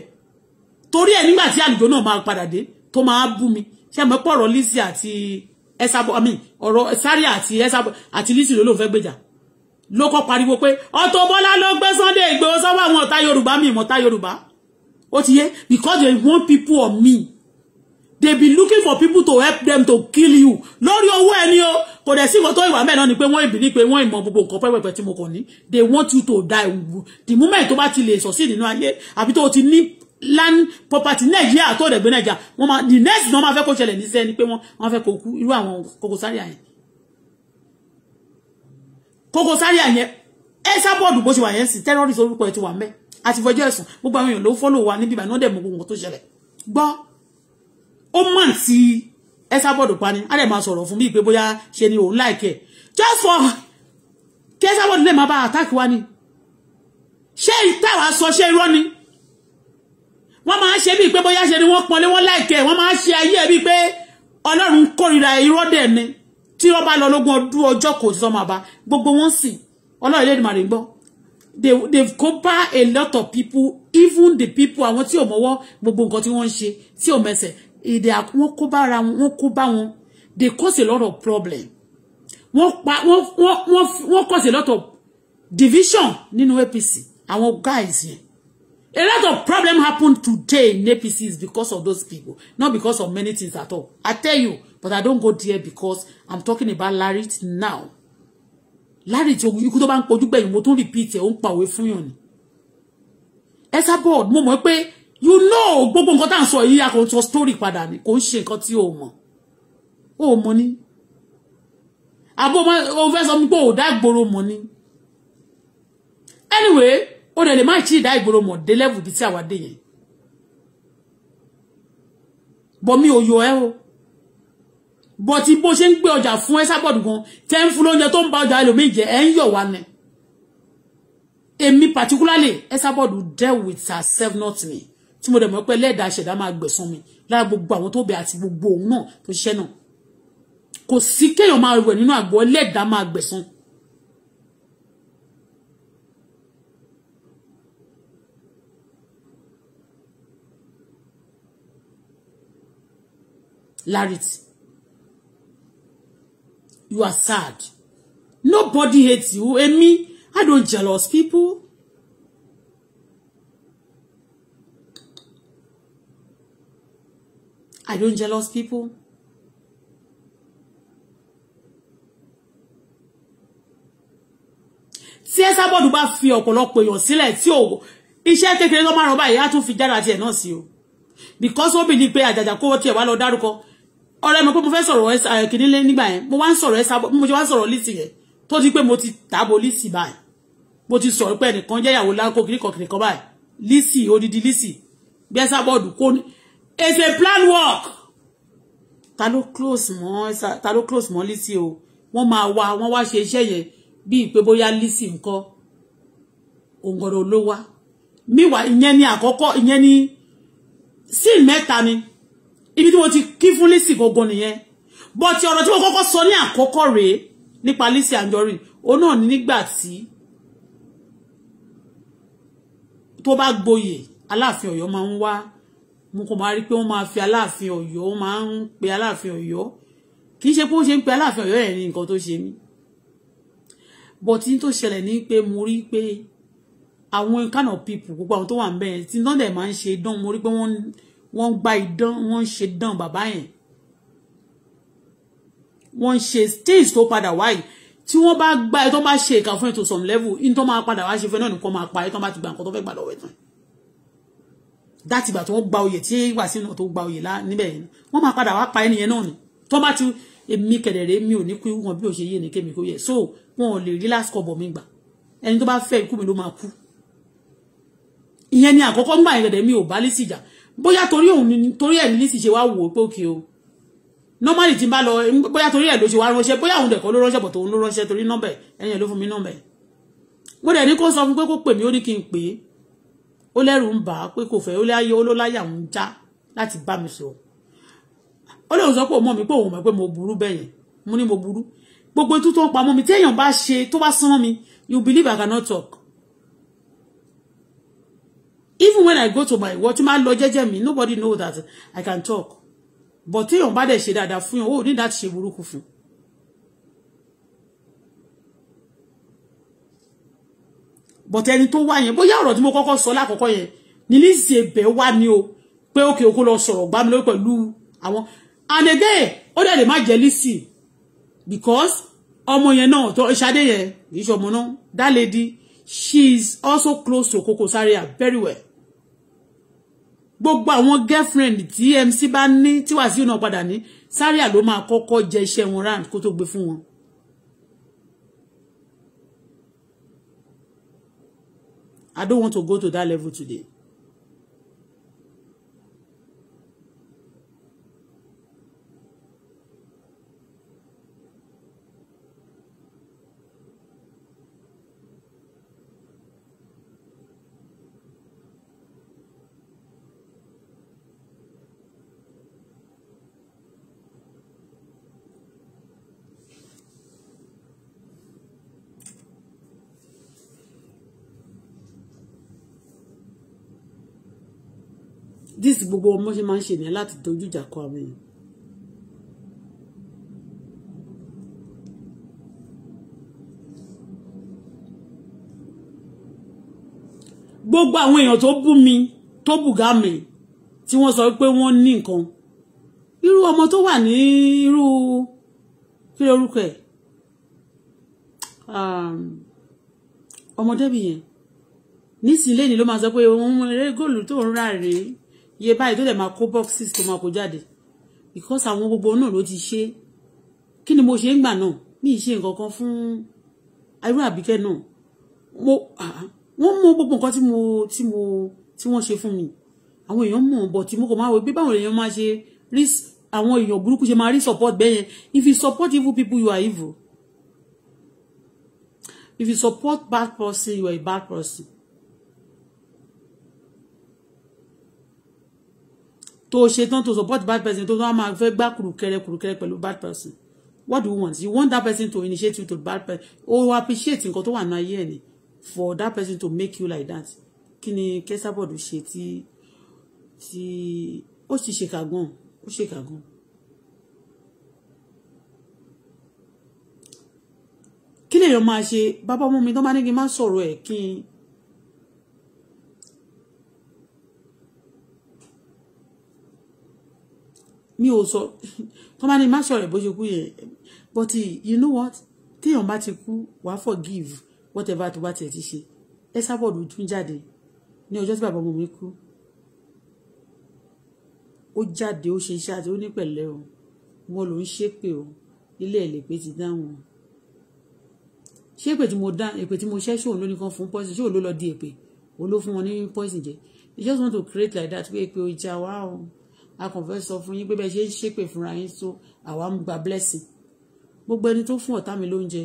torí ẹ̀ nígbà tí àlùjọ náà máa padà dé tó mi ṣé àmọ́ pọ̀rọ̀ lísì àti ẹsàbọ àmì ọ̀rọ̀ Zaria àti ẹsàbọ àti Lizzy ló lóun fẹ́ gbèjà ló kọ́ pariwo pé Auto Bola ló gbé Sunday Igboho sọ́wọ́ àwọn ọ̀tá Yorùbá mi ìmọ̀ta Yorùbá ó ti yé because they want people of me they be looking for people to help them to kill you lórí owó ẹni o kò dẹ̀ sí ìmọ̀tọ́ ìwà mẹ́rin náà ni pé wọ́n ìbí ní pé wọ́n ìmọ̀ gbogbo nǹkan pẹ́pẹ́pẹ́ tí mo kàn ní they want you to die the moment tó bá ti lè sọ sí nínú ayé àbí tó ti ní land property nàìjíríà tó dẹ̀gbẹ́ nàìjíríà wọ́n máa the next wọ́n máa fẹ́ kó ṣẹlẹ̀ ní sẹ́ni pé wọ́n wọ́n fẹ́ kó kú irú àwọn Koko Zaria yẹn Koko Zaria yẹn Esabod bó ṣe wà yẹn sí terrorist orúkọ ẹ̀ ti wà mẹ́ àti fọjọ́ ẹ̀sùn gbogbo àwọn èèyàn ló fọ́lọ̀ wa níbi ìbànú dẹ̀ mọ gbogbo nǹkan tó ṣẹlẹ̀ o ó mọ̀ sí Esabod pa ni á dẹ̀ máa sọ̀rọ̀ fún bí pé bóyá ṣe ni òun láìkẹ́ just for kí Esabod lè máa bá àtàkì wa ni ṣé ìtàwá sọ ṣé irọ́ ni wọ́n máa ń ṣe bíi pé bóyá ṣe ni wọ́n pọ́nlé wọ́n láìkẹ́ wọ́n máa ń ṣe ayé ẹ̀ bíi pé ọlọ́run kórìíra irọ́ dẹ̀ ni tí wọ́n bá lọ lógún ọdún ọjọ́ kò sọ máa bá gbogbo wọn sì ọlọ́run ilé ìdìmọ̀ gbọ́ they they go buy a lot of people even the people àwọn tí ò mọwọ́ gbogbo nǹkan tí wọ́n ń ṣe tí ò mẹsẹ̀ èdè wọ́n kó bá ara wọn kó bá wọn they cause a lot of problem wọ́n pa wọ́n wọ́n wọ́n cause a lot of division nínú APC àwọn guys yẹn A lot of problem happened today in APC is because of those people, not because of many things at all. I tell you, but I don't go there because I'm talking about Larry now. Larry, you could have been called gbẹ̀yìn, mo tún repeat ẹ̀, ó ń pàwé fún yàn ni. Esabod, mo mọ̀ pé, you know, gbogbo nǹkan tá à ń sọ yìí, a kò ń sọ story padà ni, kò ń ṣe nǹkan tí o mọ̀. O mọ̀ Anyway, ó dẹ̀ lè má tí ì dá ìgboro mọ̀ level bí tí àwa dé yẹn bọ̀ mi ò yọ ẹ́ o bọ̀ tí bó ṣe ń gbé ọjà fún ẹ́ sábọ̀dù gan tẹ́ ń fún lóúnjẹ tó ń ba ọjà ẹlòmíì jẹ ẹ̀ ń yọ̀ wá ni particularly ẹ sábọ̀dù deal with herself not me tí mo dẹ̀ mọ̀ pé lẹ́ẹ̀dá ṣẹ̀dá máa gbẹ̀sán mi lára gbogbo àwọn tó bẹ̀ àti gbogbo òun náà tó ṣiṣẹ́ náà kò sí kéèyàn máa wẹ̀ nínú àgọ́ lẹ́ẹ̀dá máa gbẹ̀sán Larity. You are sad. Nobody hates you. And me, I don't jealous people. I don't jealous people. tí ẹ sábọ̀dù bá fi ọ̀pọ̀lọpọ̀ èèyàn sílẹ̀ tí ò iṣẹ́ kékeré lọ́mọ àrùn báyìí á tún fi jáde àti ẹ̀ náà sí o because ó bì ní pé àjàjà kówó tiẹ̀ wá lọ dárúkọ ọ̀rẹ́ mi pé mo fẹ́ sọ̀rọ̀ eh, kìnínlé nígbà yẹn mo wá ń sọ̀rọ̀ ẹ̀sà mo ṣe wá ń sọ̀rọ̀ lísì yẹn tó di pé mo ti tààbò lísì báyìí mo ti sọ̀rọ̀ pé ẹnìkan jẹ́ ìyàwó láńkó kìnìkan kìnìkan báyìí lísì odidi lísì bí ẹ̀sà bọ́ọ̀dù kó ní it's a plan work ta ló close mọ́ ẹ̀sà ta ló close mọ́ lísì o wọ́n máa wá wọ́n wá ṣe iṣẹ́ yẹn bíi pé bóyá lísì ńkọ́ òǹgọ̀rọ̀ ibi tí mo ti kí fún Lizzy gangan nìyẹn but ọ̀rọ̀ tí mo kọ́kọ́ sọ ní àkọ́kọ́ rèé nípa Lizzy Anjorin òun náà ní nígbà tí tó bá gboyè aláàfin Ọ̀yọ́ máa ń wá mo kò máa rí pé wọ́n máa fi aláàfin Ọ̀yọ́ wọ́n máa ń pe aláàfin Ọ̀yọ́ kì í ṣe pé ó ṣe ń pe aláàfin Ọ̀yọ́ yẹn ní nǹkan tó ṣe mí but ní tó ṣẹlẹ̀ ní pé mo rí pé àwọn kind of people gbogbo àwọn tó wà ń bẹ̀ tí náà dẹ̀ máa ń ṣe dán mo rí pé wọ́n wọ́n ń gba idán wọ́n ń ṣe dán bàbá yẹn wọ́n ń ṣe things tó padà wáyìí tí wọ́n bá gba ẹ tó bá ṣe ìkà fún ẹ to some level in tó máa padà wá ṣe fẹ́ náà nìkan máa pa ẹ tó bá ti gba nǹkan tó fẹ́ gbà lọ́wọ́ ẹ̀ tán láti ìgbà tí wọ́n gba oyè tí wà sínú tó gba oyè níbẹ̀ yẹn wọ́n máa padà wá pa ẹnìyẹn náà ni tó bá ti èmi kẹ̀dẹ̀rẹ́ mi ò ní kú wọn bí ò ṣe yé ni kémi kó yẹ so wọn ò lè rí last kọ̀bọ̀ mi gbà ẹni tó bá fẹ́ ikú mi ló máa kú ìyẹn ni àkọ́kọ́ ńgbà yẹn kẹ̀dẹ̀ mi ò bá lè sìjà bóyá torí òun ni torí ẹ̀ ní Lizzy ṣe wá wò ó pé òkè o normally tí n bá lọ bóyá torí ẹ̀ ló ṣe wá ránṣẹ́ bóyá òun dẹ̀kọ́ ló ránṣẹ́ bọ̀ tòun ló ránṣẹ́ torí nọ́mbẹ̀ ẹ̀yìn ló fún mi nọ́mbẹ̀ mo dẹ̀ ní kó sọ fún pé kó pè mí ó ní kí n pè é ó lẹ́rù ń bà á pé kò fẹ́ ó láyé olóláyà ń já láti bá mi sọ ó lóun sọ pé òun mọ̀ mí pé òun mọ̀ pé mo burú bẹ́yẹn mo ní mo burú gbogbo tútó pamọ́ mi téèyàn bá ṣe tó bá sán mi you believe I cannot talk even when I go to my work my máa lọ mi nobody know that I can talk but téèyàn bá dẹ̀ ṣe dáadáa fún yàn ó ní that ṣe buruku fún. but ẹni tó wá yẹn bóyá ọ̀rọ̀ tí mo kọ́kọ́ sọ lákọ̀ọ́kọ́ yẹn ní Lizzy Ebe wá ní o pé ó kè ó kó lọ sọ̀rọ̀ gbá mi lórí pẹ̀lú àwọn and again ó dẹ̀ lè má jẹ́ Lizzy because ọmọ yẹn náà tó ṣadé yẹn kì í ṣe ọmọ that lady she is also close to Koko Zaria very well gbogbo àwọn girlfriend tí MC bá ní tí Wàsíù náà padà ní Zaria ló máa kọ́kọ́ jẹ iṣẹ́ wọn round kó tó gbé fún wọn. I don't want to go to that level today. this gbogbo ọmọ ṣe máa ń ṣe ní láti dojú ìjà kọ àwọn èèyàn. gbogbo àwọn èèyàn tó bú mi tó bùgá mi tí wọ́n sọ pé wọ́n ní nǹkan irú ọmọ tó wà ní irú kí ló orúkọ ẹ̀ ọmọdébìyẹn nísìnyí lẹ́ni ló máa sọ pé òun eré góòlù tó ń rà rèé iye báyìí tó dẹ̀ máa kó boxes tó máa kó jáde because àwọn gbogbo náà ló ti ṣe kí ni mo ṣe ń gbà náà mi ì ṣe nǹkan kan fún irú àbíkẹ́ náà mo wọ́n mọ gbogbo nǹkan tí mo tí mo tí wọ́n ṣe fún mi àwọn èèyàn mọ̀ bọ̀ tí mo kò máa wọ bí báwọn èèyàn máa ṣe rí àwọn èèyàn burúkú ṣe máa rí support bẹ́ẹ̀ yẹn if you support evil people you are evil if you support bad person you are a bad person tó ṣe tán support bad person tó tán máa fẹ́ gbá kùrùkẹrẹ kùrùkẹrẹ pẹ̀lú bad person what do you want you want that person to initiate you to bad person o appreciate nǹkan tó wà ní ayé ni for that person to make you like that kí ni kẹ́sàbọ̀d ṣe tí tí ó sì ṣèkà gan ó ṣèkà gan. kí lèèyàn máa ṣe bàbá ọmọ mi tó máa ní kí n má sọ̀rọ̀ ẹ̀ kí n. mi ò sọ tọ́ bá ní má sọ̀rọ̀ bó ṣe kú yẹn but you know what téèyàn bá ti kú wàá forgive whatever to bá tiẹ̀ ti ṣe ẹ sábọ̀ ló tún jáde ní ọjọ́ tí bàbá ọmọ mi kú ó jáde ó ṣe iṣẹ́ àti ó ní pẹ̀lẹ́ o wọn ló ń ṣépè o ilé ẹ̀ lè pé ti dáhùn o ṣé èpè tí mo dá èpè tí mo ṣẹ́ ṣòun ló ní kan fún poison ṣòun ló lọ di èpè òun ló fún wọn ní poison jẹ you just want to create like that pé èpè ò jà wá o. Wow a kàn fẹ́ sọ fún yín pé bẹ́ẹ̀ ṣe ń ṣépè fúnra yín tó àwa ń gba blessing gbogbo ẹni tó fún ọ̀tá mi lóúnjẹ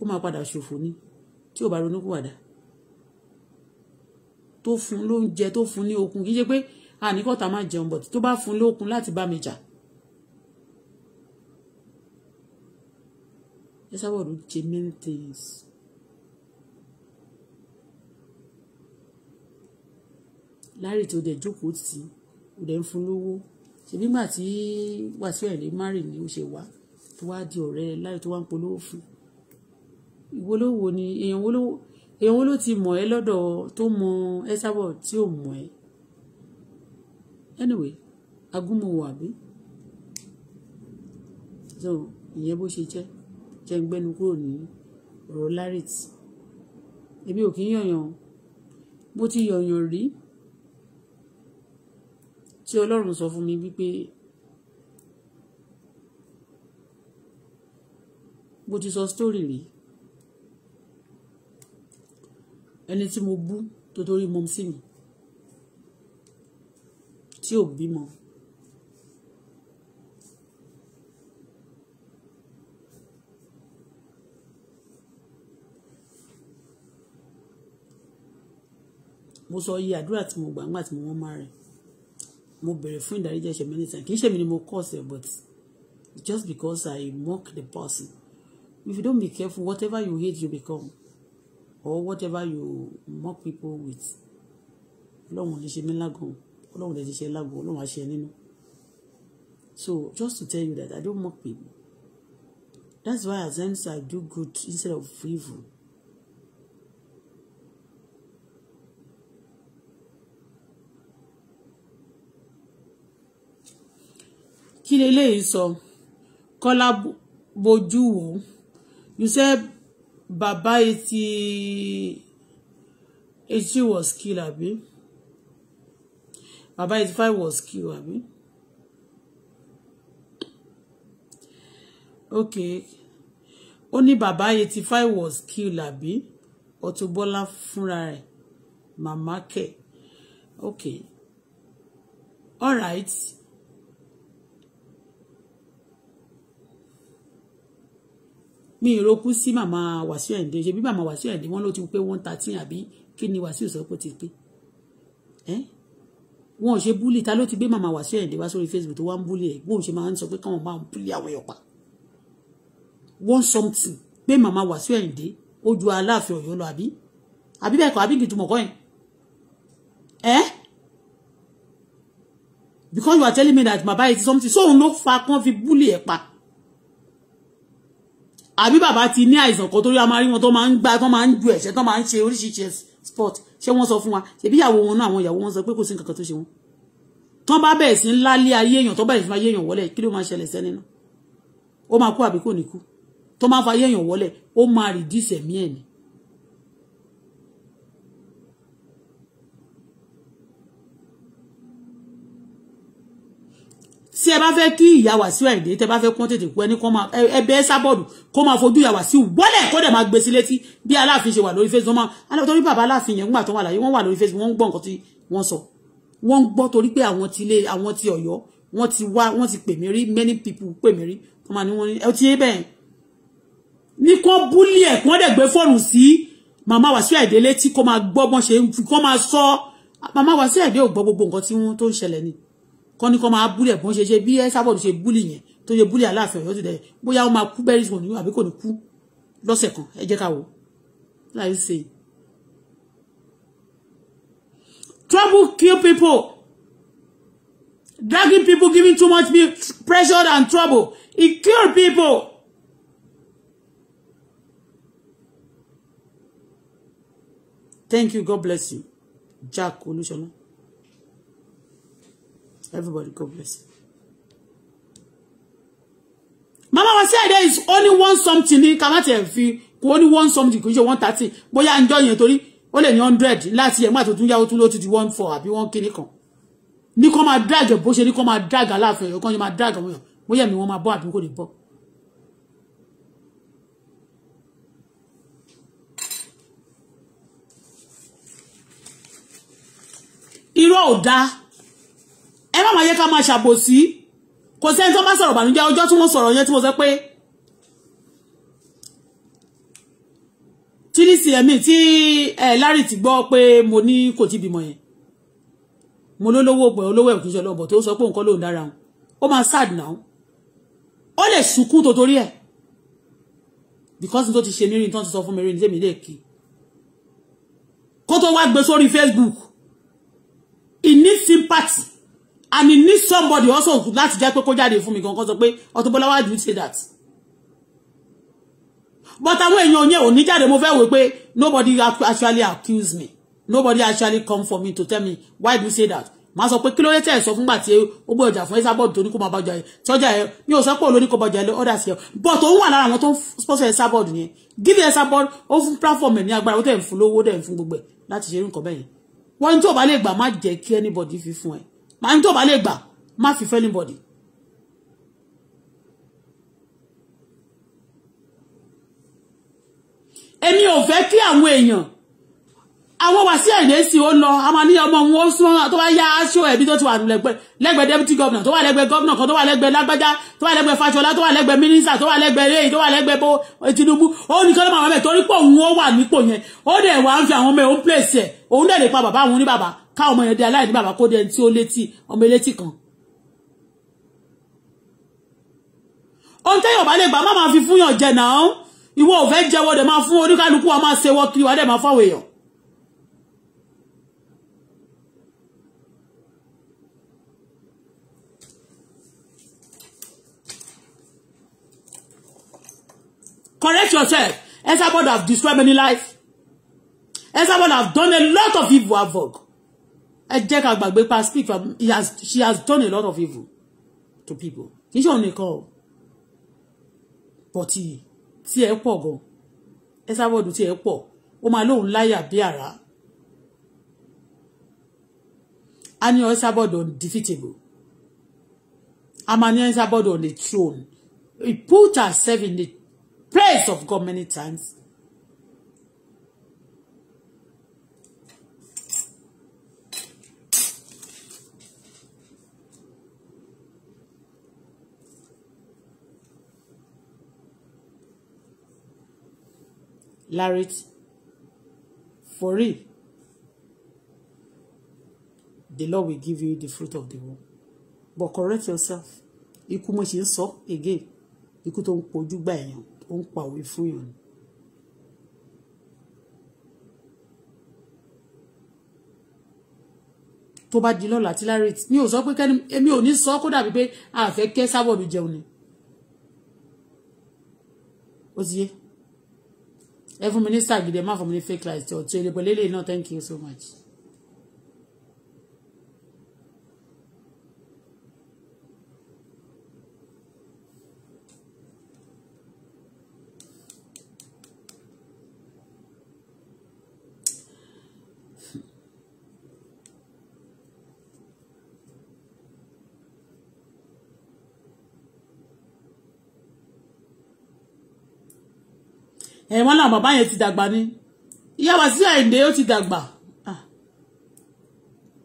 ó máa padà ṣòfò ni tí ò bá ronúkúwàdà tó fún lóúnjẹ tó fún ní okun kì í ṣe pé àníkọ́ta máa jẹun bọ̀ tó bá fún lókun láti bá mi jà ẹ sábà ló jẹ many things. láàrin tó dẹ̀ jókòó tì í ó dẹ̀ ń fún lówó ṣèbí nígbà tí Wàsíù Àyìndé márì ni ó ṣe wá tó wá di ọ̀rẹ́ láyọ̀ tó wá ń polówó fún ìwo ló wo ni èèyàn wo ló èèyàn wo ló ti mọ̀ ẹ́ lọ́dọ̀ tó mọ ẹ́ sábọ̀ tí ò mọ̀ ẹ́ anyway agúnmọ̀wò àbí so ìyẹn bó ṣe jẹ́ jẹ́ ń gbẹ́nu kúrò ní ọ̀rọ̀ Larry èmi ò kí ń yọ̀yàn mo ti yọ̀yàn rí tí Ọlọ́run sọ fún mi wípé mo ti sọ story rí ẹni tí mo bú tó torí sí mi tí ò bímọ. mo sọ iye àdúrà tí mo gbà ńgbà tí mo wọ́n máa rìn mo bẹ̀rẹ̀ fún ìdáríjì ẹ̀ṣẹ̀ many times kì í ṣe mi ni mo cause but just because I mock the person if you don't be careful whatever you hate you become or whatever you mock people with ọlọ́run ò ní ṣe mí lágàn ọlọ́run ò ní ṣe lágàn ọlọ́run á ṣe nínú so just to tell you that I don't mock people that's why at times I do good instead of evil. kí leléyìí sọ kọ́lá bojú wò you say baba eti eti was killed abi baba eti five was killed abi okay ó ní baba eti five was killed abi Auto Bola fúnra rẹ̀ màmá kẹ̀ okay all right mi ìrokú sí màmá Wàsíù Àyìndé ṣe bí màmá Wàsíù Àyìndé wọ́n ló ti pé one thirteen àbí kí ni Wàsíù sọ pé ó ti pé wọn ò ṣe búlì ta ló ti gbé màmá Wàsíù Àyìndé wá sórí Facebook tó wá ń búlì ẹ̀ wọn ṣe máa ń sọ pé káwọn máa ń búlì àwọn èèyàn pa one something pé màmá Wàsíù Àyìndé ó ju Aláàfin Ọ̀yọ́ lọ àbí àbí bẹ́ẹ̀ kọ́ àbí gìtùmọ̀ kọ́ yẹn ẹ́ because you are telling me that bàbá yìí ti something so òun ló fa kán fi búlì àbí bàbá ti ní àìsàn kan torí a máa rí wọn tó máa ń gbá tó máa ń ju ẹ̀ṣẹ̀ tó máa ń ṣe oríṣiríṣi sport ṣé wọ́n sọ fún wa ṣebí ìyàwó wọn náà àwọn ìyàwó wọn sọ pé kò sí nǹkan kan tó ṣe wọn tán bá bẹ̀rẹ̀ sí ńlá lé ayé èèyàn tán bá ìfún ayé èèyàn wọlé kí ló máa ṣẹlẹ̀ sẹ́ni náà ó máa kú àbí kò ní kú tó máa fa ayé èèyàn wọlé ó máa rìdíìsì ẹ̀mí ẹ̀ ni sí ẹ bá fẹ́ kí ìyá Wàsíù Àyìndé tẹ bá fẹ́ pọ́n tètè kú ẹni kọ́ máa ẹbẹ sábọ̀dù kó máa fojú ìyá Wàsíù wọlé kó dẹ̀ máa gbé sí létí bí aláàfin ṣe wà lórí Facebook máa aláàfin torí bàbá aláàfin yẹn ńgbà tó wà láyé wọ́n wà lórí Facebook wọ́n ń gbọ́ nǹkan tí wọ́n sọ wọ́n ń gbọ́ torí ti ilé àwọn ti Ọ̀yọ́ wọ́n ti wá wọ́n ti pè mí rí many people pè mí rí wọ́n máa ní wọ́n ẹ ti yé bẹ́ẹ̀ ní kán búlì ẹ̀ de dẹ̀ gbé fọ́ọ̀nù sí màmá Wàsíù Àyìndé létí kó máa gbọ́ bọ́n ṣe kó máa sọ màmá Wàsíù Àyìndé ò gbọ́ gbogbo nǹkan tí wọ́n tó ń ṣẹlẹ̀ ni kọ́ ní kọ́ máa búlẹ̀ bó ṣe ṣe bí ẹ sábọ̀dù ṣe búlì yẹn tó ṣe búlẹ̀ aláàfin ọ̀yọ́ ti dẹ̀ bóyá ó máa kú bẹ́ẹ̀rì sùn ní àbí kò ní kú lọ́sẹ̀ kan ẹ jẹ́ ká wò láì ṣe. trouble kill people dragging people giving too much pressure and trouble e kill people. thank you god bless you jack olúṣọlá. Everybody, God bless you. Mama was saying there is only one something ní kàmáàtì ẹ̀ fi kò only one something You just want that thing. Boy, you enjoy your story. Only lè hundred last year. má tó do? yáwó tún ló ti di one four àbí one kíní kan. Ní kó máa drag bó ṣe ní kó máa drag aláàfin ẹ̀yọ́ kan ní máa drag àwọn èèyàn bóyá mi wọ́n máa bọ́ àbí kò ní bọ́. Irọ́ ò dáa ẹ má máa yẹ ká máa ṣàbòsí kò sẹ́ni tó bá sọ̀rọ̀ ìbànújẹ́ ọjọ́ tí wọ́n sọ̀rọ̀ yẹn tí mo sọ pé tí ní sí ẹ̀mí tí ẹ̀ Larry ti gbọ́ pé mo ní kò ti bímọ yẹn mo ló lówó pẹ̀ olówó ẹ̀kú ìṣọ̀lọ́ ọ̀bọ̀ tó sọ pé nǹkan lòun dára wọn ó máa sad now ó lè sunkún tó torí ẹ̀ because nítorí ti ṣe mí rí nítorí ti sọ fún mi rí ní tèmi lè kí kó tó wá gbé sórí Facebook it needs sympathy and it needs somebody also láti jẹ́ pé kó jáde fún mi gangan sọ pé Auto Bola why do you say that but àwọn èèyàn yẹn ò ní jáde mo fẹ́ wò pé nobody actually accuse me nobody actually come for me to tell me why do you say that màá sọ pé kí ló yẹ tẹ́ ẹ̀ sọ fúngbà tí ó gbé ọjà fún Esabod tó ní kó máa bá ọjà yẹn tọ́jà yẹn mi ò sọ pé olórí kó bá ọjà yẹn ọ̀dà sí ẹ but òun wà lára àwọn tó ń sponsor Esabod yẹn give Esabod ó fún platform ẹ̀ ní agbára ó tẹ̀ ń fún lówó dẹ̀ ń fún gbogbo ẹ̀ láti ṣe irú nǹkan bẹ́ẹ̀ yẹn wọ́n ní tó bá lè gbà má jẹ́ kí anybody fi fún ẹ̀ máa ń tó bá lè gbà má fi fẹ́ anybody. èmi ò fẹ́ kí àwọn èèyàn àwọn wà sí ẹ̀dẹ́ sí ó lọ a máa ní ọmọ wọn ó súnmọ́ tó bá yá aṣọ ẹ̀bí tó ti wà lẹ́gbẹ́ lẹ́gbẹ́ deputy governor tó wà lẹ́gbẹ́ governor kan tó wà lẹ́gbẹ́ lágbájá tó wà lẹ́gbẹ́ Fáṣọlá tó wà lẹ́gbẹ́ minister tó wà lẹ́gbẹ́ eléyìí tó wà lẹ́gbẹ́ bó Tinubu ó ní kọ́lọ́mọ àwọn ẹ̀ torí pé òun ó wà nípò yẹn ó dẹ̀ wá ń fi àwọn ọmọ ẹ̀ ó ń pèsè òun dẹ̀ lè pa bàbá òun ní ká ọmọ yẹn di aláìní bàbá kó dẹni tí ó létí ọmọ elétí kan ohun tẹ́yọ̀ bá lè gbà má máa fi fún yàn jẹ náà ìwọ ò fẹ́ dẹ̀ máa fún oníkálukú wa máa ṣe wọ́ kiri wa dẹ̀ máa fáwọn èèyàn correct yourself Esabod have described many lives Esabod have done a lot of evil havoc ẹ jẹ́ ká gbàgbé pa speak from he has she has done a lot of evil to people kì í ṣe òun nìkan o pọ̀tì tí ẹ pọ̀ gan ẹ sábọ̀dù tí ẹ pọ̀ ó máa lóun láyà bí àrá a ní ẹ sábọ̀dù undefeatable a máa ní on the throne he put herself in the place of God many times Larit, for real the Lord will give you the fruit of the womb but correct yourself ikú mo ṣe ń sọ again ikú tó ń pojú gbà èèyàn ó ń pa òwe To èèyàn. tó bá di lọ́la tí Larry mi ò sọ pé kẹ́ni èmi ò ní sọ kó dàbí pé àfẹ́ kẹ́ sábọ̀ mi jẹun ni ó ti yé. Every minister, mi ní sàgídẹ má fún mi ní fake light ọtí ẹlẹpẹlẹ lè náà thank you so much. ẹ̀ wọ́n làwọn bàbá yẹn ti dàgbà ni ìyá wa sí àìndé ó ti dàgbà. Ah.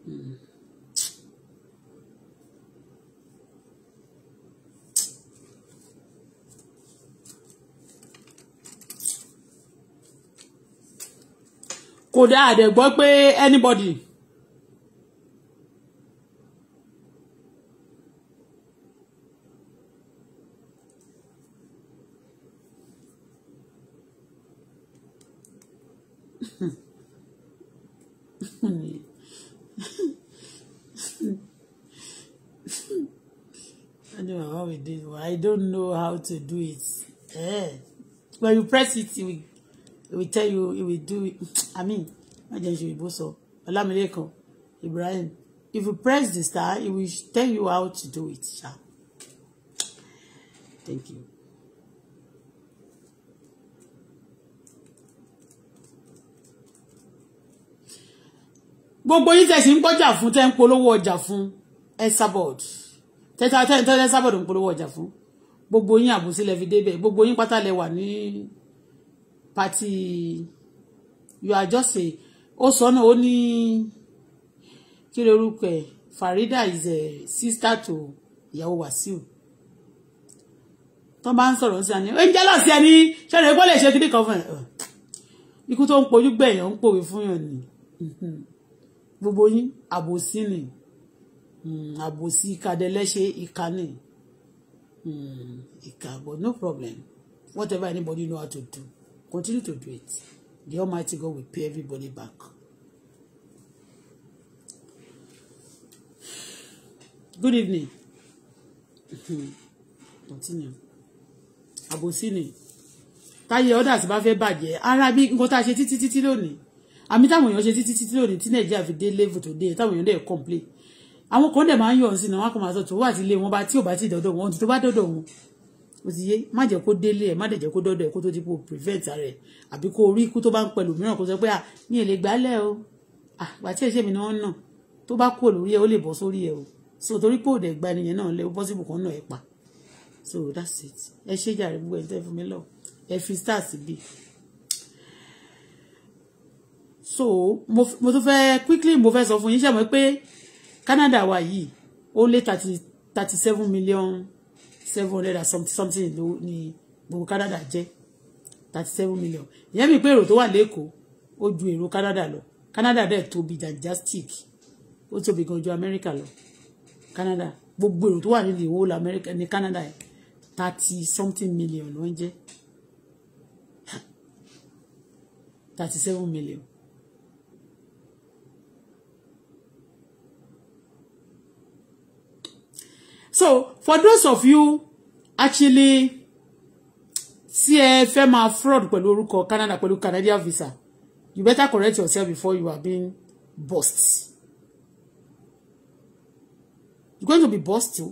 Hmm. kódà àdẹ̀gbọ́ pé anybody anyway how we do it I don't know how to do it eh when you press it it will, it will tell you it will do it I mean májèjì òyìnbó sọ Ọlámilékan Ibrahim if you press the star it will tell you how to do it sha thank you. gbogbo yín tẹ̀sí ń gbọ́jà fún tẹ́ ń polówó ọjà fún Esabod tẹ́tà tẹ́tà Esabod ń polówó ọjà fún gbogbo yín àbòsílẹ̀ fi débẹ̀ gbogbo yín pátá lẹ wà ní pati you are just a ó sọ náà ó ní kí ló rúkọ ẹ Farida is a sister to ìyàwó Wàsíù tó bá ń sọ̀rọ̀ sí ẹni ẹ ń jẹ́lọ̀ sí ẹni ṣẹ́ni ẹgbọ́n lè ṣe kíní kan fún ẹ ikú tó ń pojú gbẹ̀yàn ń pòwe fún yàn ni gbogbo yín àbòsí ni hmm, àbòsí ìkadẹlẹ́ṣe ìkànnì ìkà hmm, no problem whatever anybody know how to do continue to do it the almighty God will pay everybody back. good evening hmm, continue àbòsí ni táyé others bá fẹ́ bàjẹ́ ara bí nǹkan tá a ṣe títí títí lónìí àmì táwọn èèyàn ṣe títí títí lónìí tí nàìjíríà fi dé level tó dé táwọn èèyàn dẹ̀ complain àwọn kan dẹ̀ máa ń yọ̀ ọ́ sí náà wọn kò máa sọ tó wà tí ilé wọn bá tí ò bá ti dọ̀dọ̀ wọn tó bá dọ̀dọ̀ wọn ó ti yé má jẹ́ kó délé ẹ̀ má dẹ̀ jẹ́ kó dọ̀dọ̀ ẹ̀ kó tó ti kó prevent rẹ̀ àbí kó rí ikú tó bá ń pẹ̀lú mìíràn kó sọ pé à mi ò lè gbálẹ̀ o àgbà tí ẹ̀ṣẹ̀ mi náà ń nà tó bá kú lórí ẹ̀ ó lè bọ́ sórí ẹ̀ o so torí pé òdẹ̀ gba ẹniyẹn náà lẹ́wọ́ possible kan náà ẹ̀ pa so that's it ẹ ṣe jàre gbogbo ẹ̀ tẹ́ fún mi lọ ẹ fi stars bíi so mo tún fẹ́ quickly mo fẹ́ sọ fún yín ṣe mọ̀ pé Canada wa yìí ó lé thirty thirty seven million seven hundred and something something ni ní gbogbo Canada jẹ́ thirty seven million ìyẹn mi pé èrò tó wà lẹ́kọ̀ọ́ ó ju èrò Canada lọ Canada dẹ̀ tóbi gigantic ó be gan ju America lo. Canada gbogbo èrò tó wà nílùú ìwòlò America ni Canada yẹn thirty something million ló ń jẹ́ thirty seven million so for those of you actually tí ẹ fẹ́ máa fraud pẹ̀lú orúkọ Canada pẹ̀lú Canadian visa you better correct yourself before you are being bust you going to be bust o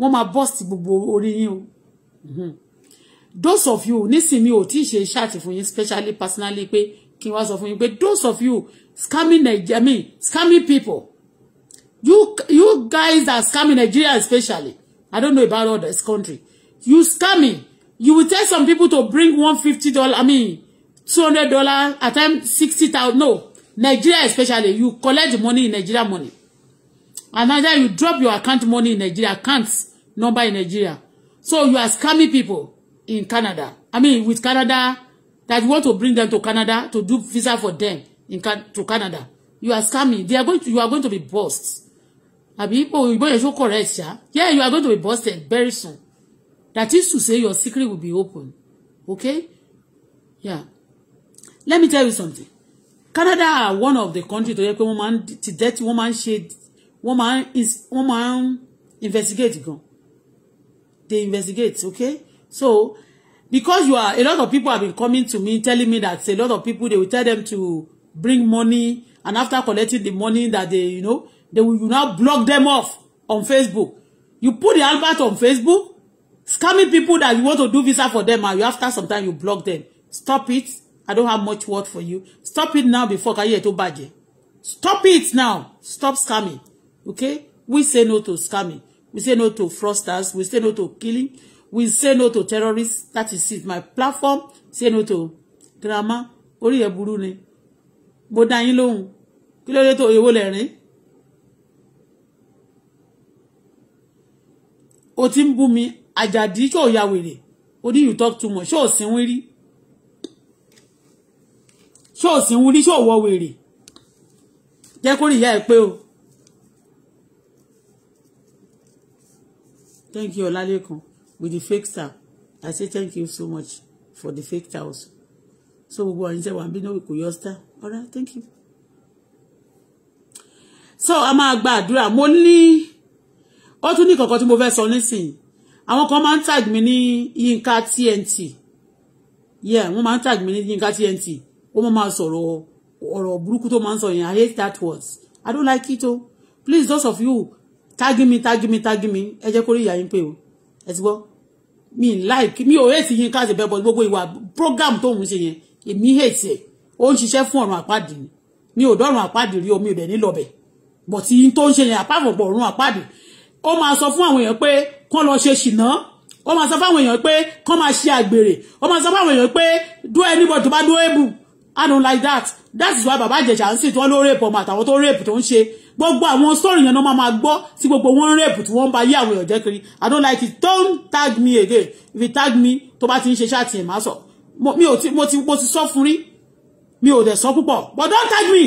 wọ́n máa bust gbogbo orí yín o mhm. those of you nísìnyí ò tí ì ṣe ṣáàtì fún yín specially personally pé kí n wá sọ fún yín pé those of you scamming Nigeria I mean scamming people you you guys are scamming Nigeria especially I don't know about other country you scamming you will tell some people to bring one fifty dollar I mean two hundred dollar at time sixty thousand no Nigeria especially you collect the money in Nigeria money and either you drop your account money in Nigeria account number in Nigeria so you are scamming people in Canada I mean with Canada that you want to bring them to Canada to do visa for them in Can to Canada you are scamming they are going to you are going to be bossed àbí òyìnbó yẹn ṣó correct ṣá yeah you are going to be busted very soon that is to say your secret will be open okay yeah let me tell you something Canada are one of the country tó yẹ pé wọ́n máa ń ti dẹ́tí wọ́n máa ń ṣe wọ́n máa ń wọ́n máa ń investigate gan they investigate okay so because you are a lot of people have been coming to me telling me that a lot of people they will tell them to bring money and after collecting the money that they you know They will you now block them off on Facebook. You put the advert on Facebook, scamming people that you want to do visa for them, and you after some time you block them. Stop it. I don't have much word for you. Stop it now before káyé to bàjẹ́. Stop it now. Stop scamming. Okay? We say no to scamming. We say no to fraudsters. We say no to killing. We say no to terrorists. That is it. My platform say no to drama. Orí ẹ̀ burú ni. Mo dá yín lóhùn. Kí ló dé tó èwo eh? o ti ń bú mi àjàdí ṣó ya wèrè o ní you talk too much ṣó sínwín rí ṣó sínwín rí ṣó wọ wèrè jẹ́ kó rí ìyá ẹ̀ pé o. thank you ọlálẹ́kan with the fake star i say thank you so much for the fake star also so gbogbo àyìn tẹ wà bí náà kò yọ star alright thank you. so a máa gba àdúrà mo ní ó tún ní kankan tí mo fẹ́ sọ nísìnyí àwọn kan máa ń tag mi ní Yinka TNT yeah wọ́n máa ń tag mi ní Yinka TNT wọ́n máa sọ̀rọ̀ ọ̀rọ̀ burúkú tó máa ń sọ yẹn I hate that words I don't like it o please those of you tag me tag me tag me ẹ jẹ́ kó rí ìyá yín pé o ẹ ti gbọ́ mi like mi ò hate Yinka àti bẹ́ẹ̀ bọ́ gbogbo ìwà program tó ń ṣe yẹn èmi hate ẹ̀ ó ń ṣiṣẹ́ fún ọ̀run àpáàdì mi ò dọ́run àpáàdì rí o mi ò dẹ̀ nílọ̀bẹ̀ bọ̀tí tó ń ṣe yẹn àpáàfọ̀pọ̀ ọ̀run àpáàdì ó máa sọ fún àwọn èèyàn pé kán lọ ṣe ṣìnà ó máa sọ fún àwọn èèyàn pé kán máa ṣe àgbèrè ó máa sọ fún àwọn èèyàn pé do anybody tó bá do able I don't like that that is why Baba ìjẹ̀jà ń sì tí wọ́n ló rèpù ọmọ àtàwọn tó rèpù tó ń ṣe gbogbo àwọn story yẹn náà máa máa gbọ́ tí gbogbo wọn rape rèpù tí wọ́n ń ba yé àwọn èèyàn jẹ́ kiri I don't like it don't tag me again if you tag me tó bá ti ń ṣe ṣáà tiẹ̀ máa sọ mo ti sọ fún rí mi ò dẹ̀ sọ púpọ̀ but don't tag me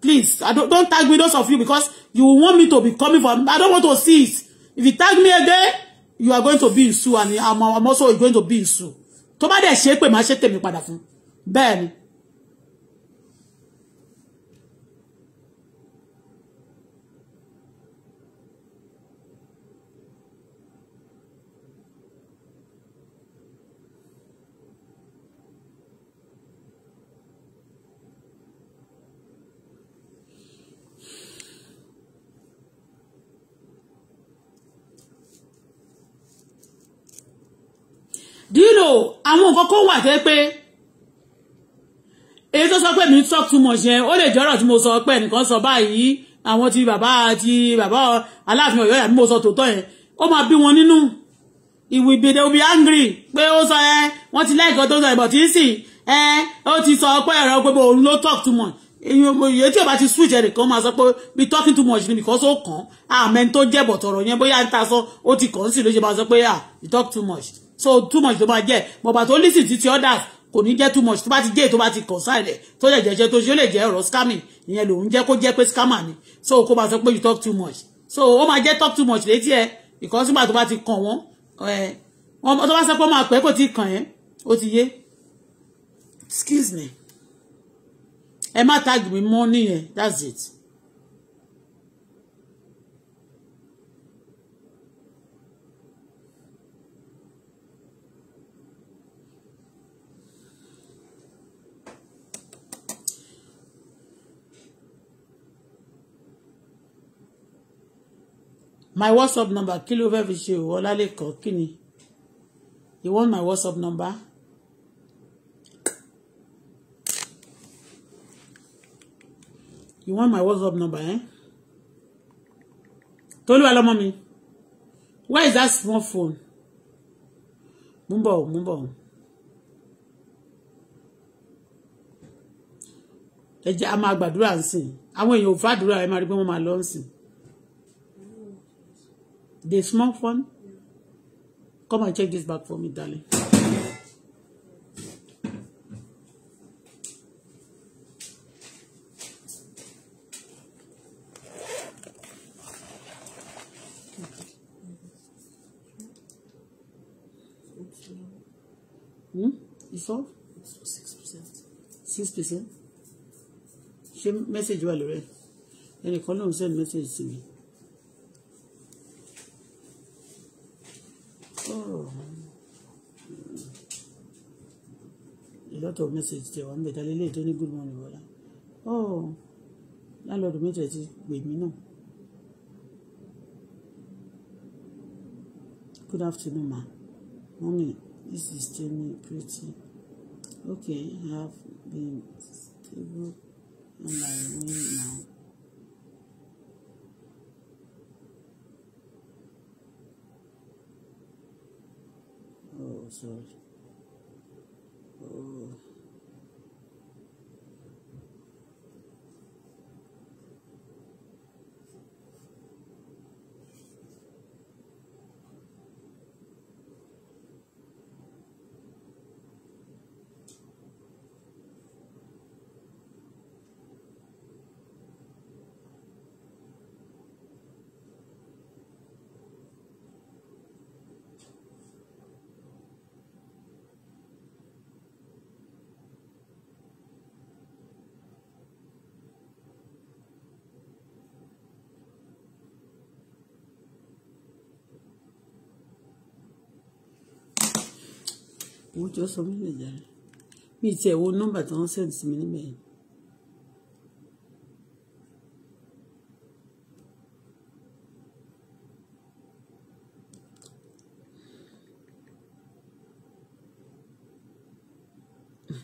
Please, I don't, don't tag me, those of you, because you want me to be coming for, I don't want to see it. If you tag me again, you are going to be in sue, and I'm, I'm also going to be in sue. Tó bá dẹ̀ ṣe é pè máa ṣe tèmi padà fún. do you know àwọn nǹkan kan wà tẹ́ pé èyí tó sọ pé mi talk too much yẹn ó lè jọ́rọ̀ tí mo sọ pé ẹnìkan sọ báyìí àwọn ti bàbá ti bàbá aláàfin ọ̀yọ́ yàtí mo sọ tòótọ́ yẹn ó máa bí wọn nínú ìwì ìbèdè will be angry pé ó sọ ẹ eh, wọ́n ti láìkọ́ tó sọ ìbọ̀ tí sì ẹ eh, ó ti sọ pé ẹ̀rọ gbogbo òun ló talk too much èyí tí o ti switch ẹnìkan máa sọ pé be talking too much ni because ó kàn án àmẹ́ni ah, tó jẹ̀bọ̀ tọ̀rọ̀ yẹn bóyá ń ta sọ ó ti kàn án sì ló ṣe bá sọ pé ah you talk too much so too much ló máa jẹ́ but bàtó lísì títí others kò ní jẹ́ too much tó bá ti jẹ́ tó bá ti concern rẹ̀ tó lè jẹ́jẹ́ tó ṣe ó lè jẹ́ ọ̀rọ̀ scamming ìyẹn lòun jẹ́ kó jẹ́ pé scammer ni so kó máa sọ pé you talk too much so ó máa jẹ́ talk too much létí ẹ because nígbà tó bá ti kàn wọ́n Eh. tó bá sọ pé ó máa pẹ́ kò tí ì kàn ẹ́ ti yé excuse me ẹ má tag mi mọ́ nìyẹn that's it. my whatsapp number kí ló fẹ́ fi ṣe òwò ọlálẹ́kọ̀ kí ni you want my whatsapp number. you want my whatsapp number eh? Tolu lọmọ mommy. why is that small phone mumbo. bọ̀ mú bọ̀ ẹ jẹ́ a máa gbàdúrà ń sìn àwọn èèyàn ò fàdúrà ẹ máa rí pé The small phone. Come and check this back for me, darling. Hmm? You saw Six percent. Six percent? Ṣé message wà lórí ẹ̀? Ẹnìkan náà send message to me. a lot of message tẹ one ń bẹ tálẹ́ léyìí tó good morning bọ́lá oh láńlọ́ọ̀dù mi tẹ̀ ti pè mí náà good afternoon ma mommy this is Temi Pretty okay I have been stable and I'm winning now. Oh, sorry. Oh. wọ́n jọ sọ mí lè jáde mi tiẹ̀ wo nọ́mbà tí wọ́n send sí mi níbẹ̀ yẹn.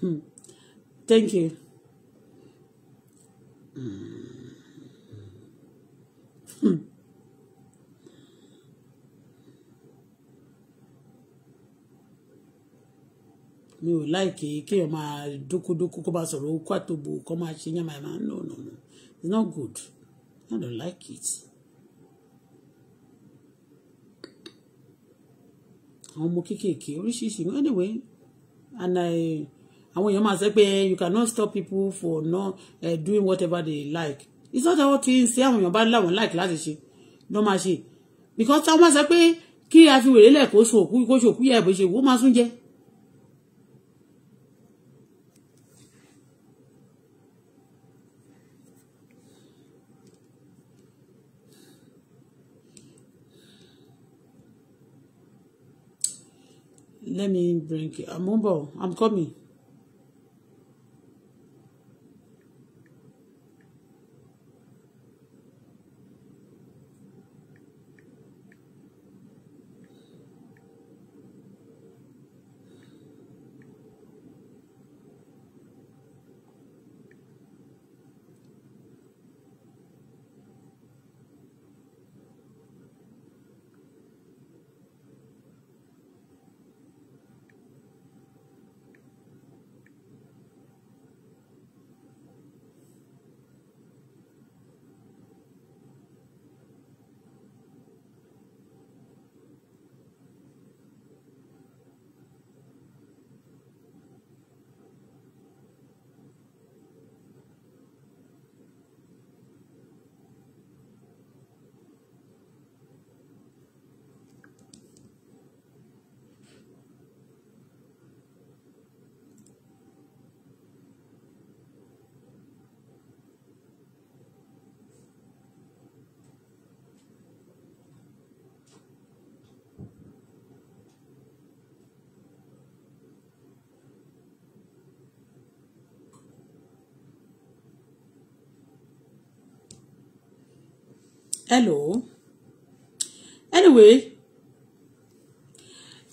Hmm. Thank you. láìkè kéèyàn máa dúkúdúkú kó máa sọ̀rọ̀ okú àtòbò kó máa ṣe yàn máa no no no it's not good I don't like it. àwọn ọmọ kéékèèké oríṣiríṣi anyway and I àwọn èèyàn máa sọ pé eh, you cannot stop people for not uh, doing whatever they like it's not all things tí àwọn èèyàn bá láwọn like láti ṣe ló máa ṣe because táwọn máa sọ pé kí a fi wèrè lẹ̀ kó so òkú kó so òkú yẹ bó ṣe wò ó máa sún jẹ́ let me bring it. I'm I'm coming. hello anyway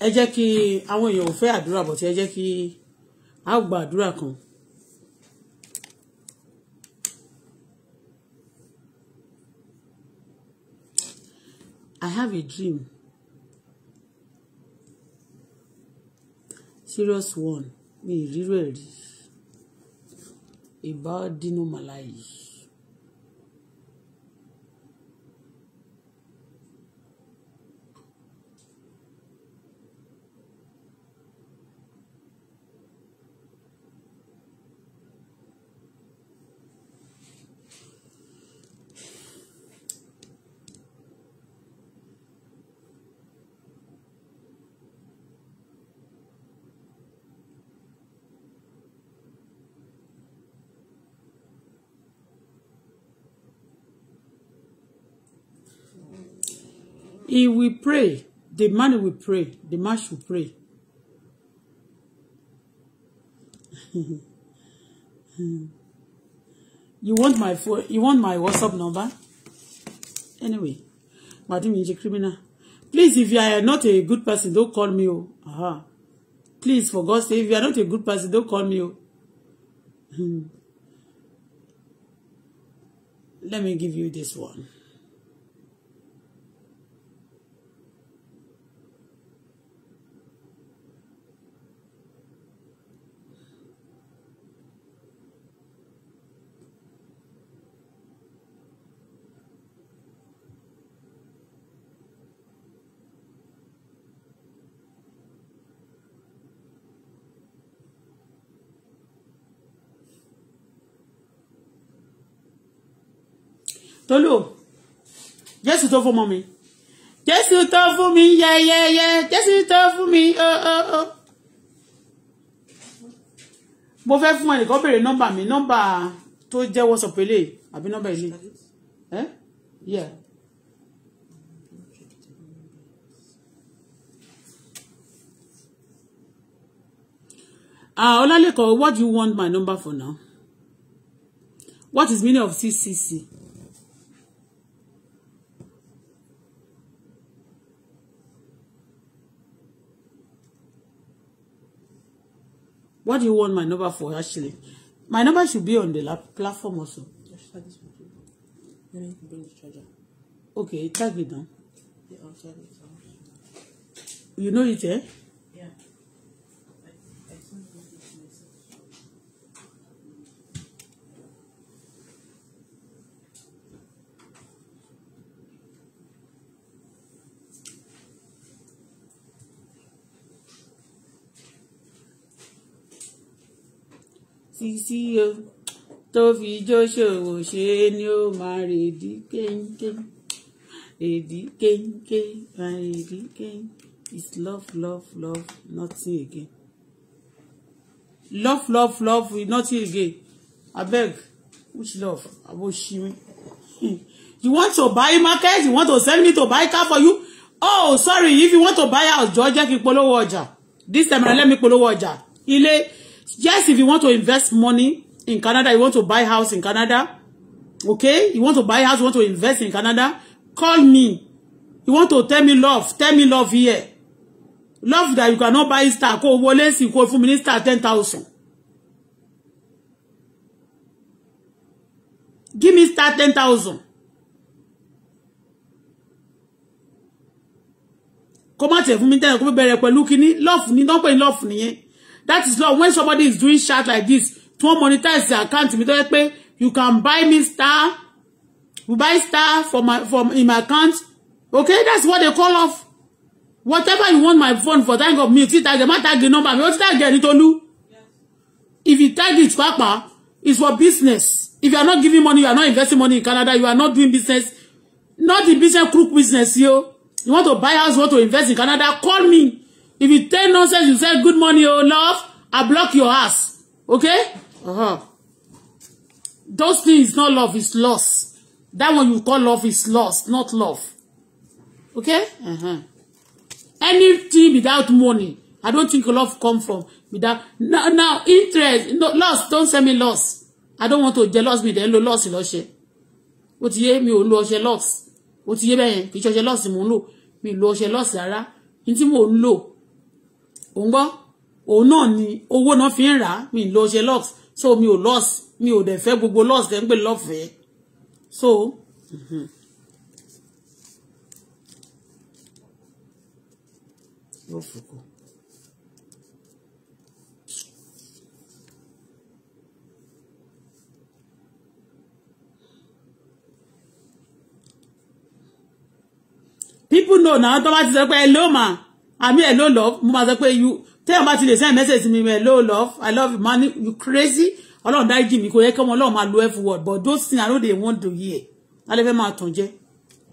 ẹ jẹ́ kí àwọn èèyàn ò fẹ́ àdúrà bọ̀ tí ẹ jẹ́ kí a gba àdúrà kan. I have a dream serious one mi ìrírò ẹ̀ rí about Dino Malayi. If we pray. The man will pray. The man should pray. you want my phone? You want my WhatsApp number? Anyway, but I'm a criminal. Please, if you are not a good person, don't call me. Oh, uh-huh. Please, for God's sake, if you are not a good person, don't call me. Oh. Let me give you this one. Tolu Jésù tó fún ọmọ mi Jésù tó fún mi yẹyẹyẹ Jésù tó fún mi ó ó ó mo fẹ́ fún ẹnìkan béèrè nọ́mbà mi nọ́mbà tó jẹ́ WhatsApp eléyìí àbí nọ́mbà ilé ẹ́ yẹ. Ah, Olaleko, what do you want my number for now? What is meaning of CCC? What do you want my number for actually? My number should be on the lap platform also. Just tag bring the charger. Okay, tag it down. Yeah, I'll tag it down. You know it, eh? sí e o tó fi jó ṣòwò ṣe é ni ó máa rèédí kéńké rèédí kéńké máa rèédí kéńké is love love love nothing again love love love nothing again abeg which love aboshimi hmm. you want to buy market you want to sell me to buy car for you oh sorry if you want to buy house jọ jẹ́ kí n ọjà this time around let me polówó ọjà ilé yes if you want to invest money in Canada you want to buy house in Canada okay you want to buy house you want to invest in Canada call me you want to tell me love tell me love here love that you cannot buy star kó wọlé sí kó fún mi ten thousand give me star ten thousand kó má tẹ̀ fún mi tẹ́lẹ̀ kó bẹ̀rẹ̀ pẹ̀lú kínní love ní nọ́pẹ̀ love nìyẹn that is law when somebody is doing chat like this to monetize the account mi tó yẹ pé you can buy me star you buy star for my from in my account okay that's what they call off whatever you want my phone for thank god mi ti tag ma tag the number mi o ti tag ẹni you. if you tag it papa it's for business if you are not giving money you are not investing money in Canada you are not doing business not the business crook business yo you want to buy house you want to invest in Canada call me If you tell nonsense, you say good morning, oh love, I block your ass. Okay? Uh-huh. Those things not love, it's loss. That one you call love is loss, not love. Okay? Uh-huh. Anything without money, I don't think love come from without now, now interest, no, loss, don't send me loss. I don't want to jealous me, then loss in Russia. ó ti yé mi ò lo ọṣẹ lux ó ti yé bẹ́yẹn kì í ṣọṣẹ mi lo ọṣẹ lux rárá ní tí mò òun gbọ́ òun náà ni owó náà fi ń rà á mi lọ ṣe lux so mi ò lux mi ò dẹ̀ fẹ́ gbogbo lux tẹ́ ń pè lọ́fẹ̀ẹ́ so. Mm-hmm. people know na tó bá ti sọ pé hello ma àmì hello love mo máa sọ pé you tẹ́yàn bá ti lè send message mi hello love i love you man you crazy ọlọ́run dáríjì mi kò yẹ kí ọmọ ọlọ́run máa lo f word but those things i know they want to hear lálẹ́ fẹ́ máa tàn jẹ́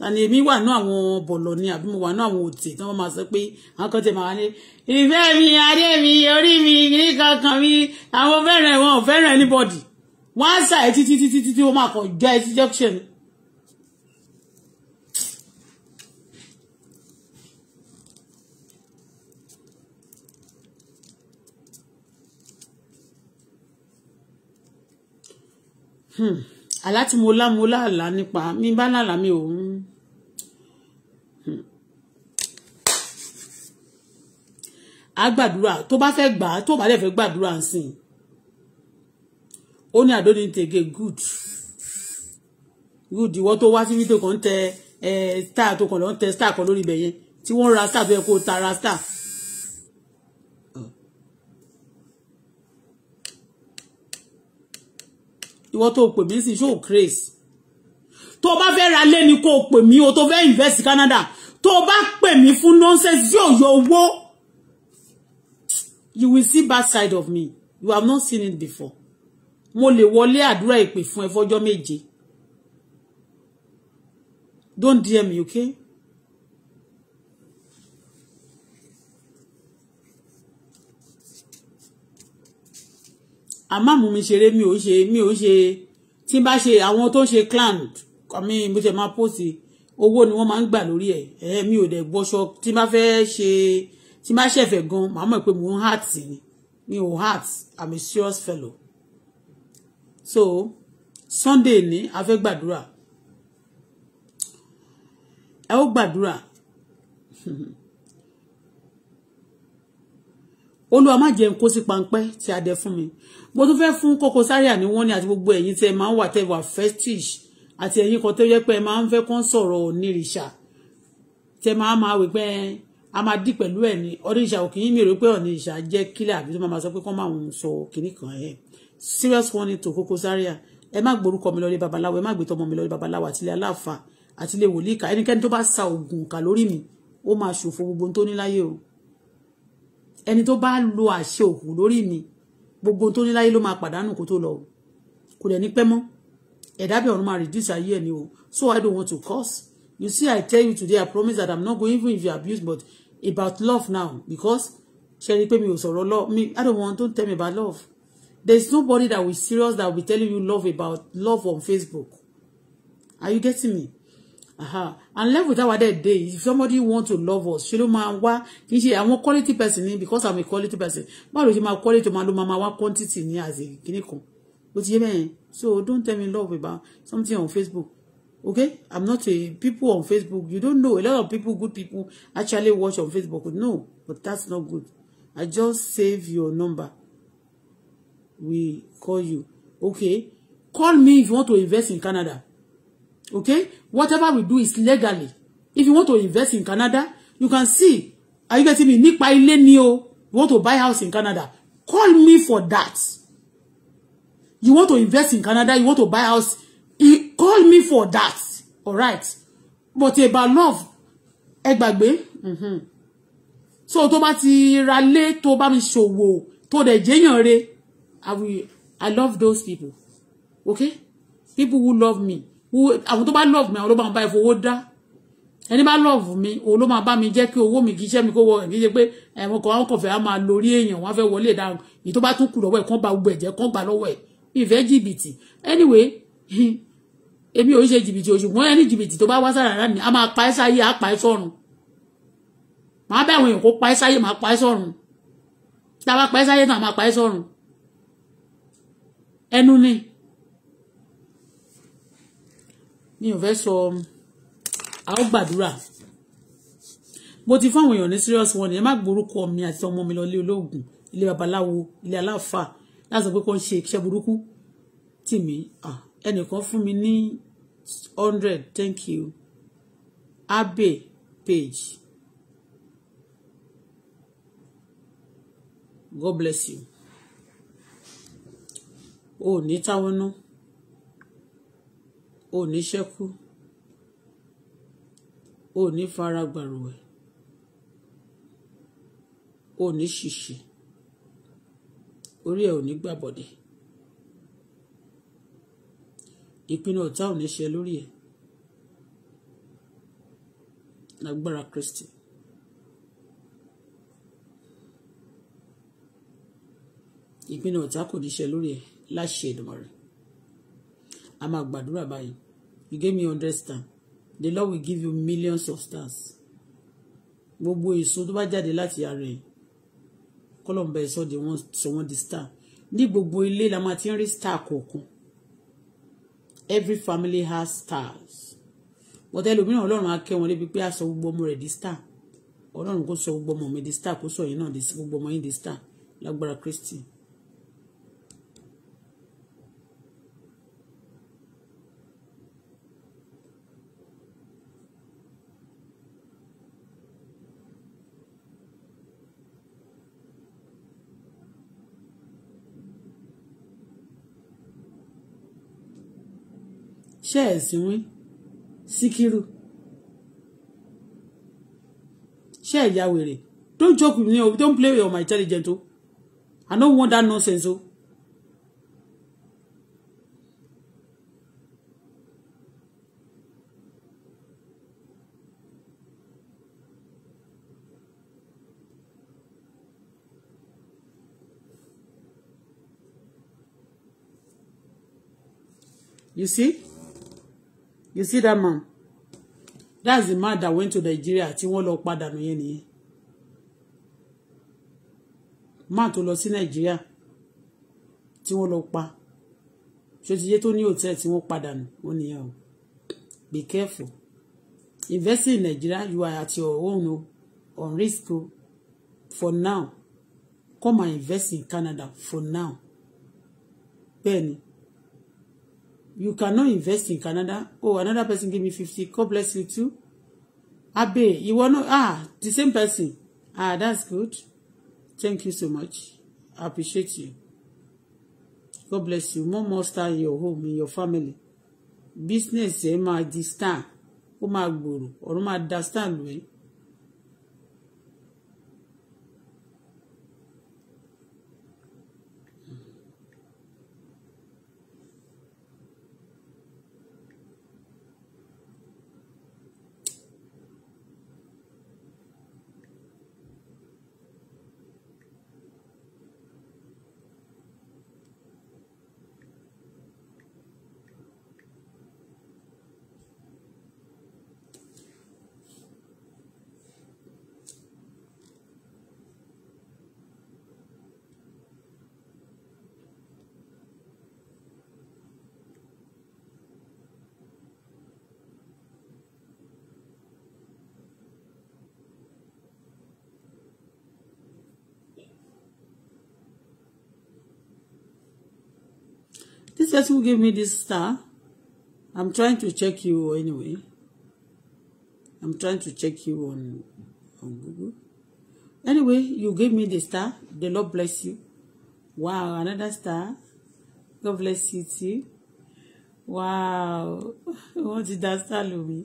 tani èmi wà ní àwọn bọ̀lọ̀ ni àbí mo wà ní àwọn òtì tí wọ́n máa sọ pé àwọn kan tẹ̀ máa ní ìfẹ́ mi adé mi orí mi ní kankan mi àwọn fẹ́ràn wọn ò fẹ́ràn anybody wọ́n á sà ẹ́ títí títí títí wọ́n máa kàn já ẹ́ sí junction Hmm. àlá tí mo lá mo lá àlá nípa mi bá lálà mi ò ń. Hmm. a gbàdúrà tó bá fẹ́ gbà tó bá dẹ̀ fẹ́ gbàdúrà ń sìn ó ní àdóni tègé good good ìwọ tó wá sí fídíò kan tẹ ẹ star tó kàn lọ ń tẹ star kan lórí ibẹ̀ yẹn tí wọ́n ra star tó yẹ kó tara star ìwọ tó pè mí sí ṣó craze tó bá fẹ́ ra lé ni kó o pè mí o tó fẹ́ invest Canada tó bá pè mí fún nonsense yóò yọ owó you will see bad side of me you have not seen it before mo lè wọlé àdúrà ìpè fún ẹ fọjọ́ méje don't dm me okay. àmọ́ mú mi ṣeré mi ò ṣe mi ò ṣe tí n bá ṣe àwọn tó ṣe clan àmì mo ṣe máa post owó ni wọ́n máa ń gbà lórí ẹ̀ ẹ̀ mi ò dẹ̀ gbọ́ṣọ tí n bá fẹ́ ṣe tí n bá ṣẹ̀fẹ̀ gan màá mọ̀ pé mò ń heart ni mi ò heart i'm a serious fellow so Sunday ní a fẹ́ gbàdúrà ẹ ó gbàdúrà olúwa má jẹ́ n kó sí pańpẹ́ tí a dẹ fún mi mo tún fẹ́ fún Koko Zaria ní wọ́n ní àti gbogbo ẹ̀yin tí ẹ máa ń wà tẹ́ wà fetish àti ẹ̀yin kan tó yẹ pé ẹ máa ń fẹ́ kán sọ̀rọ̀ onírìṣà tẹ máa máa wí pé a máa dí pẹ̀lú ẹ̀ ní onírìṣà ò kì í mi rò pé onírìṣà jẹ́ kílẹ̀ àbí tó máa sọ pé kán máa ń sọ kìnnì kan ẹ̀ serious warning to Koko Zaria ẹ má gborúkọ mi lọ lé babaláwo ẹ má gbé tọmọ mi lọ lé babaláwo àtìlẹ aláàfà àtìlẹ wòlíìkà ẹnikẹ́ni tó bá sa oògùn kà lórí mi ó máa ṣòfò gbogbo tó ní láyé o ẹni tó bá lo àṣẹ òkú lórí mi gbogbo tó ní láyé ló máa pàdánù kó tó lọ o kò dẹ̀ ní pẹ́ mọ́ ẹ̀dá bẹ̀ ọ̀run máa reduce ayé ẹ̀ ni o so I don't want to curse you see I tell you today I promise that I'm not going even if you abuse but about love now because ṣe rí i pé mi ò sọ̀rọ̀ love mi I don't want to tell me about love There is nobody that will serious that will be telling you love about love on Facebook are you getting me? Aha. Uh-huh and level that a wà day, if somebody want to love us ṣe ló máa wá kì í ṣe àwọn quality person ni because i'm a quality person báwo ló ṣe máa quality máa ló máa máa wá quantity ní àti kíní kan ó ti yé bẹ́ẹ̀ so don't tell me love about something on facebook okay i'm not a people on facebook you don't know a lot of people good people actually watch on facebook no but that's not good i just save your number we call you okay call me if you want to invest in canada Okay? Whatever we do is legally. If you want to invest in Canada, you can see. Are you getting me? Nípa ilé ni o. You want to buy house in Canada? Call me for that. You want to invest in Canada? You want to buy house? You call me for that. All right. But about love, ẹ gbàgbé. Mm-hmm. So tó bá ti ra lé tó bá mi ṣòwò tó dẹ̀ jẹ́yàn re. I will I love those people. Okay? People who love me àwọn tó bá love mi àwọn ló máa bá ìfowó dá ẹni bá love mi òun ló máa bá mi jẹ́ kí owó mi kì í ṣẹ́ mi kó wọ ẹ̀mí ṣe pé ẹ̀wọ̀n kan wọn kàn fẹ́ máa lórí èèyàn wọn fẹ́ wọlé ìdáhùn èyí tó bá tún kù lọ́wọ́ ẹ̀ kán ba gbogbo ẹ̀jẹ̀ kán gbà lọ́wọ́ ẹ̀ ìfẹ́ jìbìtì anyway èmi ò ń ṣe jìbìtì òṣùgbọ́n ẹni jìbìtì tó bá wá sára rà mí a máa pa ẹ́ sáyé a pa ẹ́ sọ́run màá bẹ̀ àwọn èèyàn kó pa ẹ́ sáyé màá pa ẹ́ sọ́run tá a bá pa ẹ́ sáyé náà máa pa ẹ́ sọ́run ẹnu ni mi ò fẹ́ sọ a ó gbàdúrà mo ti fún àwọn èèyàn ní serious one ẹ má gborúkọ mi àti ọmọ mi lọ ilé olóògùn ilé babaláwo ilé aláfà láti sọ pé kò ń ṣe iṣẹ́ burúkú tì mí ẹnìkan fún mi ní hundred thank you abe page god bless you o ní táwọn náà ò ní ṣẹ́kù ò ní fara gbàrúwẹ̀ ò ní ṣìṣì orí ẹ̀ ò ní gbàbọ̀dẹ̀ ìpinnu ọ̀tá ò ní ṣe lórí ẹ̀ lágbára Kristi. ìpinnu ọ̀tá kò ní ṣe lórí ẹ̀ láṣẹ ìdùnmọ̀ a máa gbàdúrà báyìí you gave me hundred star the Lord will give you millions of stars gbogbo èso tó bá jáde láti ara ẹ̀ kọ́lọ̀mbà ẹ̀sọ́ di wọ́n sọ wọ́n di star ní gbogbo ilé la máa ti ń rí star kọ̀ọ̀kan every family has stars but ẹlòmíràn ọlọ́run á kẹ́ wọn débi pé a sọ gbogbo ọmọ rẹ̀ di star ọlọ́run kò sọ gbogbo ọmọ mi di star kò sọ yín náà di gbogbo ọmọ yín di star lágbára Kristi. ṣe ẹ̀ sí wín síkírù ṣe ẹ̀ ya wèrè don't joke with me o oh, don't play with my intelligence o oh. I no want that nonsense o. Oh. You see? you see that man that's the man that went to Nigeria tí wọ́n lọ padà nù yẹn nìyẹn man to lọ sí Nigeria tí wọ́n lọ pa ṣòtìyẹ tó ní hòtẹ́ẹ̀ tí wọ́n padà nù ó nìyẹn o be careful investing in Nigeria you are at your own on risk for now come and invest in Canada for now bẹ́ẹ̀ you cannot invest in Canada oh another person give me fifty God bless you too abe ìwọ náà ah the same person ah that's good thank you so much I appreciate you God bless you more more star in your home in your family business ẹ eh, máa di star ó máa gbòòrò ọ̀run máa da star lóyún. person who gave me this star. I'm trying to check you anyway. I'm trying to check you on, on Google. Anyway, you gave me the star. The Lord bless you. Wow, another star. God bless you too. Wow. what did that star lómi. me?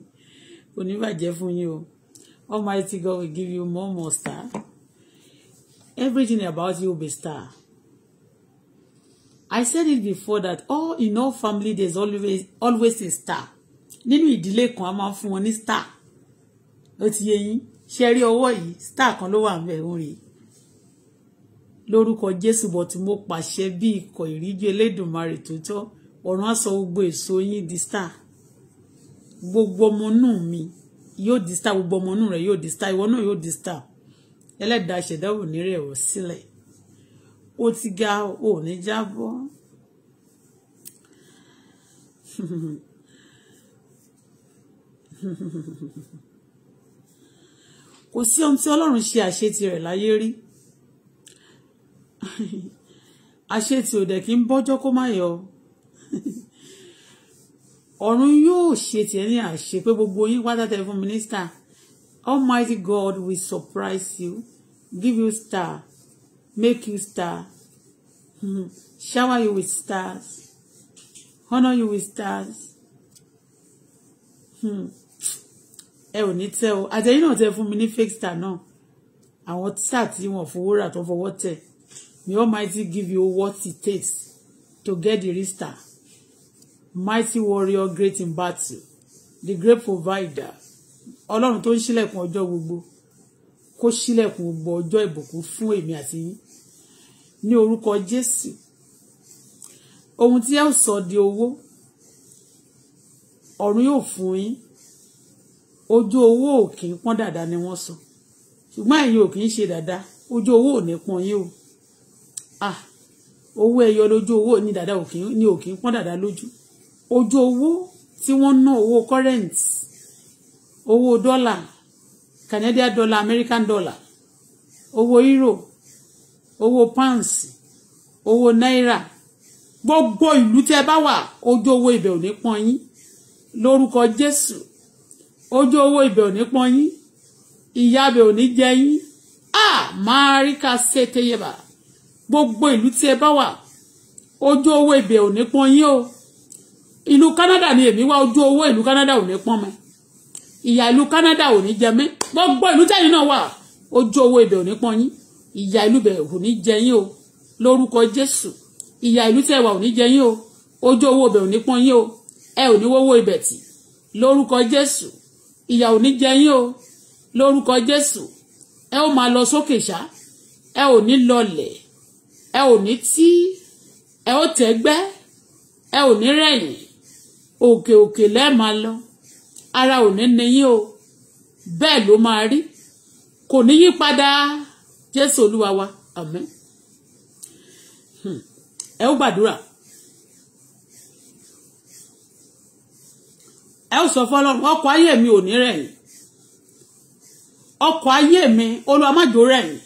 ní bàjẹ́ fún yín Almighty God will give you more more star. Everything about you will be star. I said it before that all in all family there is always always a star nínú ìdílé kan a máa fún wọn ní star ó ti yé yín ṣe rí ọwọ́ yìí star kan ló wà ń bẹ̀ òun rèé lórúkọ Jésù bọ̀ tí mo pàṣẹ bí ikọ̀ ìríjú Elédùmarè tó ọ̀run á gbogbo èso yín di star gbogbo ọmọ inú mi yóò di star gbogbo ọmọ inú rẹ yóò di star ìwọ náà yóò di star ẹlẹ́dàá ṣẹ̀dá ò ní rẹ̀ wọ̀ sílẹ̀ ó ti ga ò ní jábọ́ kò sí ohun tí ọlọ́run ṣe àṣetì rẹ̀ láyé rí àṣetì òdẹ̀ kì í bọ́jọ́ kó má yọ ọ̀run yóò ṣe tiẹ̀ ní àṣẹ pé gbogbo yín wádà tẹ fún mínísítà Almighty God will surprise you give you star make you star hmm shower you with stars honor you with stars hmm. ẹ ò ní tẹ o àtẹ̀yìn náà tẹ fún mi ní fake star náà àwọn star tí wọ́n fowó rà tó fọwọ́ tẹ̀ may Almighty give you what it takes to get the real star mighty warrior great in battle the great provider ọlọ́run tó ń ṣílẹ̀kùn ọjọ́ gbogbo kó ṣílẹ̀kùn gbogbo ọjọ́ ìbùkún fún èmi àti yín ní orúkọ Jésù ohun tí ẹ ò sọ di owó ọ̀run yóò fún yín ojú owó ò kì í pọ́n dàda ni wọ́n sọ ṣùgbọ́n ẹ̀yin ò kì í ṣe dàda ojú owó ò ní pọ́n yín o ah owó ẹyọ lójú owó ní dàda ò kì í ní ò kì í pọ́n dàda lójú ojú owó tí wọ́n ná owó current owó dọ́là Canadian dollar American dollar owó euro owó páǹsì owó náírà gbogbo ìlú tẹ bá wà ojú owó ibẹ̀ ò ní pọ́n yín lórúkọ Jésù ojú owó ibẹ̀ ò ní pọ́n yín ìyà ibẹ̀ ò ní jẹ yín a máa rí ká ṣe téyẹ̀bà gbogbo ìlú tí bá wà ojú owó ibẹ̀ ò ní pọ́n yín o ìlú Canada ni èmi wá ojú owó ìlú Canada ò ní pọ́n mi ìyà ìlú Canada ò ní jẹ mí gbogbo ìlú tẹ̀yìn náà wà ojú owó ibẹ̀ ò ní pọ́n yín ìyà ìlú bẹ̀rẹ̀ ò ní jẹ yín o lórúkọ jésù ìyà ìlú tẹ̀ wà ò ní jẹ yín o ojú owó ibẹ̀ ò ní pọ́n yín o ẹ ò ní wówó ibẹ̀ tì lórúkọ jésù ìyà ò ní jẹ o lórúkọ jésù ẹ ó máa lọ sókè ṣá ẹ ò ní lọlẹ̀ ẹ ò ní tí ẹ ó tẹ́gbẹ́ ẹ ò ní rẹ̀yìn òkè òkè lẹ́ẹ̀ máa lọ ara ò ní ni yín o bẹ́ẹ̀ ló máa rí kò ní yí padà jésù olúwa wa àmín hmm. ẹ ó gbàdúrà ẹ ó sọ fọ́lọ́run ọkọ̀ ayé mi ò ní rẹ̀ yìí ọkọ̀ ayé mi olúwa má jò rẹ̀ yìí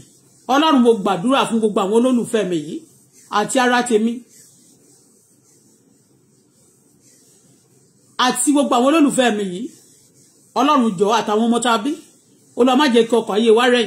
ọlọ́run mo gbàdúrà fún gbogbo àwọn olólùfẹ́ mi yìí àti ara tèmi àti gbogbo àwọn olólùfẹ́ mi yìí ọlọ́run jọ àtàwọn ọmọ tá a bí olúwa má kí ọkọ̀ ayé wa rẹ̀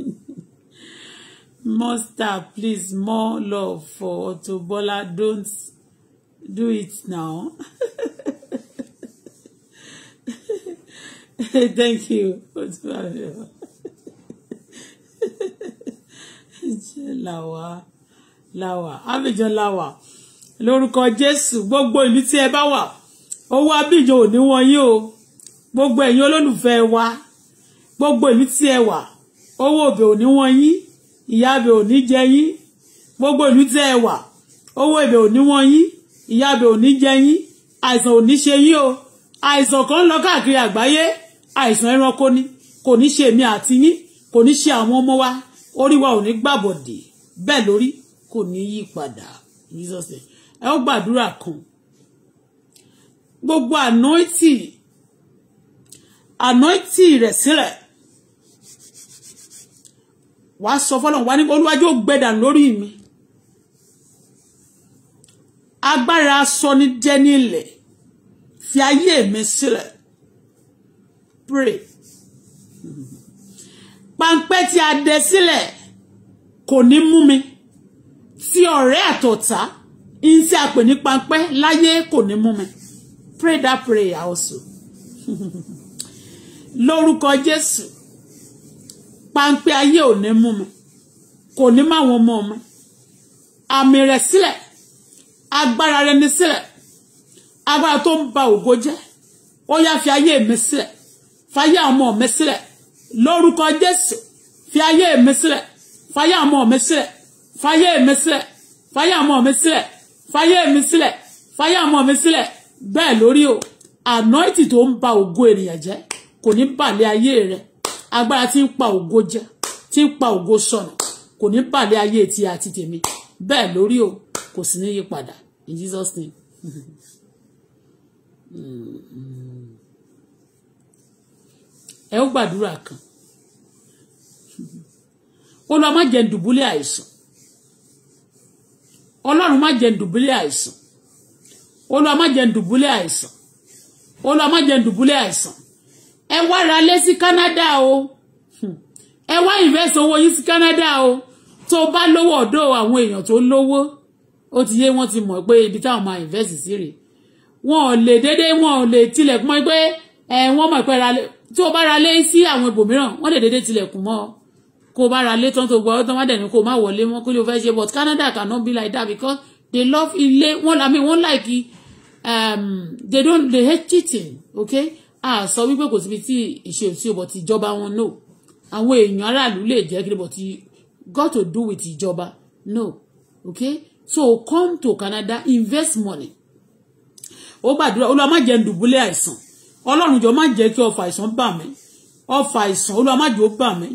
more star please more love for Auto don't do it now thank you lawa lawa abijọ lawa lórúkọ Jésù gbogbo ìlú tí ẹ bá wà owó abijọ ò ní wọn yín o gbogbo ẹ̀yin olólùfẹ́ wa gbogbo ìlú tí ẹ wà owó òbẹ̀ ò ní wọn ìyá ibẹ̀ ò ní jẹ yín gbogbo ìlú tẹ́ ẹ wà owó ibẹ̀ ò ní wọ́n yín ìyá ibẹ̀ ò ní jẹ yín àìsàn ò ní ṣe yín o àìsàn kan lọ káàkiri àgbáyé àìsàn ẹranko ni kò ní ṣe èmi àti yín kò ní ṣe àwọn ọmọ wa orí wa ò ní gbàbọ̀dè bẹ́ẹ̀ lórí kò ní yí padà Jesus ẹ ó gbàdúrà kan gbogbo anointing anointing rẹ̀ sílẹ̀ wàá sọ fọ́lọ́run wàá ní olúwájú ó gbẹ̀dàn lórí mi agbára sọ ní jẹ́ nílẹ̀ fi ayé mi sílẹ̀ pray pańpẹ́ tí a dẹ sílẹ̀ kò ní mú mi tí ọ̀rẹ́ àtọ̀tá ń tí a pè ní pańpẹ́ láyé kò ní mú mi pray that prayer also lórúkọ Jésù páńpẹ́ ayé ò ní mú mi kò ní má wọn mọ́ mi àmì rẹ̀ sílẹ̀ agbára rẹ̀ ní sílẹ̀ agbára tó ń ba ògo jẹ́ ó yá fi ayé mi sílẹ̀ fàyè ọmọ mi sílẹ̀ lórúkọ Jésù fi ayé mi sílẹ̀ fàyè ọmọ mi sílẹ̀ fàyè mi sílẹ̀ fàyè ọmọ mi sílẹ̀ fàyè mi sílẹ̀ fàyè ọmọ mi sílẹ̀ bẹ́ẹ̀ lórí o ànáìtì tó ń ba ògo ènìyàn jẹ́ kò ní bàlẹ̀ ayé rẹ̀ agbára tí ń pa ògo jẹ tí ń pa ògo sọnù kò ní pàdé ayé ti àti tèmi bẹ́ẹ̀ lórí o kò sì ní yí padà in Jesus name. ẹ ó gbàdúrà kan Olúwa má jẹ́ n dùbúlẹ̀ àìsàn Ọlọ́run má jẹ́ n dùbúlẹ̀ àìsàn Olúwa má jẹ́ n àìsàn Olúwa má jẹ́ n àìsàn ẹ wá ra lé sí Canada o hmm. ẹ wá invest owó yín sí Canada o tó bá lówó ọ̀dọ̀ àwọn èèyàn tó lówó ó ti yé wọ́n ti mọ̀ pé ibi táwọn máa invest sí rèé wọn ò lè dédé wọn ò lè tilẹ̀kùn mọ́ pé ẹ wọ́n mọ̀ pé tó bá ra lé sí àwọn ibòmíràn wọ́n lè dédé tilẹ̀kùn mọ́ ọ kó bá ra lé tán tó gbọ́ ọdún mọ́dẹ̀ ni kó má wọlé wọn kó ló fẹ́ ṣe but Canada cannot be like that because they love ilé wọn I mean wọn like um, they don't they hate cheating okay a sọ wípé kò síbi tí ìṣe òsì ò bọ̀ ti ìjọba wọn no àwọn èèyàn aráàlú lè jẹ́ kí ni bọ̀ ti got to do with ìjọba no okay so come to Canada invest money ó gbàdúrà Olúwa má jẹ́ ndùbúlẹ̀ àìsàn Ọlọ́run jọ má jẹ́ kí ọfà àìsàn bà mí ọfà àìsàn Olúwa má jẹ́ ó bà mí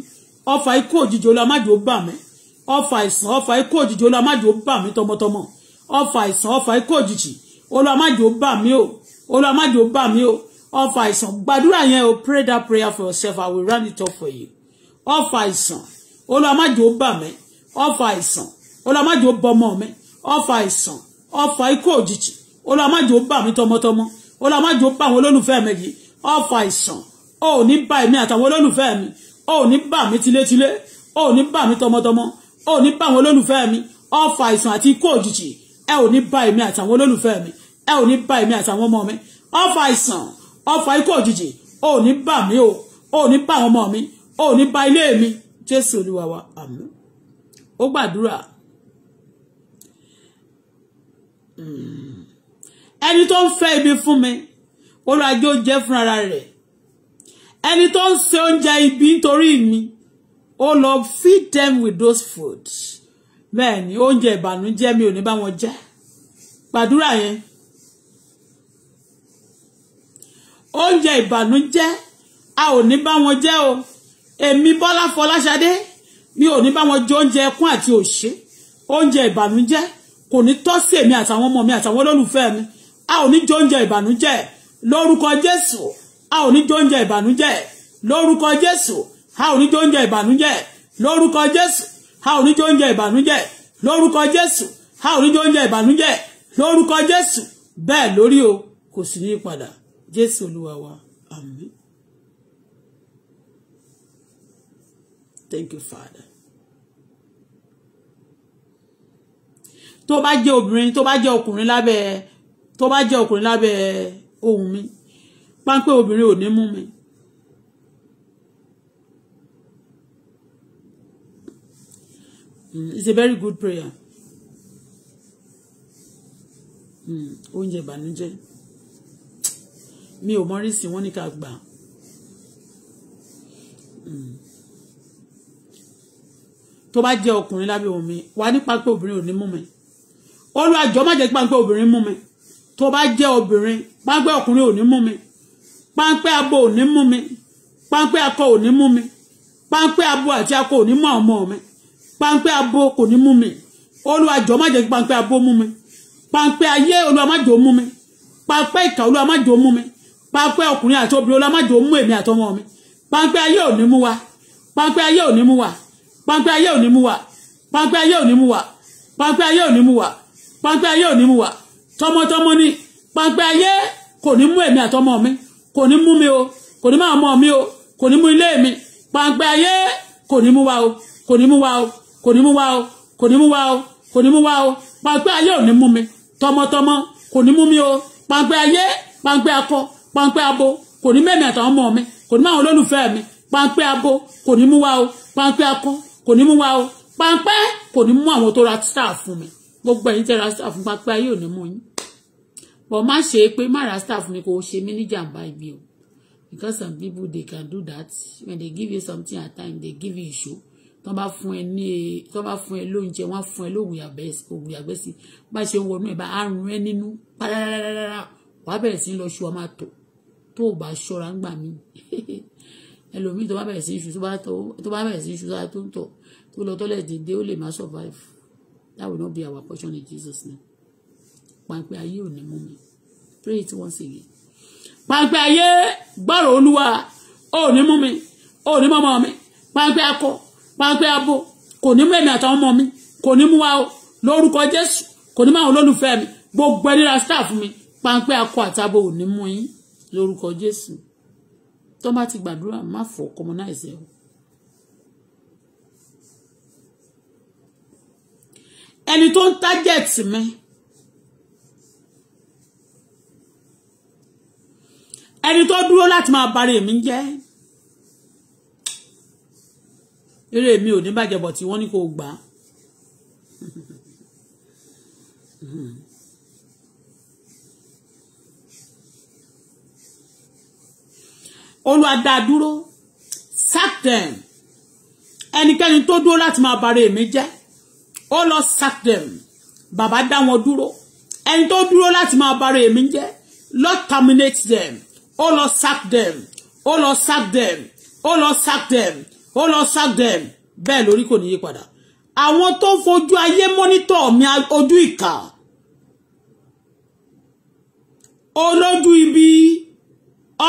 ọfà ikú òjijì Olúwa má jẹ́ bà mí ọfà àìsàn ọfà ikú òjijì Olúwa má jẹ́ bà mí tọmọtọmọ ọfà àìsàn ọfà ikú òjijì Olúwa má jẹ́ bà mí o Olúwa má jẹ́ bà mí o ọfà àìsàn gbàdúrà yẹn o pray that prayer for yourself I will run it up for you ọfà àìsàn Olúwa má jẹ́ ó bà mí ọfà àìsàn Olúwa má jẹ́ ó bọmọ mi ọfà àìsàn ọfà ikú òjijì Olúwa má jẹ́ ó bà mí tọmọtọmọ Olúwa má jẹ́ ó bà àwọn olólùfẹ́ mi yìí ọfà àìsàn o ò ní bá èmi àtàwọn olólùfẹ́ mi o ò ní bà mí tilétilé o ò ní bà mí tọmọtọmọ o ò ní bà àwọn olólùfẹ́ mi ọfà àìsàn àti ikú òjijì ẹ ò ní bá èmi àtàwọn olólùfẹ́ mi ẹ ò ní bá èmi àtàwọn ọmọ mi ọfà àìsàn ọfà ikú òjijì ò ní bà mí o ò ní bà ọmọ mi ò ní bà ilé mi jésù olúwa wa àmín ó gbàdúrà hmm. ẹni tó ń fẹ́ ibi fún mi olùwàjò jẹ́ fúnra rẹ̀ ẹni tó ń ṣe oúnjẹ ibi nítorí mi ó lọ feed them with those foods. bẹ́ẹ̀ ni oúnjẹ ìbànújẹ́ mi ò ní bá wọn jẹ gbàdúrà yẹn oúnjẹ ìbànújẹ́ a ò ní bá wọn jẹ o èmi Bọ́lá Fọláṣadé mi ò ní bá wọn jẹ oúnjẹ ẹkún àti òṣè oúnjẹ ìbànújẹ́ kò ní tọ́ sí èmi àtàwọn ọmọ mi àtàwọn olólùfẹ́ mi a ò ní jẹ oúnjẹ ìbànújẹ́ lórúkọ Jésù a ò ní jẹ oúnjẹ ìbànújẹ́ lórúkọ Jésù a ò ní jẹ oúnjẹ ìbànújẹ́ lórúkọ Jésù a ò ní jẹ oúnjẹ ìbànújẹ́ lórúkọ Jésù a ò ní jẹ oúnjẹ ìbànújẹ́ lórúkọ Jésù bẹ́ẹ̀ lórí o kò sì ní padà jésù olúwa wa thank you father. tó bá jẹ́ obìnrin tó bá jẹ́ ọkùnrin lábẹ́ tó bá jẹ́ ọkùnrin lábẹ́ ohùn mi páńpẹ́ obìnrin ò ní mú mi. It's a very good prayer. Hmm, oúnjẹ ìbànújẹ́. Mm mi ò mọ rísìn wọn ní ká gbà. Hmm. tó bá jẹ́ ọkùnrin lábẹ́ omi wà nípa pé obìnrin ò ní mú mi olùwàjọ má jẹ́ páńpẹ́ obìnrin mú mi tó bá jẹ́ obìnrin páńpẹ́ ọkùnrin ò ní mú mi páńpẹ́ abo ò ní mú mi páńpẹ́ akọ ò ní mú mi páńpẹ́ abo àti akọ ò ní mú ọmọ mi páńpẹ́ abo kò ní mú mi olùwàjọ má jẹ́ páńpẹ́ abo mú mi páńpẹ́ ayé olùwàmájò mú mi páńpẹ́ ìkà olùwàmájò mú mi pápẹ́ ọkùnrin àti obìnrin ọlámájò mú èmi àtọmọ mi pápẹ́ ayé ò ní mú wa pápẹ́ ayé ò ní mú wa pápẹ́ ayé ò ní mú wa pápẹ́ ayé ò ní mú wa pápẹ́ ayé ò ní mú wa pápẹ́ ayé ò ní mú wa tọmọtọmọ ni pápẹ́ ayé kò ní mú èmi àtọmọ mi kò ní mú mi o kò ní máa mọ mi o kò ní mú ilé mi pápẹ́ ayé kò ní mú wa o kò ní mú wa o kò ní mú wa o kò ní mú wa o kò ní mú wa o pápẹ́ ayé ò ní mú mi tọmọtọmọ kò ní mú mi o pápẹ́ ayé pápẹ́ akọ pàǹpẹ́ abo kò ní mẹ́mí àtàwọn ọmọ mi kò ní máa olólùfẹ́ mi pàǹpẹ́ abo kò ní mú wa o pàǹpẹ́ akọ kò ní mú wa o pàǹpẹ́ kò ní mú àwọn tó ra star fún mi gbogbo ẹ̀yin tẹ́ ra star fún pàǹpẹ́ ayé ò mú yín but má ṣe é pé má ra star fún mi kò ṣe mí ní ibi o because some people they can do that when they give you something at time they give you ìṣó tó bá fún ẹ ní tó bá fún ẹ lóúnjẹ wọn fún ẹ lóògùn àgbẹ̀sí bá ṣe wọnú ẹ bá àrùn ẹ nínú pàràràràrà wàá bẹ̀rẹ̀ sí lọ ọmọ àtọ̀ tó o bá ṣọ́ra ń gbà mí ẹlòmíì tó bá bẹ̀rẹ̀ sí iṣu tó bá bẹ̀rẹ̀ sí iṣu tó ń tọ̀ tó lọ tọ́lẹ̀ dédé ó lè má survive that will not be our portion in Jesus name pàǹpẹ́ ayé ò ní mú mi pray it once again pàǹpẹ́ ayé gbọ́rọ̀ olúwa ò ní mú mi ò ní mọ́mọ́ mi pàǹpẹ́ akọ pàǹpẹ́ abo kò ní mú èmi àtàwọn ọmọ mi kò ní mú wa o lórúkọ Jésù kò ní mú àwọn olólùfẹ́ mi gbogbo ẹni ra staff mi pàǹpẹ́ akọ àtàbò ò ní mú yín lórúkọ Jésù tó bá ti gbàdúrà má fọ commonize ẹ o. ẹni tó ń target mi ẹni tó dúró láti máa bari èmi jẹ́ eré mi ò ní bàjẹ́ bọ̀ tí wọ́n ní kò gbà á. Olúwa dá dúró sack them ẹnikẹ́ni tó dúró láti máa bàrẹ èmi jẹ́ ó lọ sack them bàbá dá wọn dúró ẹni tó dúró láti máa bàrẹ èmi jẹ́ Lord terminate them ó lọ sack them ó lọ sack them ó lọ sack them ó lọ sack them bẹ́ẹ̀ lórí kò ní yí padà àwọn tó ń fojú ayé mọ́nítọ̀ mi ojú ìkà olójú ibi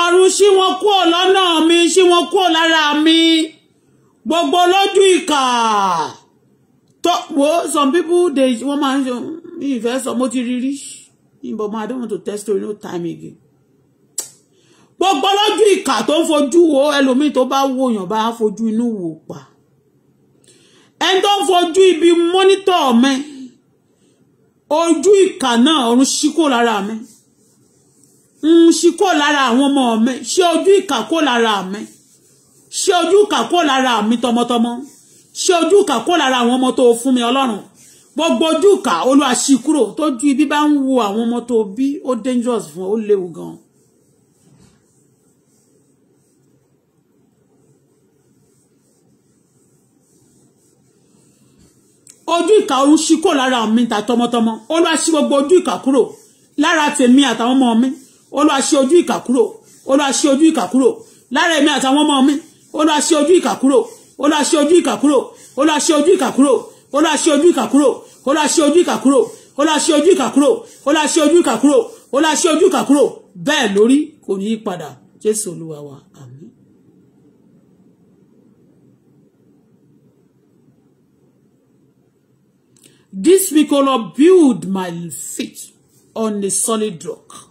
ọ̀run ṣí wọn kúrò lọ́nà mi ṣí wọn kúrò lára mi gbogbo lójú ìkà tó wo some people dey wọ́n máa ń ṣe ní ìfẹ́ sọ mo ti rí rí but I don't want to tell story no time again gbogbo lójú ìkà tó ń fojú wo ẹlòmíì tó bá wo èèyàn bá fojú inú wò pa ẹni tó ń fojú ibi mọ́nítọ̀ mi ojú ìkà náà ọ̀run ṣí kúrò lára mi ń ṣí kó lára àwọn ọmọ mi ṣí ojú ìkà kó lára mi ṣí ojú ìkà kó lára mi tọmọtọmọ ṣí ojú ìkà kó lára àwọn ọmọ tó fún mi ọlọ́run gbogbo ojú ìkà olúwa ṣí kúrò tójú ibi bá ń wo àwọn ọmọ tó bí ó dangerous fún ọ ó léwu gan-an. ojú ìkà ọ̀run ṣí kúrò lára mi ta tọmọtọmọ olúwa ṣí gbogbo ojú ìkà kúrò lára tèmi àtàwọn ọmọ mi olúwa ṣe ojú ìkà kúrò olúwa ṣe ojú ìkà kúrò lára èmi àtàwọn ọmọ mi olúwa ṣe ojú ìkà kúrò olúwa ṣe ojú ìkà kúrò olúwa ṣe ojú ìkà kúrò olúwa ṣe ojú ìkà kúrò olúwa ṣe ojú ìkà kúrò olúwa ṣe ojú ìkà kúrò olúwa ṣe ojú ìkà kúrò olúwa ṣe ojú ìkà kúrò bẹ́ẹ̀ lórí kò ní í padà jésù olúwa wa àmín. This week, O Lord, build my feet on a solid rock.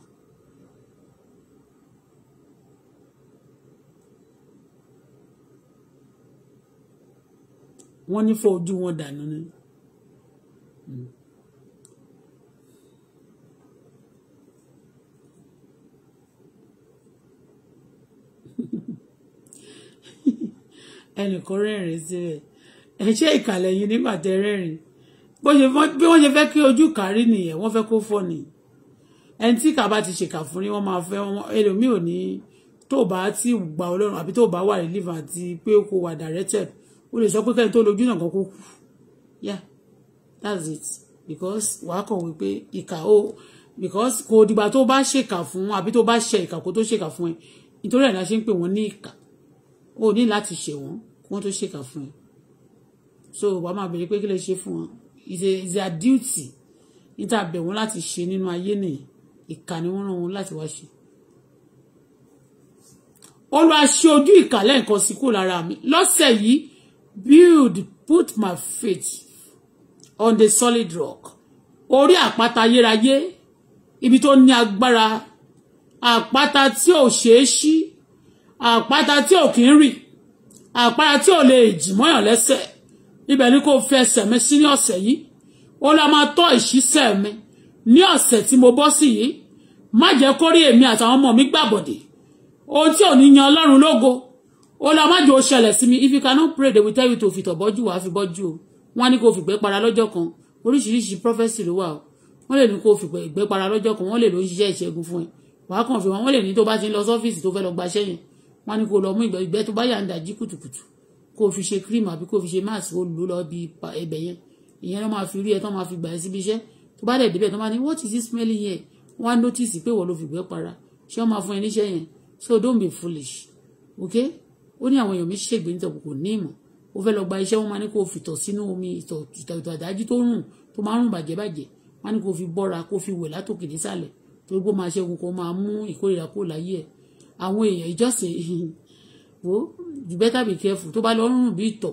wọ́n ní fọ́ ojú wọn dànù ni. ẹnìkan rẹ́rìn síbẹ̀ ẹ ṣe ìkàlẹ̀ yìí nígbà tẹ rẹ́rìn bí wọ́n ṣe fẹ́ kí ojú kárí nìyẹn wọ́n fẹ́ kó fọ́ ni ẹni tí kàbá ti ṣèkà fún ni wọ́n máa fẹ́ ẹlòmíì ò ní tó bá ti gbà ọlọ́run àbí tó bá wà relief àti pé kò wà directed o lè sọ pé kẹ́ni tó lójú náà kan kú yeah that's it because wàá kàn wí pé ìkà o because kò dìgbà tó bá ṣèkà fún àbí tó bá ṣe ìkà kó tó ṣèkà fún ẹ nítorí ẹ̀dá ṣe ń pè wọ́n ní ìkà o ní láti ṣe wọ́n kí wọ́n tó ṣèkà fún ẹ so wàá máa béèrè pé kí lè ṣe fún wọn it's their duty níta bẹ̀ wọ́n láti ṣe nínú ayé nìyí ìkà ni wọ́n rán wọn láti wá ṣe olùwàṣẹ ojú ìkà lẹ́ẹ̀kan sí kò lára mi lọ́sẹ̀ yìí build put my feet on the solid rock orí àpáta ayérayé ibi tó ní agbára àpáta tí ò ṣeé ṣí àpáta tí ò kì í rì àpáta tí ò lè jì mọ́yàn lẹ́sẹ̀ ibẹ̀ ni kò fi ẹsẹ̀ mi sí ní ọ̀sẹ̀ yìí ó lọ máa tọ́ ìṣísẹ̀ mi ní ọ̀sẹ̀ tí mo bọ́ sí yìí má jẹ́ kó èmi àtàwọn ọmọ mi gbàbọ̀dè ohun tí ò ní yan ọlọ́run lógo ó lọ má jò ó ṣẹlẹ̀ sí mi if you cannot pray they will tell you to fìtọ̀ bọ́jú wàá fi bọ́jú o wọ́n á ní kó fìgbẹ́ para lọ́jọ́ kan oríṣiríṣi prophecy ló wà o wọ́n lè ní kó fìgbẹ́ para lọ́jọ́ kan wọ́n lè ló ń ṣiṣẹ́ ìṣẹ́gun fún ẹ wàá kàn fi wọn wọ́n lè ní tó bá ti ń lọ sọ́fíìsì tó fẹ́ lọ gbaṣẹ́ yẹn wọ́n á ní kó lọ mú ìgbẹ́ tó bá yà ń dàjí kùtùkùtù kó o fi ṣe cream àbí kó o fi ṣe mask ó lù ú lọ bí ẹbẹ̀ yẹn ìyẹn ló máa fi rí ẹ tó máa fi gbà ẹ síbi iṣẹ́ tó bá dẹ̀ débẹ̀ tó máa ní what is this smelling here wọ́n á notice pé wọ́n ló fìgbẹ́ para ṣé wọ́n máa fún ẹ níṣẹ́ yẹn so don't be foolish okay ó ní àwọn èèyàn mi ṣègbè nítorí kò ní ìmọ̀ ó fẹ́ lọ gba iṣẹ́ wọn máa ní kó fìtọ̀ sínú omi ìtọ̀ àdájú tó rùn tó máa rùn bàjẹ́ bàjẹ́ wọn ní kó fi bọ́ra kó fi wẹ̀ látòkè nísàlẹ̀ torí pé ó máa ṣẹ́gun kó máa mú ìkórìíra kó láyé ẹ̀ àwọn èèyàn ìjọsìn wo you better be careful tó bá lọ rùn bí ìtọ̀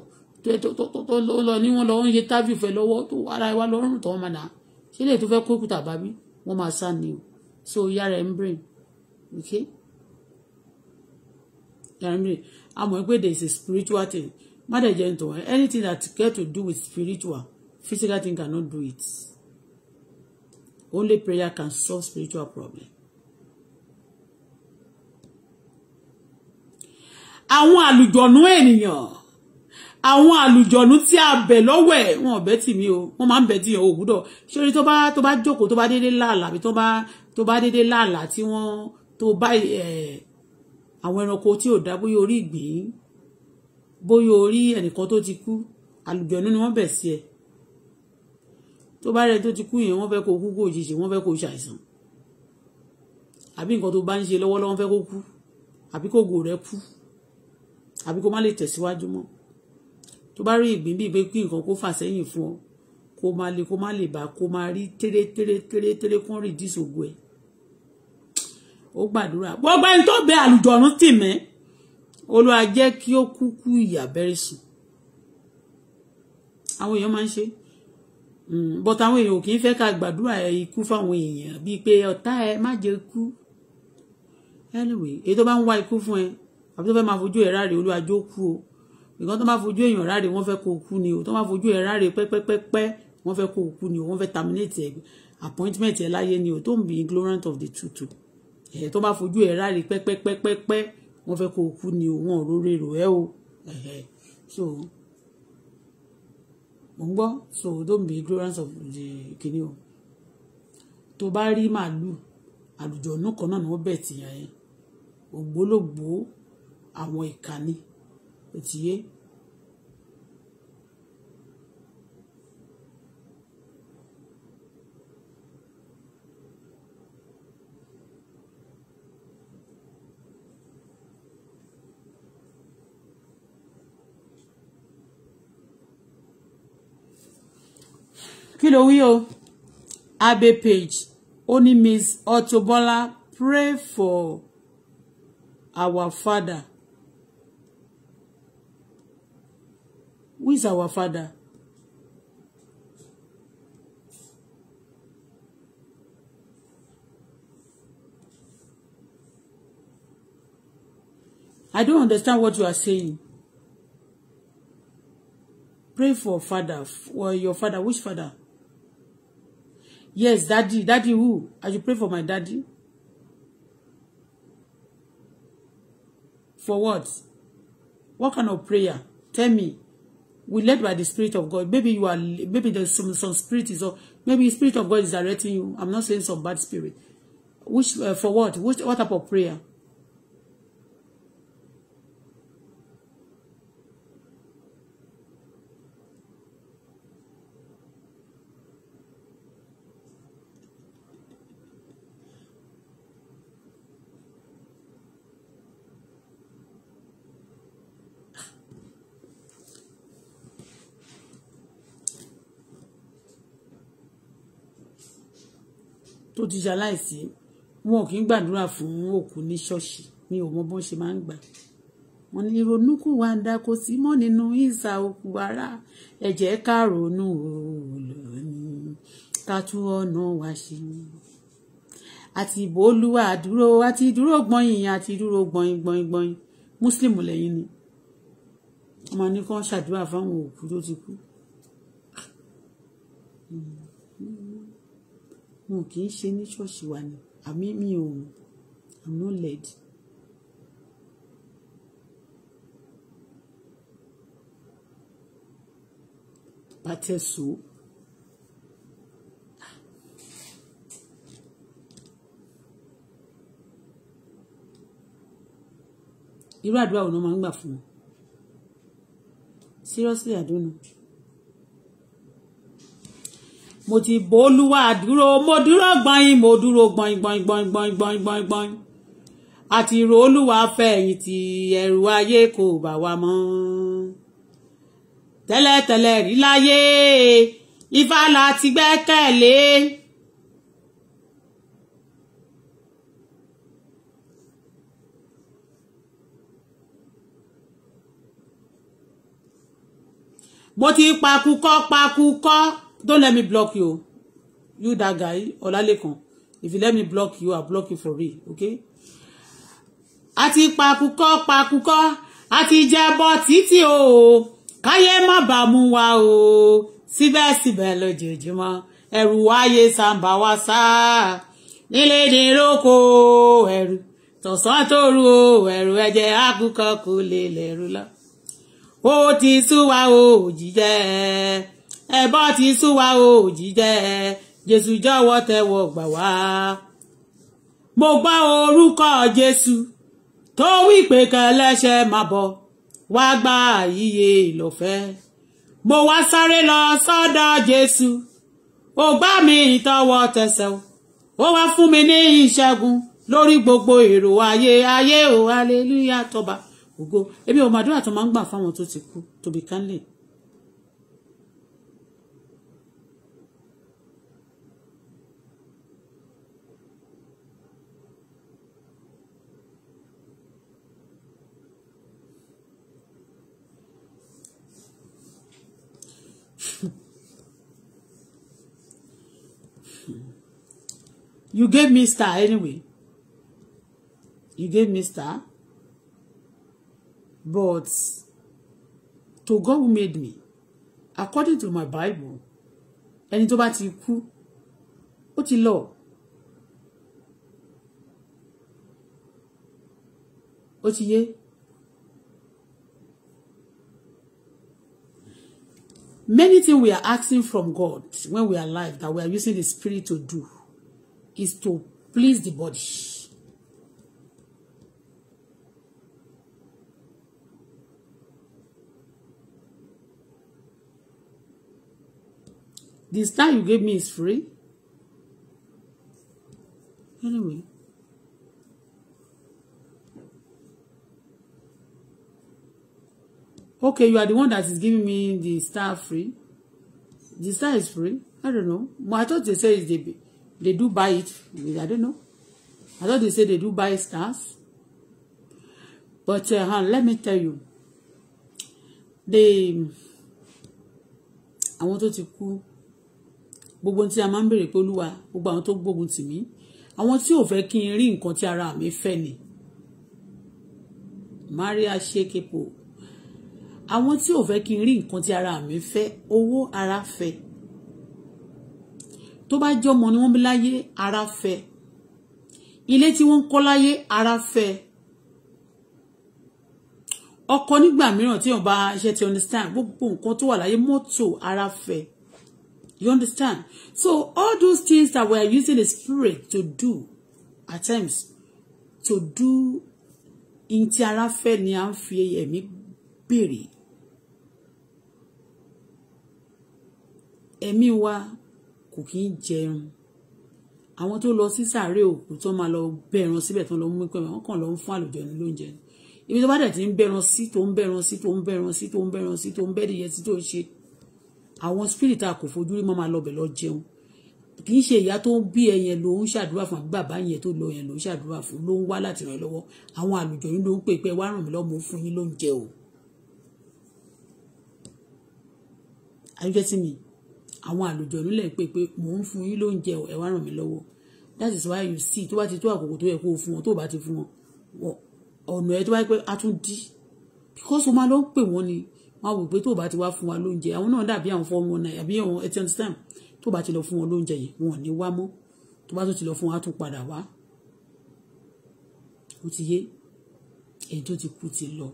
tó lọ ní wọn lọ ń ṣe tábìlì fẹ́ lọ́wọ́ tó ara wa lọ rùn tó wọn máa nà ṣé lè tó fẹ́ kó kùtà bá mi wọ́n máa sá ni o so yára ẹ̀ ń brain okay primary a mọ̀ pé there is a spiritual thing má gentle anything that get to do with spiritual physical thing cannot do it only prayer can solve spiritual problem. àwọn àlùjọ̀nú ènìyàn àwọn àlùjọ̀nú tí a bẹ̀ lọ́wọ́ ẹ̀ wọn ò tì mí o wọ́n máa ń bẹ̀ tìyàn òwúdọ̀ ṣórí tó bá tó bá jókòó tó bá déédéé láàlà àbí tó bá tó bá déédéé láàlà tí wọ́n tó bá ẹ̀ àwọn ẹranko tí ò dá bóyá orí ìgbín bóyá orí ẹnìkan tó ti kú àlùjọ̀nú ni wọ́n bẹ̀ sí ẹ tó bá rẹ tó ti kú yẹn wọ́n fẹ́ kó kú kó òjijì wọ́n fẹ́ kó ṣàìsàn àbí nǹkan tó bá ń ṣe lọ́wọ́lọ́wọ́ wọ́n fẹ́ kó kú àbí kó gò rẹ kú àbí kó má lè tẹ̀síwájú mọ́ tó bá rí ìgbín bíi pé kí nǹkan kó fà sẹ́yìn fún ọ kó má lè kó má lè bá kó má rí téré téré téré téré dísògùn ẹ̀ ó gbàdúrà gbogbo ẹni tó bẹ àlùjọ̀rún tì mí olúwa jẹ́ kí ó kúkú ìyà bẹ́rẹ̀ sùn àwọn èèyàn máa ń ṣe hmm, but àwọn èèyàn ò kì í fẹ́ ká gbàdúrà ikú fáwọn èèyàn bíi pé ọ̀tá ẹ má jẹ́ kú anyway èyí tó bá ń wá ikú fún ẹ àbí tó fẹ́ máa fojú ẹ̀ ráre olúwa jó kú o nǹkan tó máa fojú èèyàn ráre wọ́n fẹ́ kó o kú ni o tó máa fojú ẹ̀ ráre pẹ́pẹ́pẹ́pẹ́ wọ́n fẹ́ kó o kú ni o wọ́n fẹ́ terminate ẹ̀ appointment ẹ̀ láyé ni o don't be ignorant of the truth ẹ̀ tó bá fojú ẹ̀ ráre pẹ́pẹ́pẹ́pẹ́ wọ́n fẹ́ kó o kú ni òun ọ̀rọ̀ rèrò ẹ̀ o so mo ń gbọ́ so don't be ignorant of the kini o tó bá rí màálù àlùjọ̀nù kan náà ni wọ́n bẹ̀ tìyà yẹn ògbólógbòó àwọn ìkànnì òtíyé kí ló wí o abe page ó ní miss Otobola. pray for our father who is our father. I don't understand what you are saying. Pray for father, for your father. Which father? Yes, daddy. Daddy who? I should pray for my daddy. For what? What kind of prayer? Tell me. We led by the Spirit of God. Maybe you are, maybe there's some, some spirit is, or maybe the Spirit of God is directing you. I'm not saying some bad spirit. Which, uh, for what? Which, what type of prayer? tó ti ṣaláìsí wọn ò kí gbàdúrà fún òkú ní ṣọ́ọ̀ṣì mi ò mọ bọ́n ṣe máa ń gbà wọn ní ronúkú wa ń da kò sí mọ́ nínú ìsà òkú ara ẹ jẹ́ ká ronú òòlù ká tú ọ̀nà wa ṣe ni àti ìbò àdúró àti ìdúró gbọ̀nyìn àti ìdúró gbọ̀nyìn gbọ̀nyìn gbọ̀nyìn muslim lẹ́yìn ni ọmọ ní kàn ṣàdúrà fáwọn òkú tó ti kú wọn kì í ṣe ní ṣọ́ọ̀ṣì wa ni àmì mi ò i'm not led. pàtẹ́sù. irú àdúrà wo ni wọ́n máa ń gbà fún un seriously I don't know mo ti bò olúwa dúró mo dúró gbọ̀nyìn mo dúró gbọ̀nyìn gbọ̀nyìn gbọ̀nyìn gbọ̀nyìn gbọ̀nyìn gbọ̀nyìn gbọ̀nyìn àti ìrò olúwa fẹ̀yìntì ẹ̀rù ayé kò bà wá mọ́ tẹ́lẹ̀tẹ́lẹ̀ rí láyé ifá la ti gbẹ́kẹ̀lé. mo ti pakukọ́ pakukọ́ don't let me block you you that guy Olalekan, if you let me block you I'll block you for real okay. àti pakukọ pakukọ àti jẹbọ títí o káyé má bà mú wa o síbẹ̀síbẹ̀ lójoojúmọ́ ẹ̀rù wáyé sàǹbà wá sáà nílé ní lóko ẹ̀rù tọ̀sán tóru o ẹ̀rù ẹ̀jẹ̀ àkùkọ kò lè lẹ̀rù lọ. ó ti sú wa o òjìjẹ́ ẹ̀ ẹbọ ti sú wa o òjíjẹ jésù jọ̀wọ́ tẹ́wọ́ gbà wá. mo gbọ́ orúkọ jésù tó wí pé kẹlẹ́ṣẹ̀ máa bọ̀ wá gba ìyè ìlọ́fẹ́ mo wá sáré lọ sọ́dọ̀ jésù ó gbà mí tọwọ́ tẹsẹ̀ ó wá fún mi ní ìṣẹ́gun lórí gbogbo èrò ayé ayé o hallelujah tọba ògo èmi ò màdúrà tó máa ń gbà fáwọn tó ti kú to be You gave me star anyway. You gave me star. But to God who made me, according to my Bible, ẹni tó bá you kú, what ti lọ. Ó ti yé. Many things we are asking from God when we are alive that we are using the spirit to do is to please the body. The star you gave me is free. Anyway. Okay, you are the one that is giving me the star free. The star is free. I don't know. I thought they said it's the They do buy it. I don't know. I thought they say they do buy stars. But uh, let me tell you. They I want to kú gbogbo tí a máa ń béèrè pé olúwa gbogbo àwọn tó gbógun tì mí àwọn tí ò fẹ́ kí n rí nǹkan ara mi fẹ́ ni maria shekepo àwọn tí ò fẹ́ kí n rí nǹkan ara mi fẹ́ owó ara fẹ́ tó bá jọmọ ni wọ́n bí láyé ara fẹ́ ilé tí wọ́n ń kọ́ láyé ara fẹ́ ọkọ nígbà mìíràn tí wọ́n bá ti understand gbogbo nǹkan tó wà láyé mọ́tò ara fẹ́ you understand so all those things that we are using the spirit to do at times to do in ti ara fẹ́ ni à ń fi ẹ̀mí béèrè ẹ̀mí wa kò kí ń jẹun àwọn tó lọ sí sàárè òkú tó máa lọ bẹ̀rùn síbẹ̀ tó lọ mú pẹ̀lú wọn kàn lọ ń fún àlùjọ ní lóúnjẹ ibi tó bá dẹ̀ ti ń bẹ̀rùn sí tó ń bẹ̀rùn sí tó ń bẹ̀rùn sí tó ń bẹ̀rùn sí tó ń bẹ̀dìyẹ sí tó ń ṣe àwọn spirit a kò fojú rí mọ́ máa lọ bẹ̀ lọ jẹun kì í ṣe ìyá tó ń bí ẹyẹn ló ń ṣàdúrà fún àbí bàbá yẹn tó lọ yẹn ló ń ṣàdúrà fún ló ń wá láti ràn lọ́wọ́ àwọn àlùjọ yín ló ń pè pé wá ràn mí lọ́mọ fún yín ló ń jẹ o. àyùjẹ tí mi àwọn àlùjọ nílẹ̀ pé pé mò ń fún yín lóúnjẹ ẹ wá ràn mí lọ́wọ́ that is why you see tó bá ti tó àkókò tó yẹ kó o fún wọn tó o bá ti fún wọn ọ̀nà ẹ tó bá yẹ pé a tún dí because o máa lọ ń pè wọ́n ni wọ́n á wò pé tó o bá ti wá fún wa lóúnjẹ àwọn náà dàbí àwọn fọ́ wọn náà àbí àwọn ẹtí ọ̀ntí time tó o bá ti lọ fún wọn lóúnjẹ yẹn wọn ò ní wá mọ́ tó bá tó ti lọ fún wa tún padà wá ó ti yé èyí tó ti kú ti lọ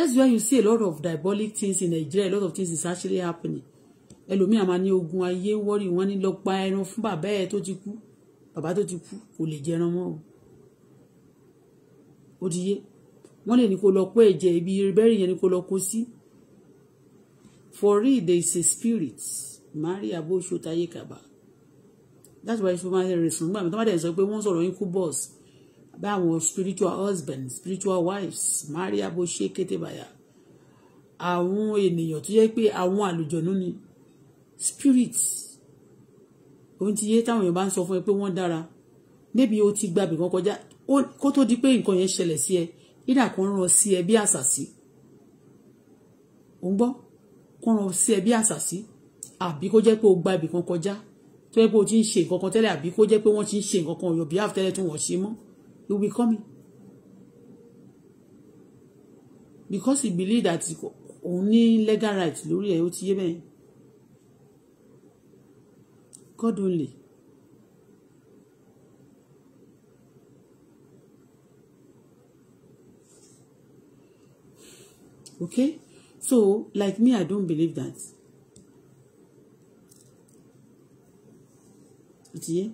that's why you see a lot of diabolic things in Nigeria a lot of things is actually happening ẹlòmíà máa ní ogun ayé wọ́rì wọ́n ní lọ pa ẹran fún bàbá ẹ̀ tó ti kú bàbá tó ti kú kò lè jẹran mọ́ o ó lè ní kó lọ kó ẹ̀jẹ̀ ibi bẹ́ẹ̀rì yẹn ní kó lọ kó sí for real there is a spirit maria bó ṣó tayé that's why ṣe máa ń rẹ̀ sùn nígbà mi tó má dẹ̀ sọ pé wọ́n sọ̀rọ̀ yín kú bọ́ọ̀sì báwọn spiritual husbands spiritual wives maria bó ṣe kété bàyà àwọn ènìyàn tó yẹ pé àwọn àlùjọ̀nú ni spirit ohun ti yé táwọn èèyàn bá ń sọ fún ẹ pé wọ́n dára níbi o ti gbàbì kan kọjá kó tó di pé nǹkan yẹn ṣẹlẹ̀ sí ẹ nígbà kan rán sí ẹ bí àṣàsí ò ń gbọ́ kan rán sí ẹ bí àṣàsí àbí kó jẹ́ pé o gbàbì kan kọjá tó yẹ pé o ti ń ṣe nǹkan kan tẹ́lẹ̀ àbí kó jẹ́ pé wọ́n ti ń ṣe nǹkan kan ọ̀yọ̀ bí àfitẹ́lẹ̀ tó wọ́n ṣe mọ́ he will be coming because he believe that òun ní legal right lórí ẹ̀ ó ti yé bẹ́ẹ̀ God only. okay so like me i don't believe that. It, yeah?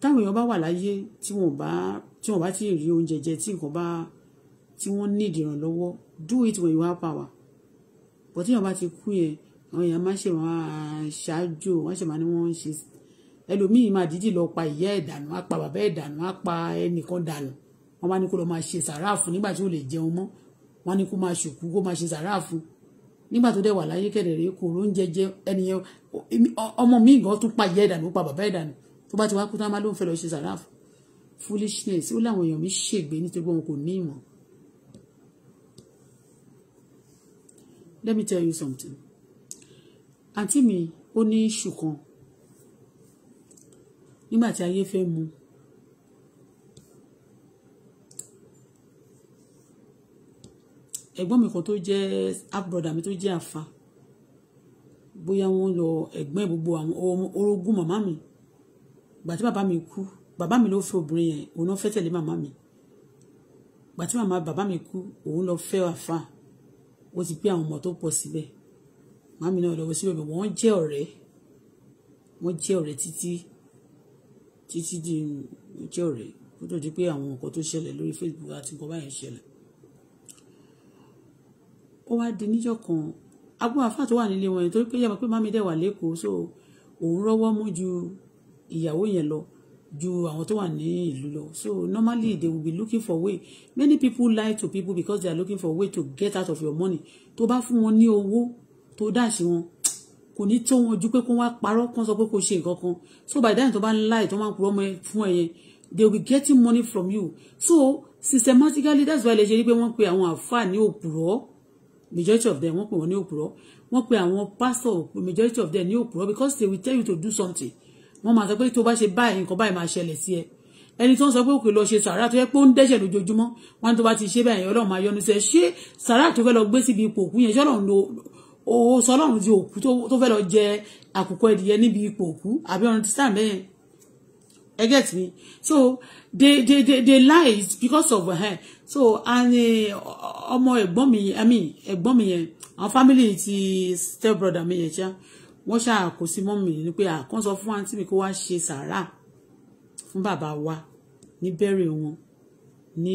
táwọn èèyàn bá wà láyé tí wọn bá tí wọn bá ti rí oúnjẹ jẹ tí nǹkan bá tí wọn need ìrànlọ́wọ́ do it when you have power but tí wọn bá ti kú yẹn àwọn èèyàn má ṣe máa ṣáájú wọn ṣe máa ní wọn ń ṣe ẹlòmíì máa dídì lọ pa ìyá ẹ̀ dànù á pa bàbá ẹ̀ dànù á pa ẹnìkan dànù wọn bá ní kó lọ máa ṣe sàráà nígbà tí ó lè jẹun mọ́ wọn ní kó máa ṣùkú kó máa ṣe sàráà nígbà tó dẹ̀ wà láyé kẹ̀dẹ̀ kò ló ń jẹjẹ ẹnìyẹn ọmọ mi gan tún pa ìyá ẹ̀ pa bàbá ẹ̀ tó bá ti wá kú tán máa ló ń fẹ́ lọ ṣe sàrà foolishness ó láwọn èèyàn mi ṣègbè nítorí wọn kò ní ìmọ̀. let me tell you something àǹtí mi ó ní iṣu kan nígbà tí ayé fẹ́ mu ẹ̀gbọ́n mi kan tó jẹ́ half brother mi tó jẹ́ àfa bóyá wọ́n lọ ẹ̀gbọ́n gbogbo àwọn orogún màmá mi gbà tí bàbá mi kú bàbá mi ló fẹ́ obìnrin yẹn òun ló fẹ́ tẹ̀lé màmá mi gbà tí màmá bàbá mi kú òun lọ fẹ́ àfa ó ti gbé àwọn ọmọ tó pọ̀ síbẹ̀ màmí náà lọ́wọ́ síbẹ̀ wọ́n jẹ́ ọ̀rẹ́ wọ́n jẹ́ ọ̀rẹ́ títí títí di jẹ́ ọ̀rẹ́ kó tó di pé àwọn nǹkan tó ṣẹlẹ̀ lórí Facebook àti nǹkan báyẹn ṣẹlẹ̀ ó wá di níjọ́ kan agbóhàfà tó wà nílé wọn yẹn torí pé yàrá pé màmí dẹ̀ wà lẹ́kọ̀ọ́ so òun rọ́wọ́ mú ju ìyàwó yẹn lọ ju àwọn tó wà ní ìlú lọ so normally they will be looking for way many people lie to people because they are looking for way to get out of your money tó bá fún wọn ní owó tó dáṣì wọn kò ní tó wọn ju pé kó wá parọ́ kó sọ pé kó ṣe nǹkan kan so by the time tó bá ń lie tó máa ń purọ́ mọ́ ẹ fún ẹ yẹn they will be getting money from you so systematically that's why lè ṣe rí pé wọ́n pe àwọn àfáà ní òpùrọ́ majority of them wọ́n pè wọ́n ní òpùrọ́ wọ́n pe àwọn pastor majority of them ní òpùrọ́ because they will tell you to do something wọ́n máa sọ pé tó bá ṣe báyìí nǹkan báyìí máa ṣẹlẹ̀ sí ẹ ẹni tó ń sọ pé òkè lọ ṣe sàrà tó yẹ pé ó ń dẹ́ṣẹ̀ lójoojúmọ́ wọn tó bá ti ṣe báyìí ọlọ́run máa yọ́nú sí ẹ ṣé sàrà tó fẹ́ lọ gbé síbi ipò òkú yẹn ṣọ́lọ́run lo owó sọlọ́run di òkú tó fẹ́ lọ jẹ àkùkọ ẹ̀dìyẹ níbi ipò òkú àbí ọ̀run ti sàn bẹ́yẹn ẹ get me so they they they, they lies because of her eh, so and eh, ọmọ ẹ̀gbọ́n mi i mean ẹ̀gbọ́n mi yẹn àwọn family ti step brother mi yẹn ṣá wọ́n ṣáà kó sí mọ́mì ni pé àkàn sọ fún àǹtí mi kó wá ṣe sàárà fún bàbá wa ní bẹ́rẹ̀ wọn ní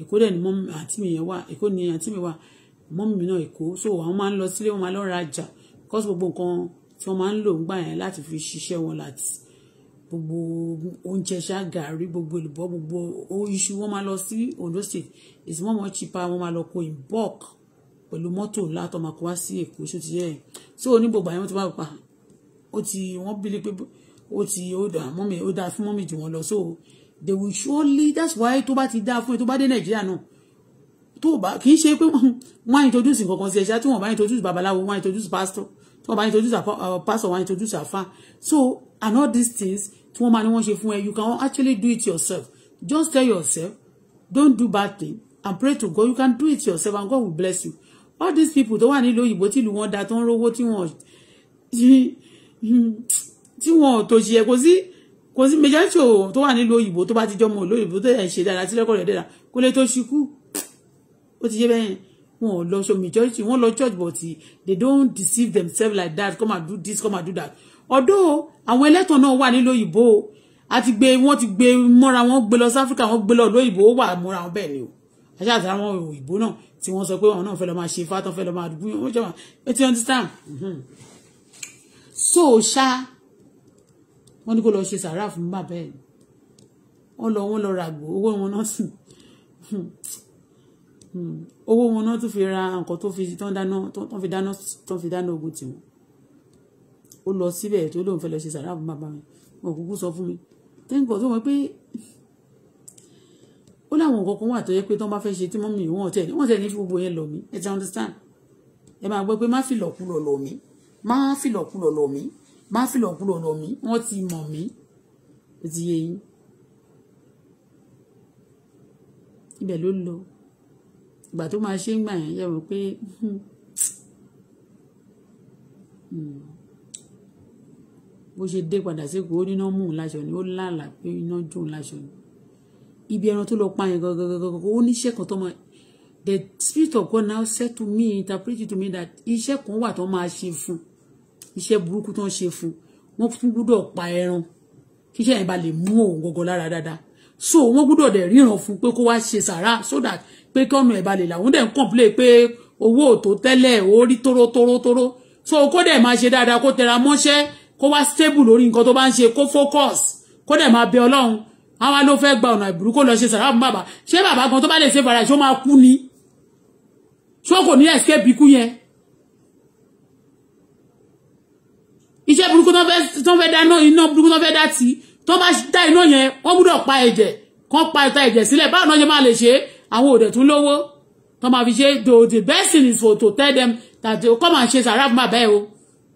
èkó dẹ̀ ni mọ́mì àǹtí mi yẹn wà èkó ni àǹtí mi wà mọ́mì mi náà èkó so àwọn máa ń lọ sílé wọn máa lọ rajà kọ́sì gbogbo nǹkan tí wọ́n máa ń lò ń gbà yẹn láti fi ṣiṣẹ́ wọn láti gbogbo oúnjẹ ṣá gàrí gbogbo èlùbọ́ gbogbo iṣu wọ́n máa lọ sí Ondo State èsì wọ́n mọ̀ chipa wọ́n máa lọ kó in bulk pẹ̀lú mọ́tò ńlá tó máa kó wá sí èkó ṣó ti yẹ ẹ̀ tí ó ní gbogbo àyẹ̀wò tó bá pa ó ti wọ́n bílé pé ó ti ó dà mọ́mì ó dà fún mọ́mì jù wọ́n lọ so they will surely that's why tó bá ti dá fún ẹ tó bá dé nàìjíríà náà tó bá kì í ṣe pé wọ́n á introduce nǹkan kan sí ẹ̀ṣá tí wọ́n bá introduce babaláwo wọ́n á introduce pastor tí wọ́n bá introduce uh, pastor wọ́n á introduce àfa so and all these things tí wọ́n máa ní wọ́n ṣe fún ẹ you can actually do it yourself just tell yourself don't do bad thing and pray to God you can do it yourself and God will bless you all these people tó wà nílùú òyìnbó tìlú wọn da tó ń rówó tí wọn tí wọn tó ṣe kò sí kò sí méjèèjì tó wà nílùú òyìnbó tó bá ti jọmọ olóyìnbó tó yẹ ṣe dáadáa tí lẹ́kọ̀ọ́ dáadáa kó lè tó ṣíkú ó ti yé bẹ́yẹn wọn lọ so majority wọn lọ church but they don't deceive themselves like that come and do this come and do that ọ̀dọ̀ àwọn ẹlẹ́tàn náà wà nílùú òyìnbó àti gbé wọn ti gbé mọ́ra wọn gbé lọ sí Africa wọn gbé lọ lóyìnbó wà mọ́ra wọn bẹ́ẹ̀ ni o àṣà àti àwọn òyìnbó náà tí wọ́n sọ pé àwọn náà fẹ́ lọ máa ṣe ifá tán fẹ́ lọ máa dùbú yẹn wọ́n jẹ́ wọn ẹ ti understand. Mhm. so ṣá wọ́n ní kó lọ ṣe sàárà fún bàbá ẹ̀ wọ́n lọ wọ́n lọ ràgbò owó wọn náà sì owó wọn náà tún fi ra nǹkan tó fi tán dáná tán fi dáná tán fi dáná ogun tiwọn ó lọ síbẹ̀ tó lóun fẹ́ lọ ṣe sàárà fún bàbá mi wọn kúkú sọ fún mi tẹ́ńkọ̀ tó mọ̀ pé ó láwọn nǹkan kan wà tó yẹ pé tó ń bá fẹ́ ṣe tí mọ́ mi wọ́n tẹ̀ wọ́n tẹ̀ ní fi gbogbo yẹn lọ mí ẹ ti understand ẹ máa gbọ́ pé má fi lọ̀kú lọ lọ mí má fi lọ̀kú lọ lọ mí má fi lọ̀kú lọ lọ mí wọ́n ti mọ̀ mí ó ti yé yín ibẹ̀ ló lọ ìgbà tó máa ṣe ń gbà yẹn yẹ mọ̀ pé hmm, hmm. bó ṣe dé padà sí kò ó níná mú un láṣọ ni ó lálàá pé iná jó un láṣọ ni ibi ẹran tó lọ pa yẹn gangan ó níṣẹ́ kan tó mọ the spirit of God now said to me interpret to me that iṣẹ́ kan wà tó máa ṣe fún iṣẹ́ burúkú tó ń ṣe fún wọ́n tún gbúdọ̀ pa ẹran kíṣẹ́ yẹn ba lè mú òun gangan lára dáadáa so wọ́n gbúdọ̀ dẹ̀ ríran fún pé kó wá ṣe sàrà so that pé kí ọ̀nà ẹ̀ ba lè là wọ́n dẹ̀ ń complain pé owó ò tó tẹ́lẹ̀ ó tóró tóró tóró so kó dẹ̀ máa ṣe dáadáa kó tẹra mọ́ṣẹ́ kó wá stable lórí nǹkan tó bá ń ṣe kó focus kó dẹ̀ máa bẹ ọlọ́run àwa ló fẹ́ gba ọ̀nà ìbùrú kó lọ ṣe sàrà fún bàbá ṣé bàbá gan tó bá lè ṣe fara ṣó máa kú ni ṣó kò ní escape ikú yẹn iṣẹ́ burúkú tó fẹ́ dáná iná burúkú tó fẹ́ dá tí tó bá dá iná yẹn wọ́n gbúdọ̀ pa ẹ̀jẹ̀ kan pa ìta ẹ̀jẹ̀ sílẹ̀ báwo náà ṣe máa lè ṣe àwọn òdẹ̀ tún lówó tó máa fi ṣe the the best thing is for to tell them that kọ́ máa ṣe sàrà fún bàbá ẹ̀ o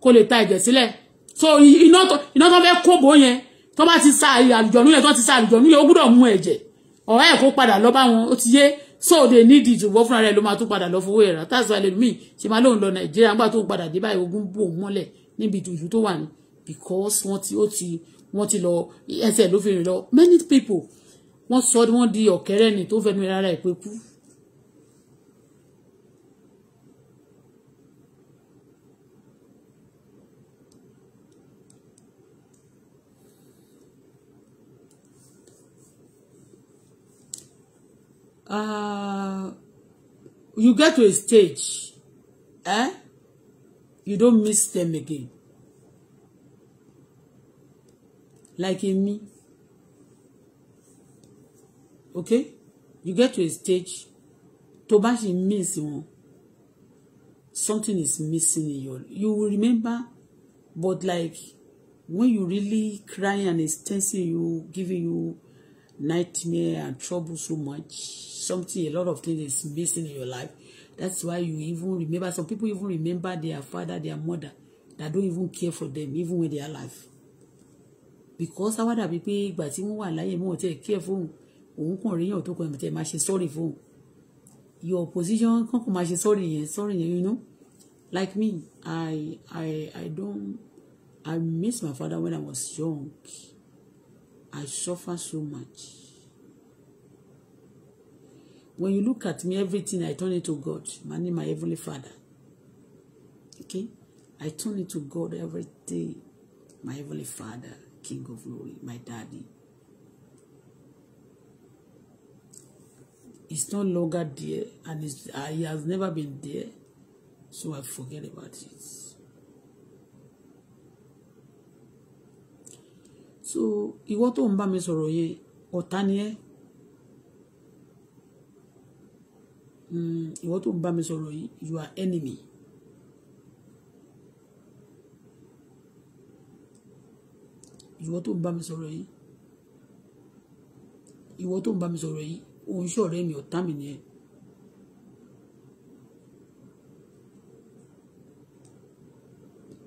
kó lè ta ẹ̀jẹ̀ sílẹ̀ so iná tó fẹ́ kóbó yẹn tó bá ti sa àlùjọ̀nú yẹn tó ti sa àlùjọ̀nú yẹn ó gbúdọ̀ mú ẹ̀jẹ̀ ọ̀rẹ́ ẹ̀ kó padà lọ bá wọn ó ti yé so they need it wọ́n fúnra rẹ̀ ló máa tún padà lọ fowó ẹ̀rà that's why lèmi ṣe máa lóun lọ nàìjíríà nígbà tó padà dé báyìí ogun bò mọ́lẹ̀ níbi ìdùnnú tó wà ní because wọ́n ti ó ti wọ́n ti lọ ẹsẹ̀ ló fi rìn lọ many people wọ́n sọ wọ́n di ọ̀kẹ́rẹ́ ni tó fẹnu ìrara ìpẹ́kú uh, you get to a stage eh? you don't miss them again like in me okay you get to a stage tó bá ṣe miss wọn something is missing in your you will remember but like when you really cry and it's tensing you giving you nightmare and trouble so much something a lot of things is missing in your life that's why you even remember some people even remember their father their mother that don't even care for them even when they are alive because àwọn dàbí pé ìgbà tí wọ́n wà láyé wọn ò tẹ̀ care fóun òun kàn ríyàn tó kàn tẹ̀ máa ṣe sorry fóun your position kàn kàn máa ṣe sorry yẹn sorry yẹn you know like me i i i don't. i miss my father when i was young i suffer so much. When you look at me, everything I turn it to God. My name, my heavenly Father. Okay, I turn it to God every day. My heavenly Father, King of Glory, my Daddy. It's no longer there, and it's, uh, it has never been there, so I forget about it. So, ìwọ tó ń bá mi sọ̀rọ̀ yẹn, ọ̀tá ni ẹ́. Mm, ìwọ tó ń bá mi sọ̀rọ̀ yìí you are enemy. ìwọ tó ń bá mi sọ̀rọ̀ yìí ìwọ tó ń bá mi sọ̀rọ̀ yìí òun ṣọ̀rẹ́ mi ọ̀tá mi nìyẹn.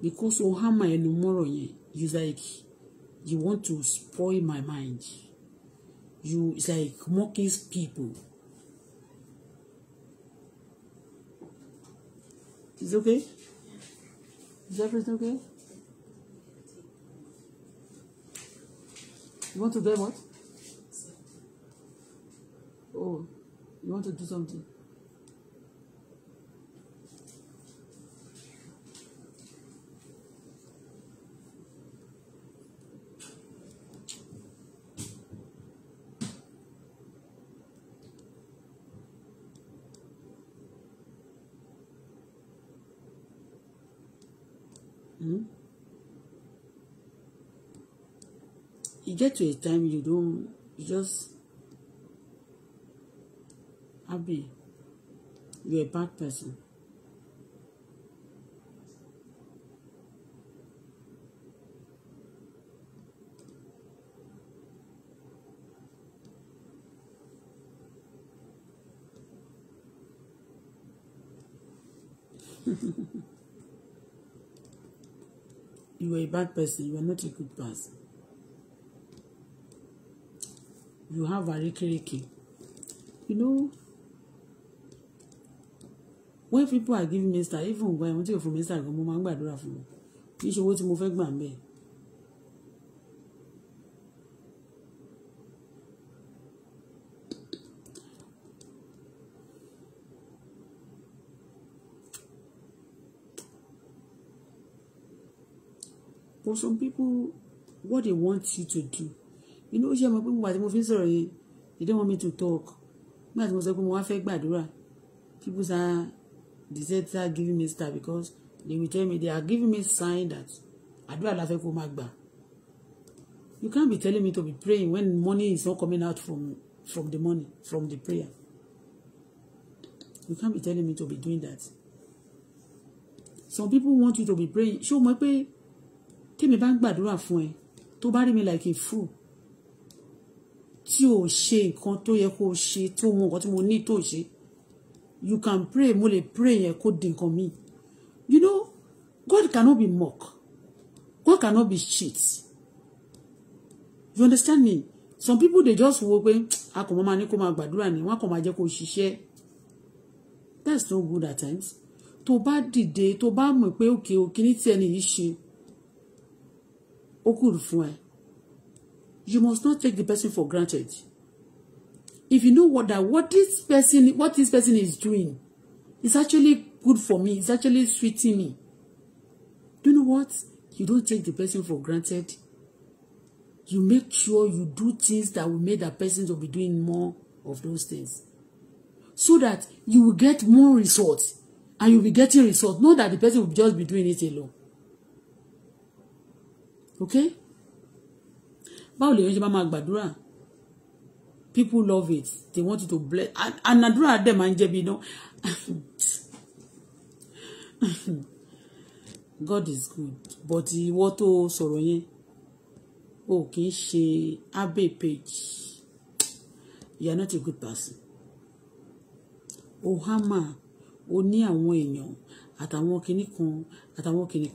because o hama ẹnu mọ́rọ̀ yẹn you like you want to spoil my mind you like mocking people. Is it okay? Is everything okay? You want to do what? Oh, you want to do something? Hmm. You get to a time you don't you just happy. You're a bad person. you are a bad person. You are not a good person. You have a rikiriki. You know, when people are giving me star, even when mo ti fún mi star, mo máa ń gbàdúrà fún mi. Kì í ṣe owó tí mo fẹ́ for some people what they want you to do you know, ṣe mọ pé mo wà tí mo fi ń yẹn they don't want me to talk nígbà tí mo sọ pé mo wá fẹ́ gbàdúrà people sa decide to start giving me star because they will tell me they are giving me sign that àdúrà la fẹ́ kó máa gbà you can't be telling me to be praying when money is not coming out from from the money from the prayer you can't be telling me to be doing that some people want you to be praying ṣé o mọ̀ pé tèmi bá ń gbàdúrà fún ẹ tó bá rí mi like a fool tí o ṣe nǹkan tó yẹ kó o ṣe tó mọ nǹkan tí mo ní tó ṣe you can pray mo lè pray yẹn kó di nǹkan mi you know God cannot be mock God cannot be cheat you understand me some people dey just wo pé a kò mọ máa ní kó máa gbàdúrà ni wọn kò máa jẹ́ kó ṣiṣẹ́ that's no good at times tó bá dìde tó bá mọ̀ pé òkè òkè ní tí ẹni yìí ṣe ó kúrò fún you must not take the person for granted if you know what that what this person what this person is doing is actually good for me is actually sweeting me do you know what you don't take the person for granted you make sure you do things that will make that person to be doing more of those things so that you will get more results and you will be getting results not that the person will just be doing it alone ok báwo lèyàn ṣe bá máa gbàdúrà people love it they want it to bless and àdúrà dẹ̀ máa ń jẹ́ bí iná God is good but ìwọ tó sọ̀rọ̀ yẹn o kì í ṣe abe page you are not a good person Ohama, hama o ní àwọn èèyàn àtàwọn kinní kan àtàwọn kinní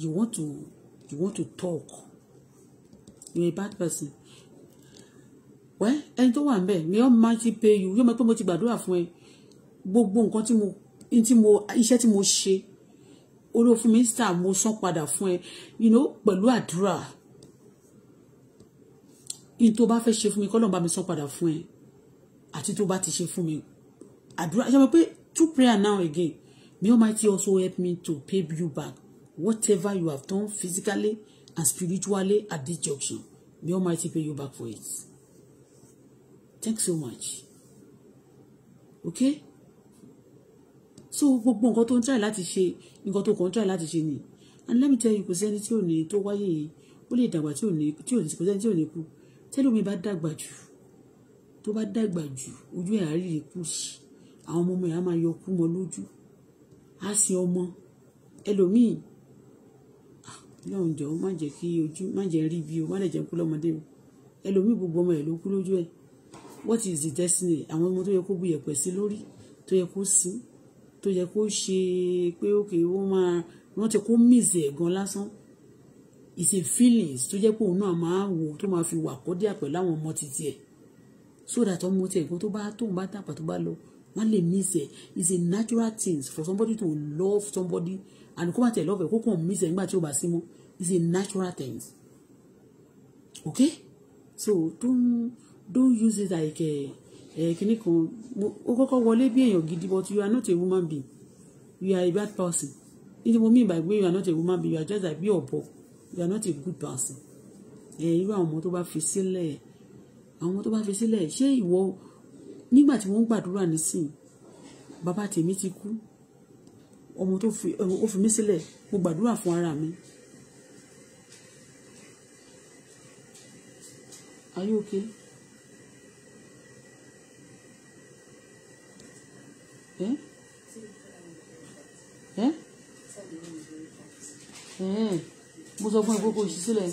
you want to you want to talk you're a bad person well ẹni tó wà ń bẹ̀ may Almighty pay you yóò mọ̀ pé mo ti gbàdúrà fún ẹ gbogbo nǹkan tí mo tí mo iṣẹ́ tí mo ṣe olówó fún mínísítà mo san padà fún ẹ you know pẹ̀lú àdúrà in tó bá fẹ́ ṣe fún mi kọ́lọ́n bá mi san padà fún ẹ àti tó bá ti ṣe fún mi àdúrà ṣe mọ̀ pé two prayer now again may Almighty also help me to pay you back whatever you have done physically and spiritually at this junction. May Almighty pay you back for it. Thanks so much. Okay? So gbogbo nǹkan tó ń try láti ṣe nǹkan tó kàn ń try láti ṣe ni. And let me tell you kò sẹ́ni tí ò ní tó wáyé yìí ó lè dàgbà tí ò ní tí ò ní kò sẹ́ni tí ò ní kú. Tẹ́lómi bá dàgbà jù tó bá dàgbà jù ojú ẹ̀ á rí ikú sí àwọn ọmọ ọmọ ẹ̀ á máa yọ kú mọ lójú. Á sin ọmọ ẹlòmíì Ọlọ́run jọ̀ọ́ má jẹ́ kí ojú má jẹ́ rí bí o má lè jẹ́ kú lọ́mọdé o ẹlòmíì gbogbo ọmọ ẹ̀ ló kú lójú ẹ̀ what is the destiny àwọn ọmọ tó yẹ kó bu yẹ̀pẹ̀ sí lórí tó yẹ kó sí tó yẹ kó ṣe pé òkè ó máa wọ́n ti kó mìsì ẹ̀ gan lásán it's feelings tó jẹ́ pé òun náà máa wò tó máa fi wà kọ́ díà pẹ̀lú àwọn ọmọ títí ẹ̀ so that ọmọ tí ẹ̀gbọ́n tó bá tóun bá dàgbà tó bá lọ wọ́n lè mìsì ẹ̀ it's a natural thing for somebody to love somebody and kó bá tiẹ̀ lọ́fẹ̀ẹ́ kó kàn mí sẹ́ nígbà tí ó bá sí mọ́ it's a natural thing okay so don't don't use it like ẹ eh, eh, kìnnì kan ó kọ́kọ́ wọlé bí èèyàn gidi but you are not a woman being you are a bad person It mo mean by way you are not a woman being you are just like bí ọ̀bọ you are not a good person ẹ irú àwọn ọmọ tó bá fi sílẹ̀ àwọn ọmọ tó bá fi sílẹ̀ ṣé ìwọ nígbà tí wọ́n ń gbàdúrà nísìnyí bàbá tèmi ti kú ọmọ tó fi eh, ó fi mí sílẹ̀ mo gbàdúrà fún ara mi. Are you okay? Eh? Eh? Eh? mo sọ fún ẹ pé kò sí sílẹ̀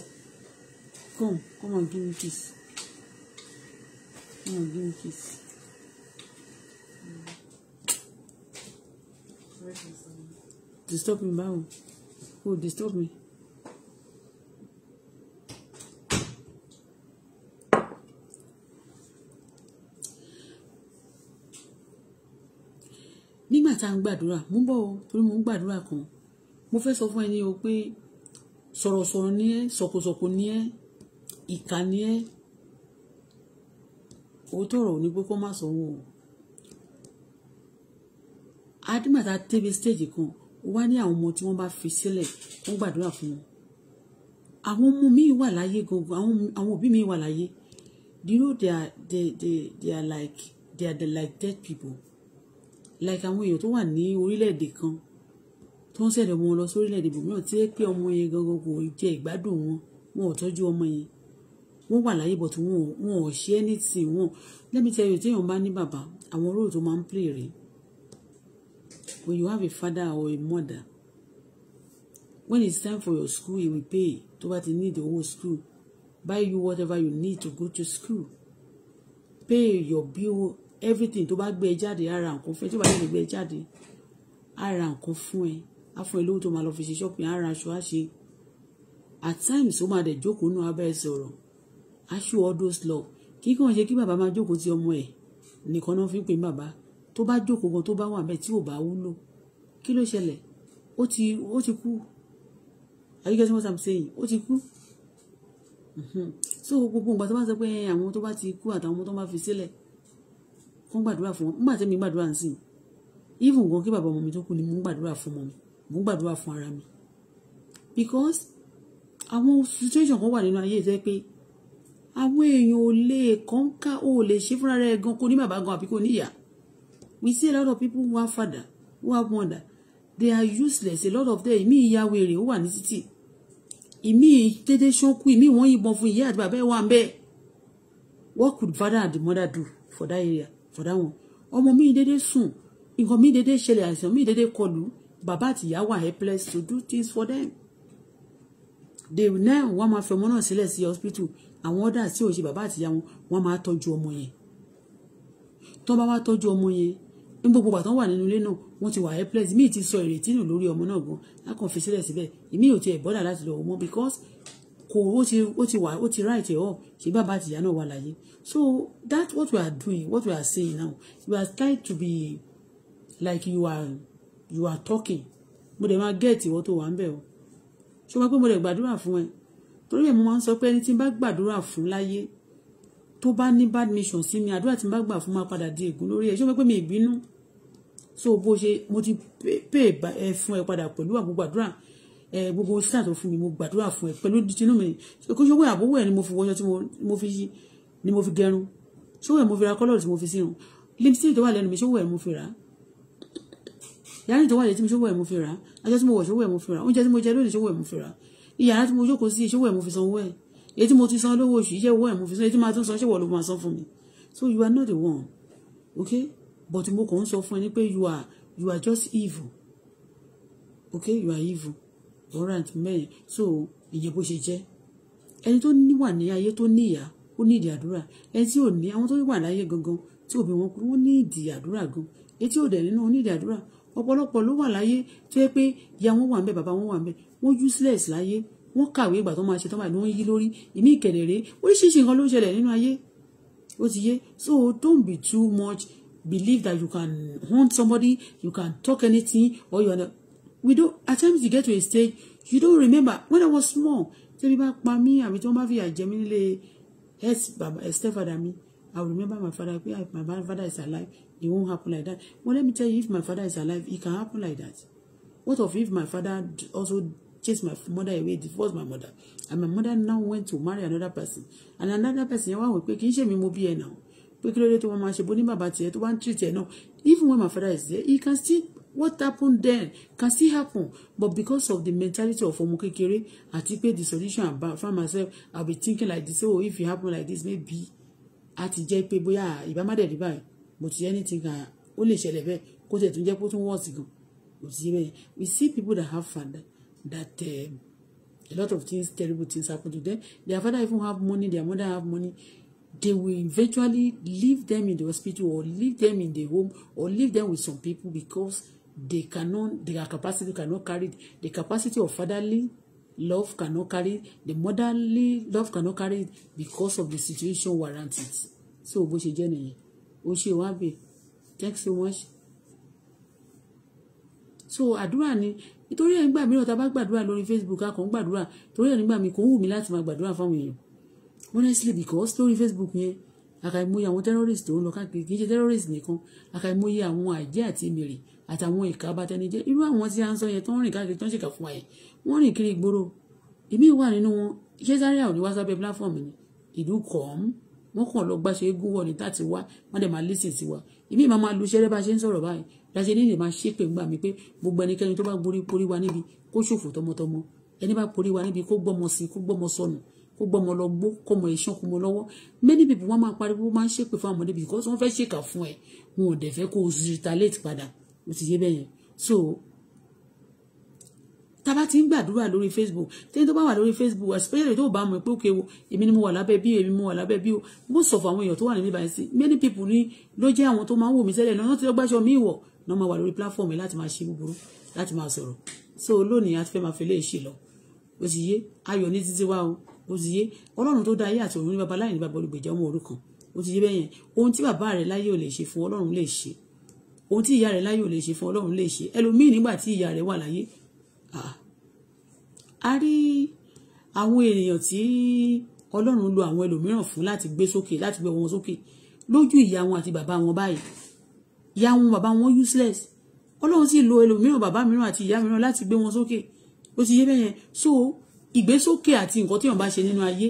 come come and give me kiss come and give me kiss. disturb me, báwo o disturb me? nígbà tá à ń gbàdúrà mú bọ̀ o torí mo ń gbàdúrà kan mo fẹ́ sọ fún ẹni o pé sọ̀rọ̀sọ̀rọ̀ ni ẹ́ sọ̀kòsọ̀kò ni ẹ́ ìkà ni ẹ́ òótọ́ ọ̀rọ̀ ní pé kó má sanwó o adimata tẹ́bi stage kan wá ní àwọn ọmọ tí wọ́n bá fi sílẹ̀ wọ́n gbàdúrà fún wọn àwọn ọmọ mi wà láyé gangan àwọn òbí mi wà láyé do you know they are they they they are like they are the, like dead people like àwọn èèyàn tó wà ní orílẹ̀-èdè kan tó ń ṣẹ̀dọ̀ wọn lọ sí orílẹ̀-èdè bòmíràn tí pé ọmọ yẹn gangan kò jẹ́ ìgbádùn wọn wọn ò tọ́jú ọmọ yẹn wọ́n wà láyé bọ̀tún wọn ò ṣe anything wọn let me tell you téèyàn bá ní bàbá àwọn róò tó máa ń play rèé When you have a father or a mother, when it's time for your school, he will pay to what you need the whole school, buy you whatever you need to go to school, pay your bill, everything to buy gbé ẹ jáde á ra nǹkan fún ẹ tó bá lè gbé ẹ jáde á ra nǹkan fún ẹ á fi ṣe shopping á ra aṣọ á at times ó máa dẹ̀ jókòó nù abẹ́ sọ̀rọ̀ á show all those love kí kàn ṣe kí bàbá máa ti ọmọ ẹ̀ nìkan náà fi ń pè tó bá jókòó gan tó bá wà bẹ́ẹ̀ tí ò bá wúlò kí ló ṣẹlẹ̀ ó ti ó ti kú are you getting what i'm saying ó ti kú so gbogbo ìgbà tó bá sọ pé àwọn tó bá ti kú àtàwọn ọmọ tó bá fi sílẹ̀ fún gbàdúrà fún wọn nígbà tí mi gbàdúrà ń sìn even gan kí bàbá ọmọ mi tó kú ni mò ń gbàdúrà fún ọmọ mi mò ń gbàdúrà fún ara mi because àwọn situation kan wà nínú ayé ìfẹ́ pé àwọn èèyàn ò lè kọ́ńká ò lè ṣe fúnra rẹ̀ gan kó ní bàbá gan àbí kó ní ìyá we see a lot of people who have father who have mother they are useless a lot of them Imi ìyá wèrè ó wà ní títì ìmí dédé ṣókú ìmí wọn yìnbọn fún ìyá àti bàbá ẹ wà what could father and mother do for that area for that one ọmọ mi dede sun, nǹkan mi dédé ṣẹlẹ̀ àìsàn mi dédé kọlù bàbá àti ìyá wà helpless to do things for them they now wọn máa fi ọmọ náà sílẹ̀ sí hospital àwọn ọ̀dà tí ò ṣe bàbá àti ìyá wọn wọn máa tọ́jú ọmọ yẹn tó bá wá tọ́jú ọmọ yẹn ní gbogbo ìgbà tó wà nínú ilé náà wọ́n ti wà helpless míì ti sọ ìrètí nù lórí ọmọ náà gan lákàn fi sílẹ̀ síbẹ̀ èmi ò tiẹ̀ bọ́dà láti lọ ọmọ because kò ó ti ó ti wà ó ti right ẹ̀ ọ́ ṣe bàbá àtìyá náà wà láyé so that's what we are doing what we are saying now we are trying to be like you are you are talking mo dẹ̀ máa get ìwọ tó wà ń bẹ̀ o ṣé wọ́n pé mo dẹ̀ gbàdúrà fún ẹ torí ẹ̀ mo máa ń sọ pé ẹni tí n bá gbàdúrà fún láyé tó bá ní bad mission sí mi àdúrà tí n bá gbà fún máa padà di ègún lórí ẹ ṣé wọ́n pé mi ìbínú so bó ṣe mo ti pè ẹ fún ẹ padà pẹ̀lú àgbogbo àdúrà ẹ gbogbo sáà tó fún mi mo gbàdúrà fún ẹ pẹ̀lú tinú mi kó ṣe owó àbówó ẹ ni mo fi wọṣọ tí mo fi ni mo fi gẹrun ṣé owó ẹ mo fi ra kọ́lọ̀ tí mo fi sírun lipstick tó wà lẹ́nu mi ṣé owó ẹ mo fi rà á yàrá ìtọ́wà yẹn tí mo ṣòwò ẹ̀ mo fi rà aṣọ tí mo wọ̀ ṣòwò ẹ̀ mo fi rà oúnjẹ tí mo jẹ lónìí ṣòwò ẹ̀ mo fi rà iyàrá tí mo jókòó sí ṣòwò ẹ̀ mo fi sanwó ẹ̀ èyí mo ti san lówó oṣù iṣẹ́ owó ẹ̀ mo fi san èyí máa tún san ṣé wọ́n ló máa san fún mi so you are not the one okay but mo kàn ń sọ fún ẹ ní pé you are you are just evil okay you are evil alright mẹ́rin so ìyẹn bó ṣe jẹ́ ẹni tó wà ní ayé tó ní ìyá ó ní ìdí àdúrà ẹni tí ò ní àwọn tó wà láyé gangan tí òbí wọn kú wọn ní ìdí àdúrà gan etí ò dẹ̀ nínú wọn ní ìdí àdúrà ọ̀pọ̀lọpọ̀ ló wà láyé tó yẹ pé ìyá wọn wà ń bẹ bàbá wọn wà ń bẹ wọn useless láyé wọ́n kàwé ìgbà tó máa ṣe tó máa ní wọ́n yí lórí ìmí ìkẹ̀dẹ̀rẹ́ oríṣiríṣi nǹkan ló ń ṣẹlẹ̀ nínú ayé ó ti yé so don't be too much believe that you can hunt somebody you can talk anything or you are we don't at times you get to a stage you don't remember when I was small tẹ́bí bá pa mí àbí tí wọ́n bá fi àjẹ mí nílé stepfather mi I will remember my father if ah, my father is alive it won't happen like that well let me tell you if my father is alive it can happen like that what of if my father also chased my mother away divorced my mother and my mother now went to marry another person and another person yẹn wá wò pé kì í ṣe mi mo bí ẹ náà pé kí ló dé tó wọn máa ṣe bó ní bàbá tiẹ̀ tó wá ń treat ẹ náà even when my father is there he can still what happen then can still happen but because of the mentality of ọmọ kékeré àti pé the solution i find myself i be thinking like this oh if it happen like this maybe a ti jẹ́ pé bóyá ìbámadẹ̀rí báyìí but anything kan ó lè ṣẹlẹ̀ bẹ́ẹ̀ kó tẹ̀ tún jẹ́ pé ó tún wọ́ọ̀sì gan kò sí bẹ́ẹ̀ we see people that have father that um, a lot of things terrible things happen to them their father even have money their mother have money they will eventually leave them in the hospital or leave them in the home or leave them with some people because they cannot their capacity cannot carry the capacity of fatherly love cannot carry the motherly love cannot carry because of the situation warrant it so bó ṣe jẹ́ nìyẹn ó ṣe wá bẹ́ẹ̀ thanks so much so àdúrà ni nítorí ẹ̀ nígbà mìíràn tá a bá gbàdúrà lórí Facebook a kàn ń gbàdúrà torí ẹ̀ nígbà mi kò ń wù mí láti máa gbàdúrà fáwọn èèyàn honestly because lórí Facebook yẹn àkàìmọye àwọn terrorist tó ń lọ káàkiri kì í ṣe terrorist nìkan àkàìmọye àwọn àjẹ́ àti mèrè àtàwọn ìka abatẹnijẹ́ irú àwọn tí a ń sọ yẹn tó ń rìn káàkiri tó ń ṣèkà fún wa yẹn wọ́n rìn kiri ìgboro èmi wà nínú wọn iṣẹ́ sáré àwọn oníwásábẹ́ platform ni ìlú kọ̀ọ̀m wọ́n kàn lọ gbàṣẹ́ gúwọ̀ ní tàtiwá wọ́n dẹ̀ máa lísìn sí wa èmi máa máa lu iṣẹ́ rẹ́ bá ṣe ń sọ̀rọ̀ báyìí láti ní ìdèmà ṣépè ń gbà mí pé gbogbo ẹnikẹ́ni tó bá borí porí wa níbi kó ṣòfò tọmọtọmọ ẹni bá porí wa níbi kó gbọ́mọ sí kó gbọ́mọ sọnù kó gbọ́mọ lọ gbó kó mọ ìṣàn kó mọ lọ́wọ́ many people wọ́n máa pariwo wọ́n máa ń ṣépè fún àwọn níbi because wọ́n fẹ́ ṣèkà fún ẹ wọn ò dẹ̀ fẹ́ kó o retaliate padà o ti yé bẹ́yẹn so tá a bá ti ń gbàdúrà lórí facebook tẹ́ni tó bá wà lórí facebook especially tó bá mọ̀ pé òkè o èmi ni mo wà lábẹ́ bí èmi mo wà lábẹ́ bí o most of àwọn èèyàn tó wà níbi báyìí sí many people ni ló jẹ́ àwọn tó máa ń wò mí sẹ́lẹ̀ náà wọ́n ti lọ gbàṣọ mí wọ̀ náà máa wà lórí platform láti máa ṣe búburú láti máa sọ̀rọ̀ so lónìí a ti fẹ́ máa fi léèṣì lọ ó ti yé ayọ̀ ní títí wá o ó ti yé ọlọ́run tó dá ayé àti òun ní baba láì ní baba olùgbèjà ọmọ òrukàn ó ti yé bẹ́yẹn ohun tí bàbá rẹ̀ láyé ò lè ṣe fún ọlọ́run lè ṣe ohun tí ìyá rẹ̀ láyé ò lè ṣe fún ọlọ́run lè ṣe ẹlòmíì nígbà tí ìyá rẹ̀ wà láyé a rí àwọn ènìyàn tí ọlọ́run lo àwọn ẹlòmíràn fún láti gbé sókè láti gbé wọn sókè lójú ìyá wọn àti bàbá wọn báyìí ìyá wọn bàbá wọn useless ọlọ́run sì lo ẹlòmíràn bàbá mìíràn àti ìyá mìíràn láti gbé wọn sókè ó ti yé bẹ́ẹ̀ yẹn so ìgbésókè àti nǹkan tí wọn bá ṣe nínú ayé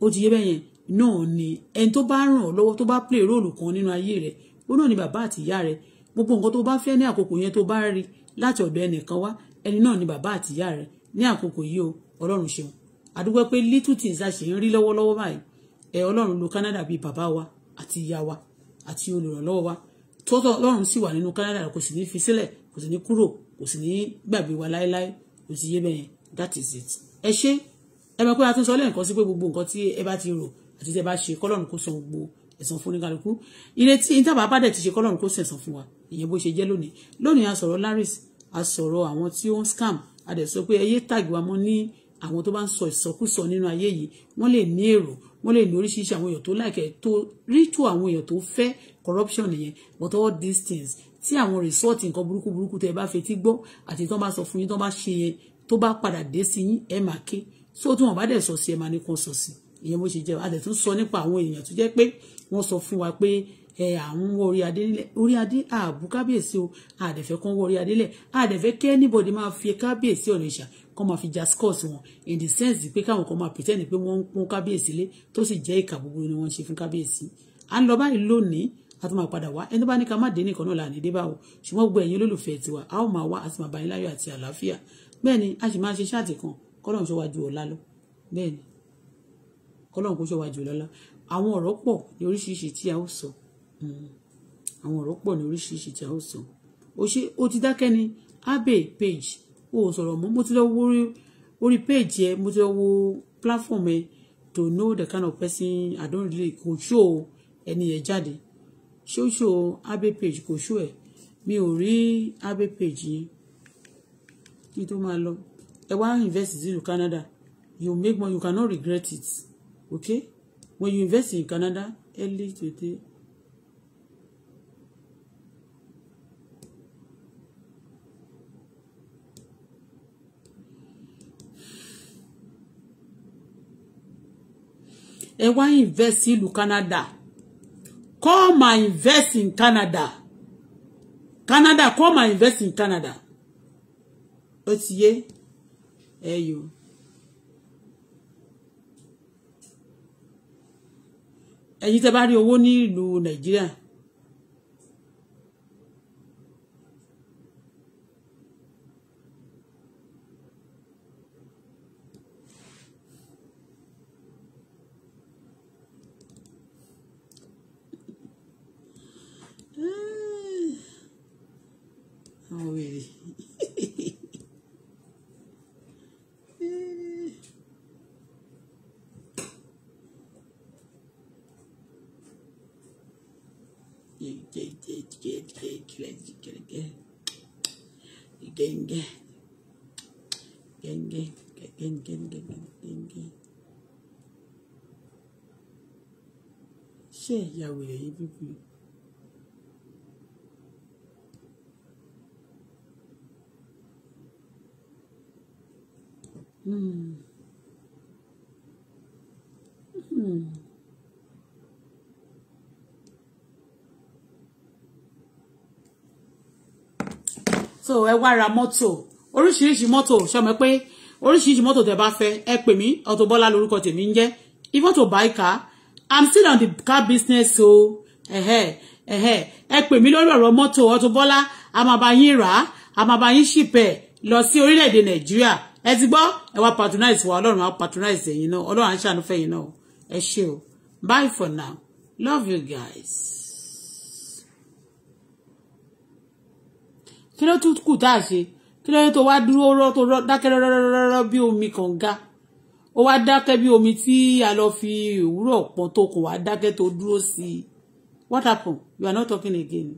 ó ti yé bẹ́ẹ̀ yẹn náà ni ẹni tó bá ràn ọ́ lọ́wọ́ tó bá play role kan nínú ayé rẹ̀ ó náà ni bàbá àti ìyá rẹ̀ gbogbo nǹkan tó bá fẹ́ ní àkókò yẹn tó bá rí láti ọ̀dọ̀ ẹnìkan wá ẹni náà ni bàbá àti ìyá rẹ̀ ní àkókò yìí o ọlọ́run ṣeun àdúgbò pé little things a ṣe ń rí lọ́wọ́lọ́wọ́ báyìí ẹ ọlọ́run lo Canada bíi bàbá wa àti ìyá wa àti olùrànlọ́wọ́ wa tọ́tọ̀ ọlọ́run sì wà nínú Canada kò sì ní fi sílẹ̀ kò sì ní kúrò kò sì ní gbàgbé wa láéláé kò sì yé bẹ́yẹn that is it ẹ ṣe ẹ mọ̀ pé a tún sọ lẹ́ẹ̀kan sí pé gbogbo nǹkan tí ẹ bá ti rò àti tí ẹ bá ṣe kọ́lọ́run kó san gbogbo ẹ̀san fún oníkálukú ilé tí ìtàbà bá dẹ̀ ti ṣe kọ́lọ́run kó sẹ̀san fún wa ìyẹn bó ṣe jẹ́ lónìí lónìí a sọ̀rọ̀ laris a sọ̀rọ̀ àwọn tí ó ń scam a dẹ̀ sọ pé ẹyẹ tàgbà mọ́ ní àwọn tó bá ń sọ ìsọkúsọ nínú ayé yìí wọ́n lè ní èrò wọ́n lè ní oríṣiríṣi àwọn èèyàn tó láìkẹ́ tó rí tó àwọn èèyàn tó fẹ́ corruption nìyẹn but all these things tí àwọn resort nǹkan burúkú burúkú tẹ́ bá fetí gbọ́ àti tí wọ́n bá sọ fún yín tí bá ṣe yẹn tó bá padà dé sí yín ẹ máa ké so tí wọ́n bá dẹ̀ sọ sí ẹ máa ní kan sọ sí ìyẹn bó ṣe jẹ́ àtẹ̀ tún sọ nípa àwọn èèyàn tó jẹ́ pé wọ́n sọ fún wa pé ẹ àwọn wọ orí adé nílẹ̀ orí adé àbú kábíyèsí o àdẹ̀fẹ́ kan wọ orí adé lẹ̀ àdẹ̀fẹ́ kẹ́ anybody máa fi kábíyèsí ọ̀nà ìṣà kọ́ máa fi jascos wọn in the sense pé káwọn kan máa pretend pé wọ́n ń pọ́n kábíyèsí lé tó sì jẹ́ ìkà gbogbo ni wọ́n ṣe fún kábíyèsí à ń lọ báyìí lónìí a tún máa padà wá ẹni tó bá ní ká má dé nìkan náà lànà dé báwo ṣùgbọ́n gbogbo ẹ̀yin olólùfẹ́ tiwa a ó máa wá a sì máa bá yín láyọ̀ àti àlàáfíà bẹ́ẹ̀ ni a sì máa ṣe ṣáàtì kan kọ́lọ́n ṣọ́ wájú ọ̀la bẹ́ẹ̀ ni kọ́lọ́n kó ṣọ́ wájú ọ̀la a ó hmm, page o ò sọ̀rọ̀ mọ́ mo ti lọ wo orí péèjì ẹ mo ti lọ wo platform ẹ to know the kind of person I don't really kò ṣó ẹni yẹn jáde ṣó ṣó abe page kò ṣó ẹ mi ò rí abe page yẹn kí tó máa lọ ẹ wá invest sílùú Canada you make money you cannot regret it okay when you invest in Canada early today ẹ wá invest ìlú Canada come and invest in Canada Canada come and invest in Canada ó ti yé ẹ yòó. ẹ̀yin tẹ́ bá rí owó ní ìlú nàìjíríà àwọn wèrè genge genge genge genge genge Hmm. so ẹ wá ra mọ́tò oríṣiríṣi mọ́tò ṣọmọ pé oríṣiríṣi mọ́tò tẹ bá fẹ́ ẹ pè mí Auto Bola lórúkọ tèmi ń jẹ́ if want to buy car i'm still on the car business so ẹ̀hẹ́ ẹ̀hẹ́ ẹ pè mí lórí ọ̀rọ̀ mọ́tò Auto Bola a máa bá yín rà á a máa bá yín ṣìpẹ̀ lọ sí orílẹ̀-èdè nàìjíríà ẹ ti gbọ́ ẹ wá patronize wa ọlọ́run á patronize ẹ̀yin náà ọlọ́run á ṣàánú fẹ́yìn náà ẹ ṣé o bye for now love you guys. kí ló tún kù tá a ṣe kí ló yẹ tó wá dúró rọ tó dákẹ́ rọ́rọ́rọ́rọ́ bí omi kànga ó wá dákẹ́ bí omi tí a lọ fi òwúrọ̀ pọ́n tó kò wá dákẹ́ tó dúró sí i what happen you are not talking again.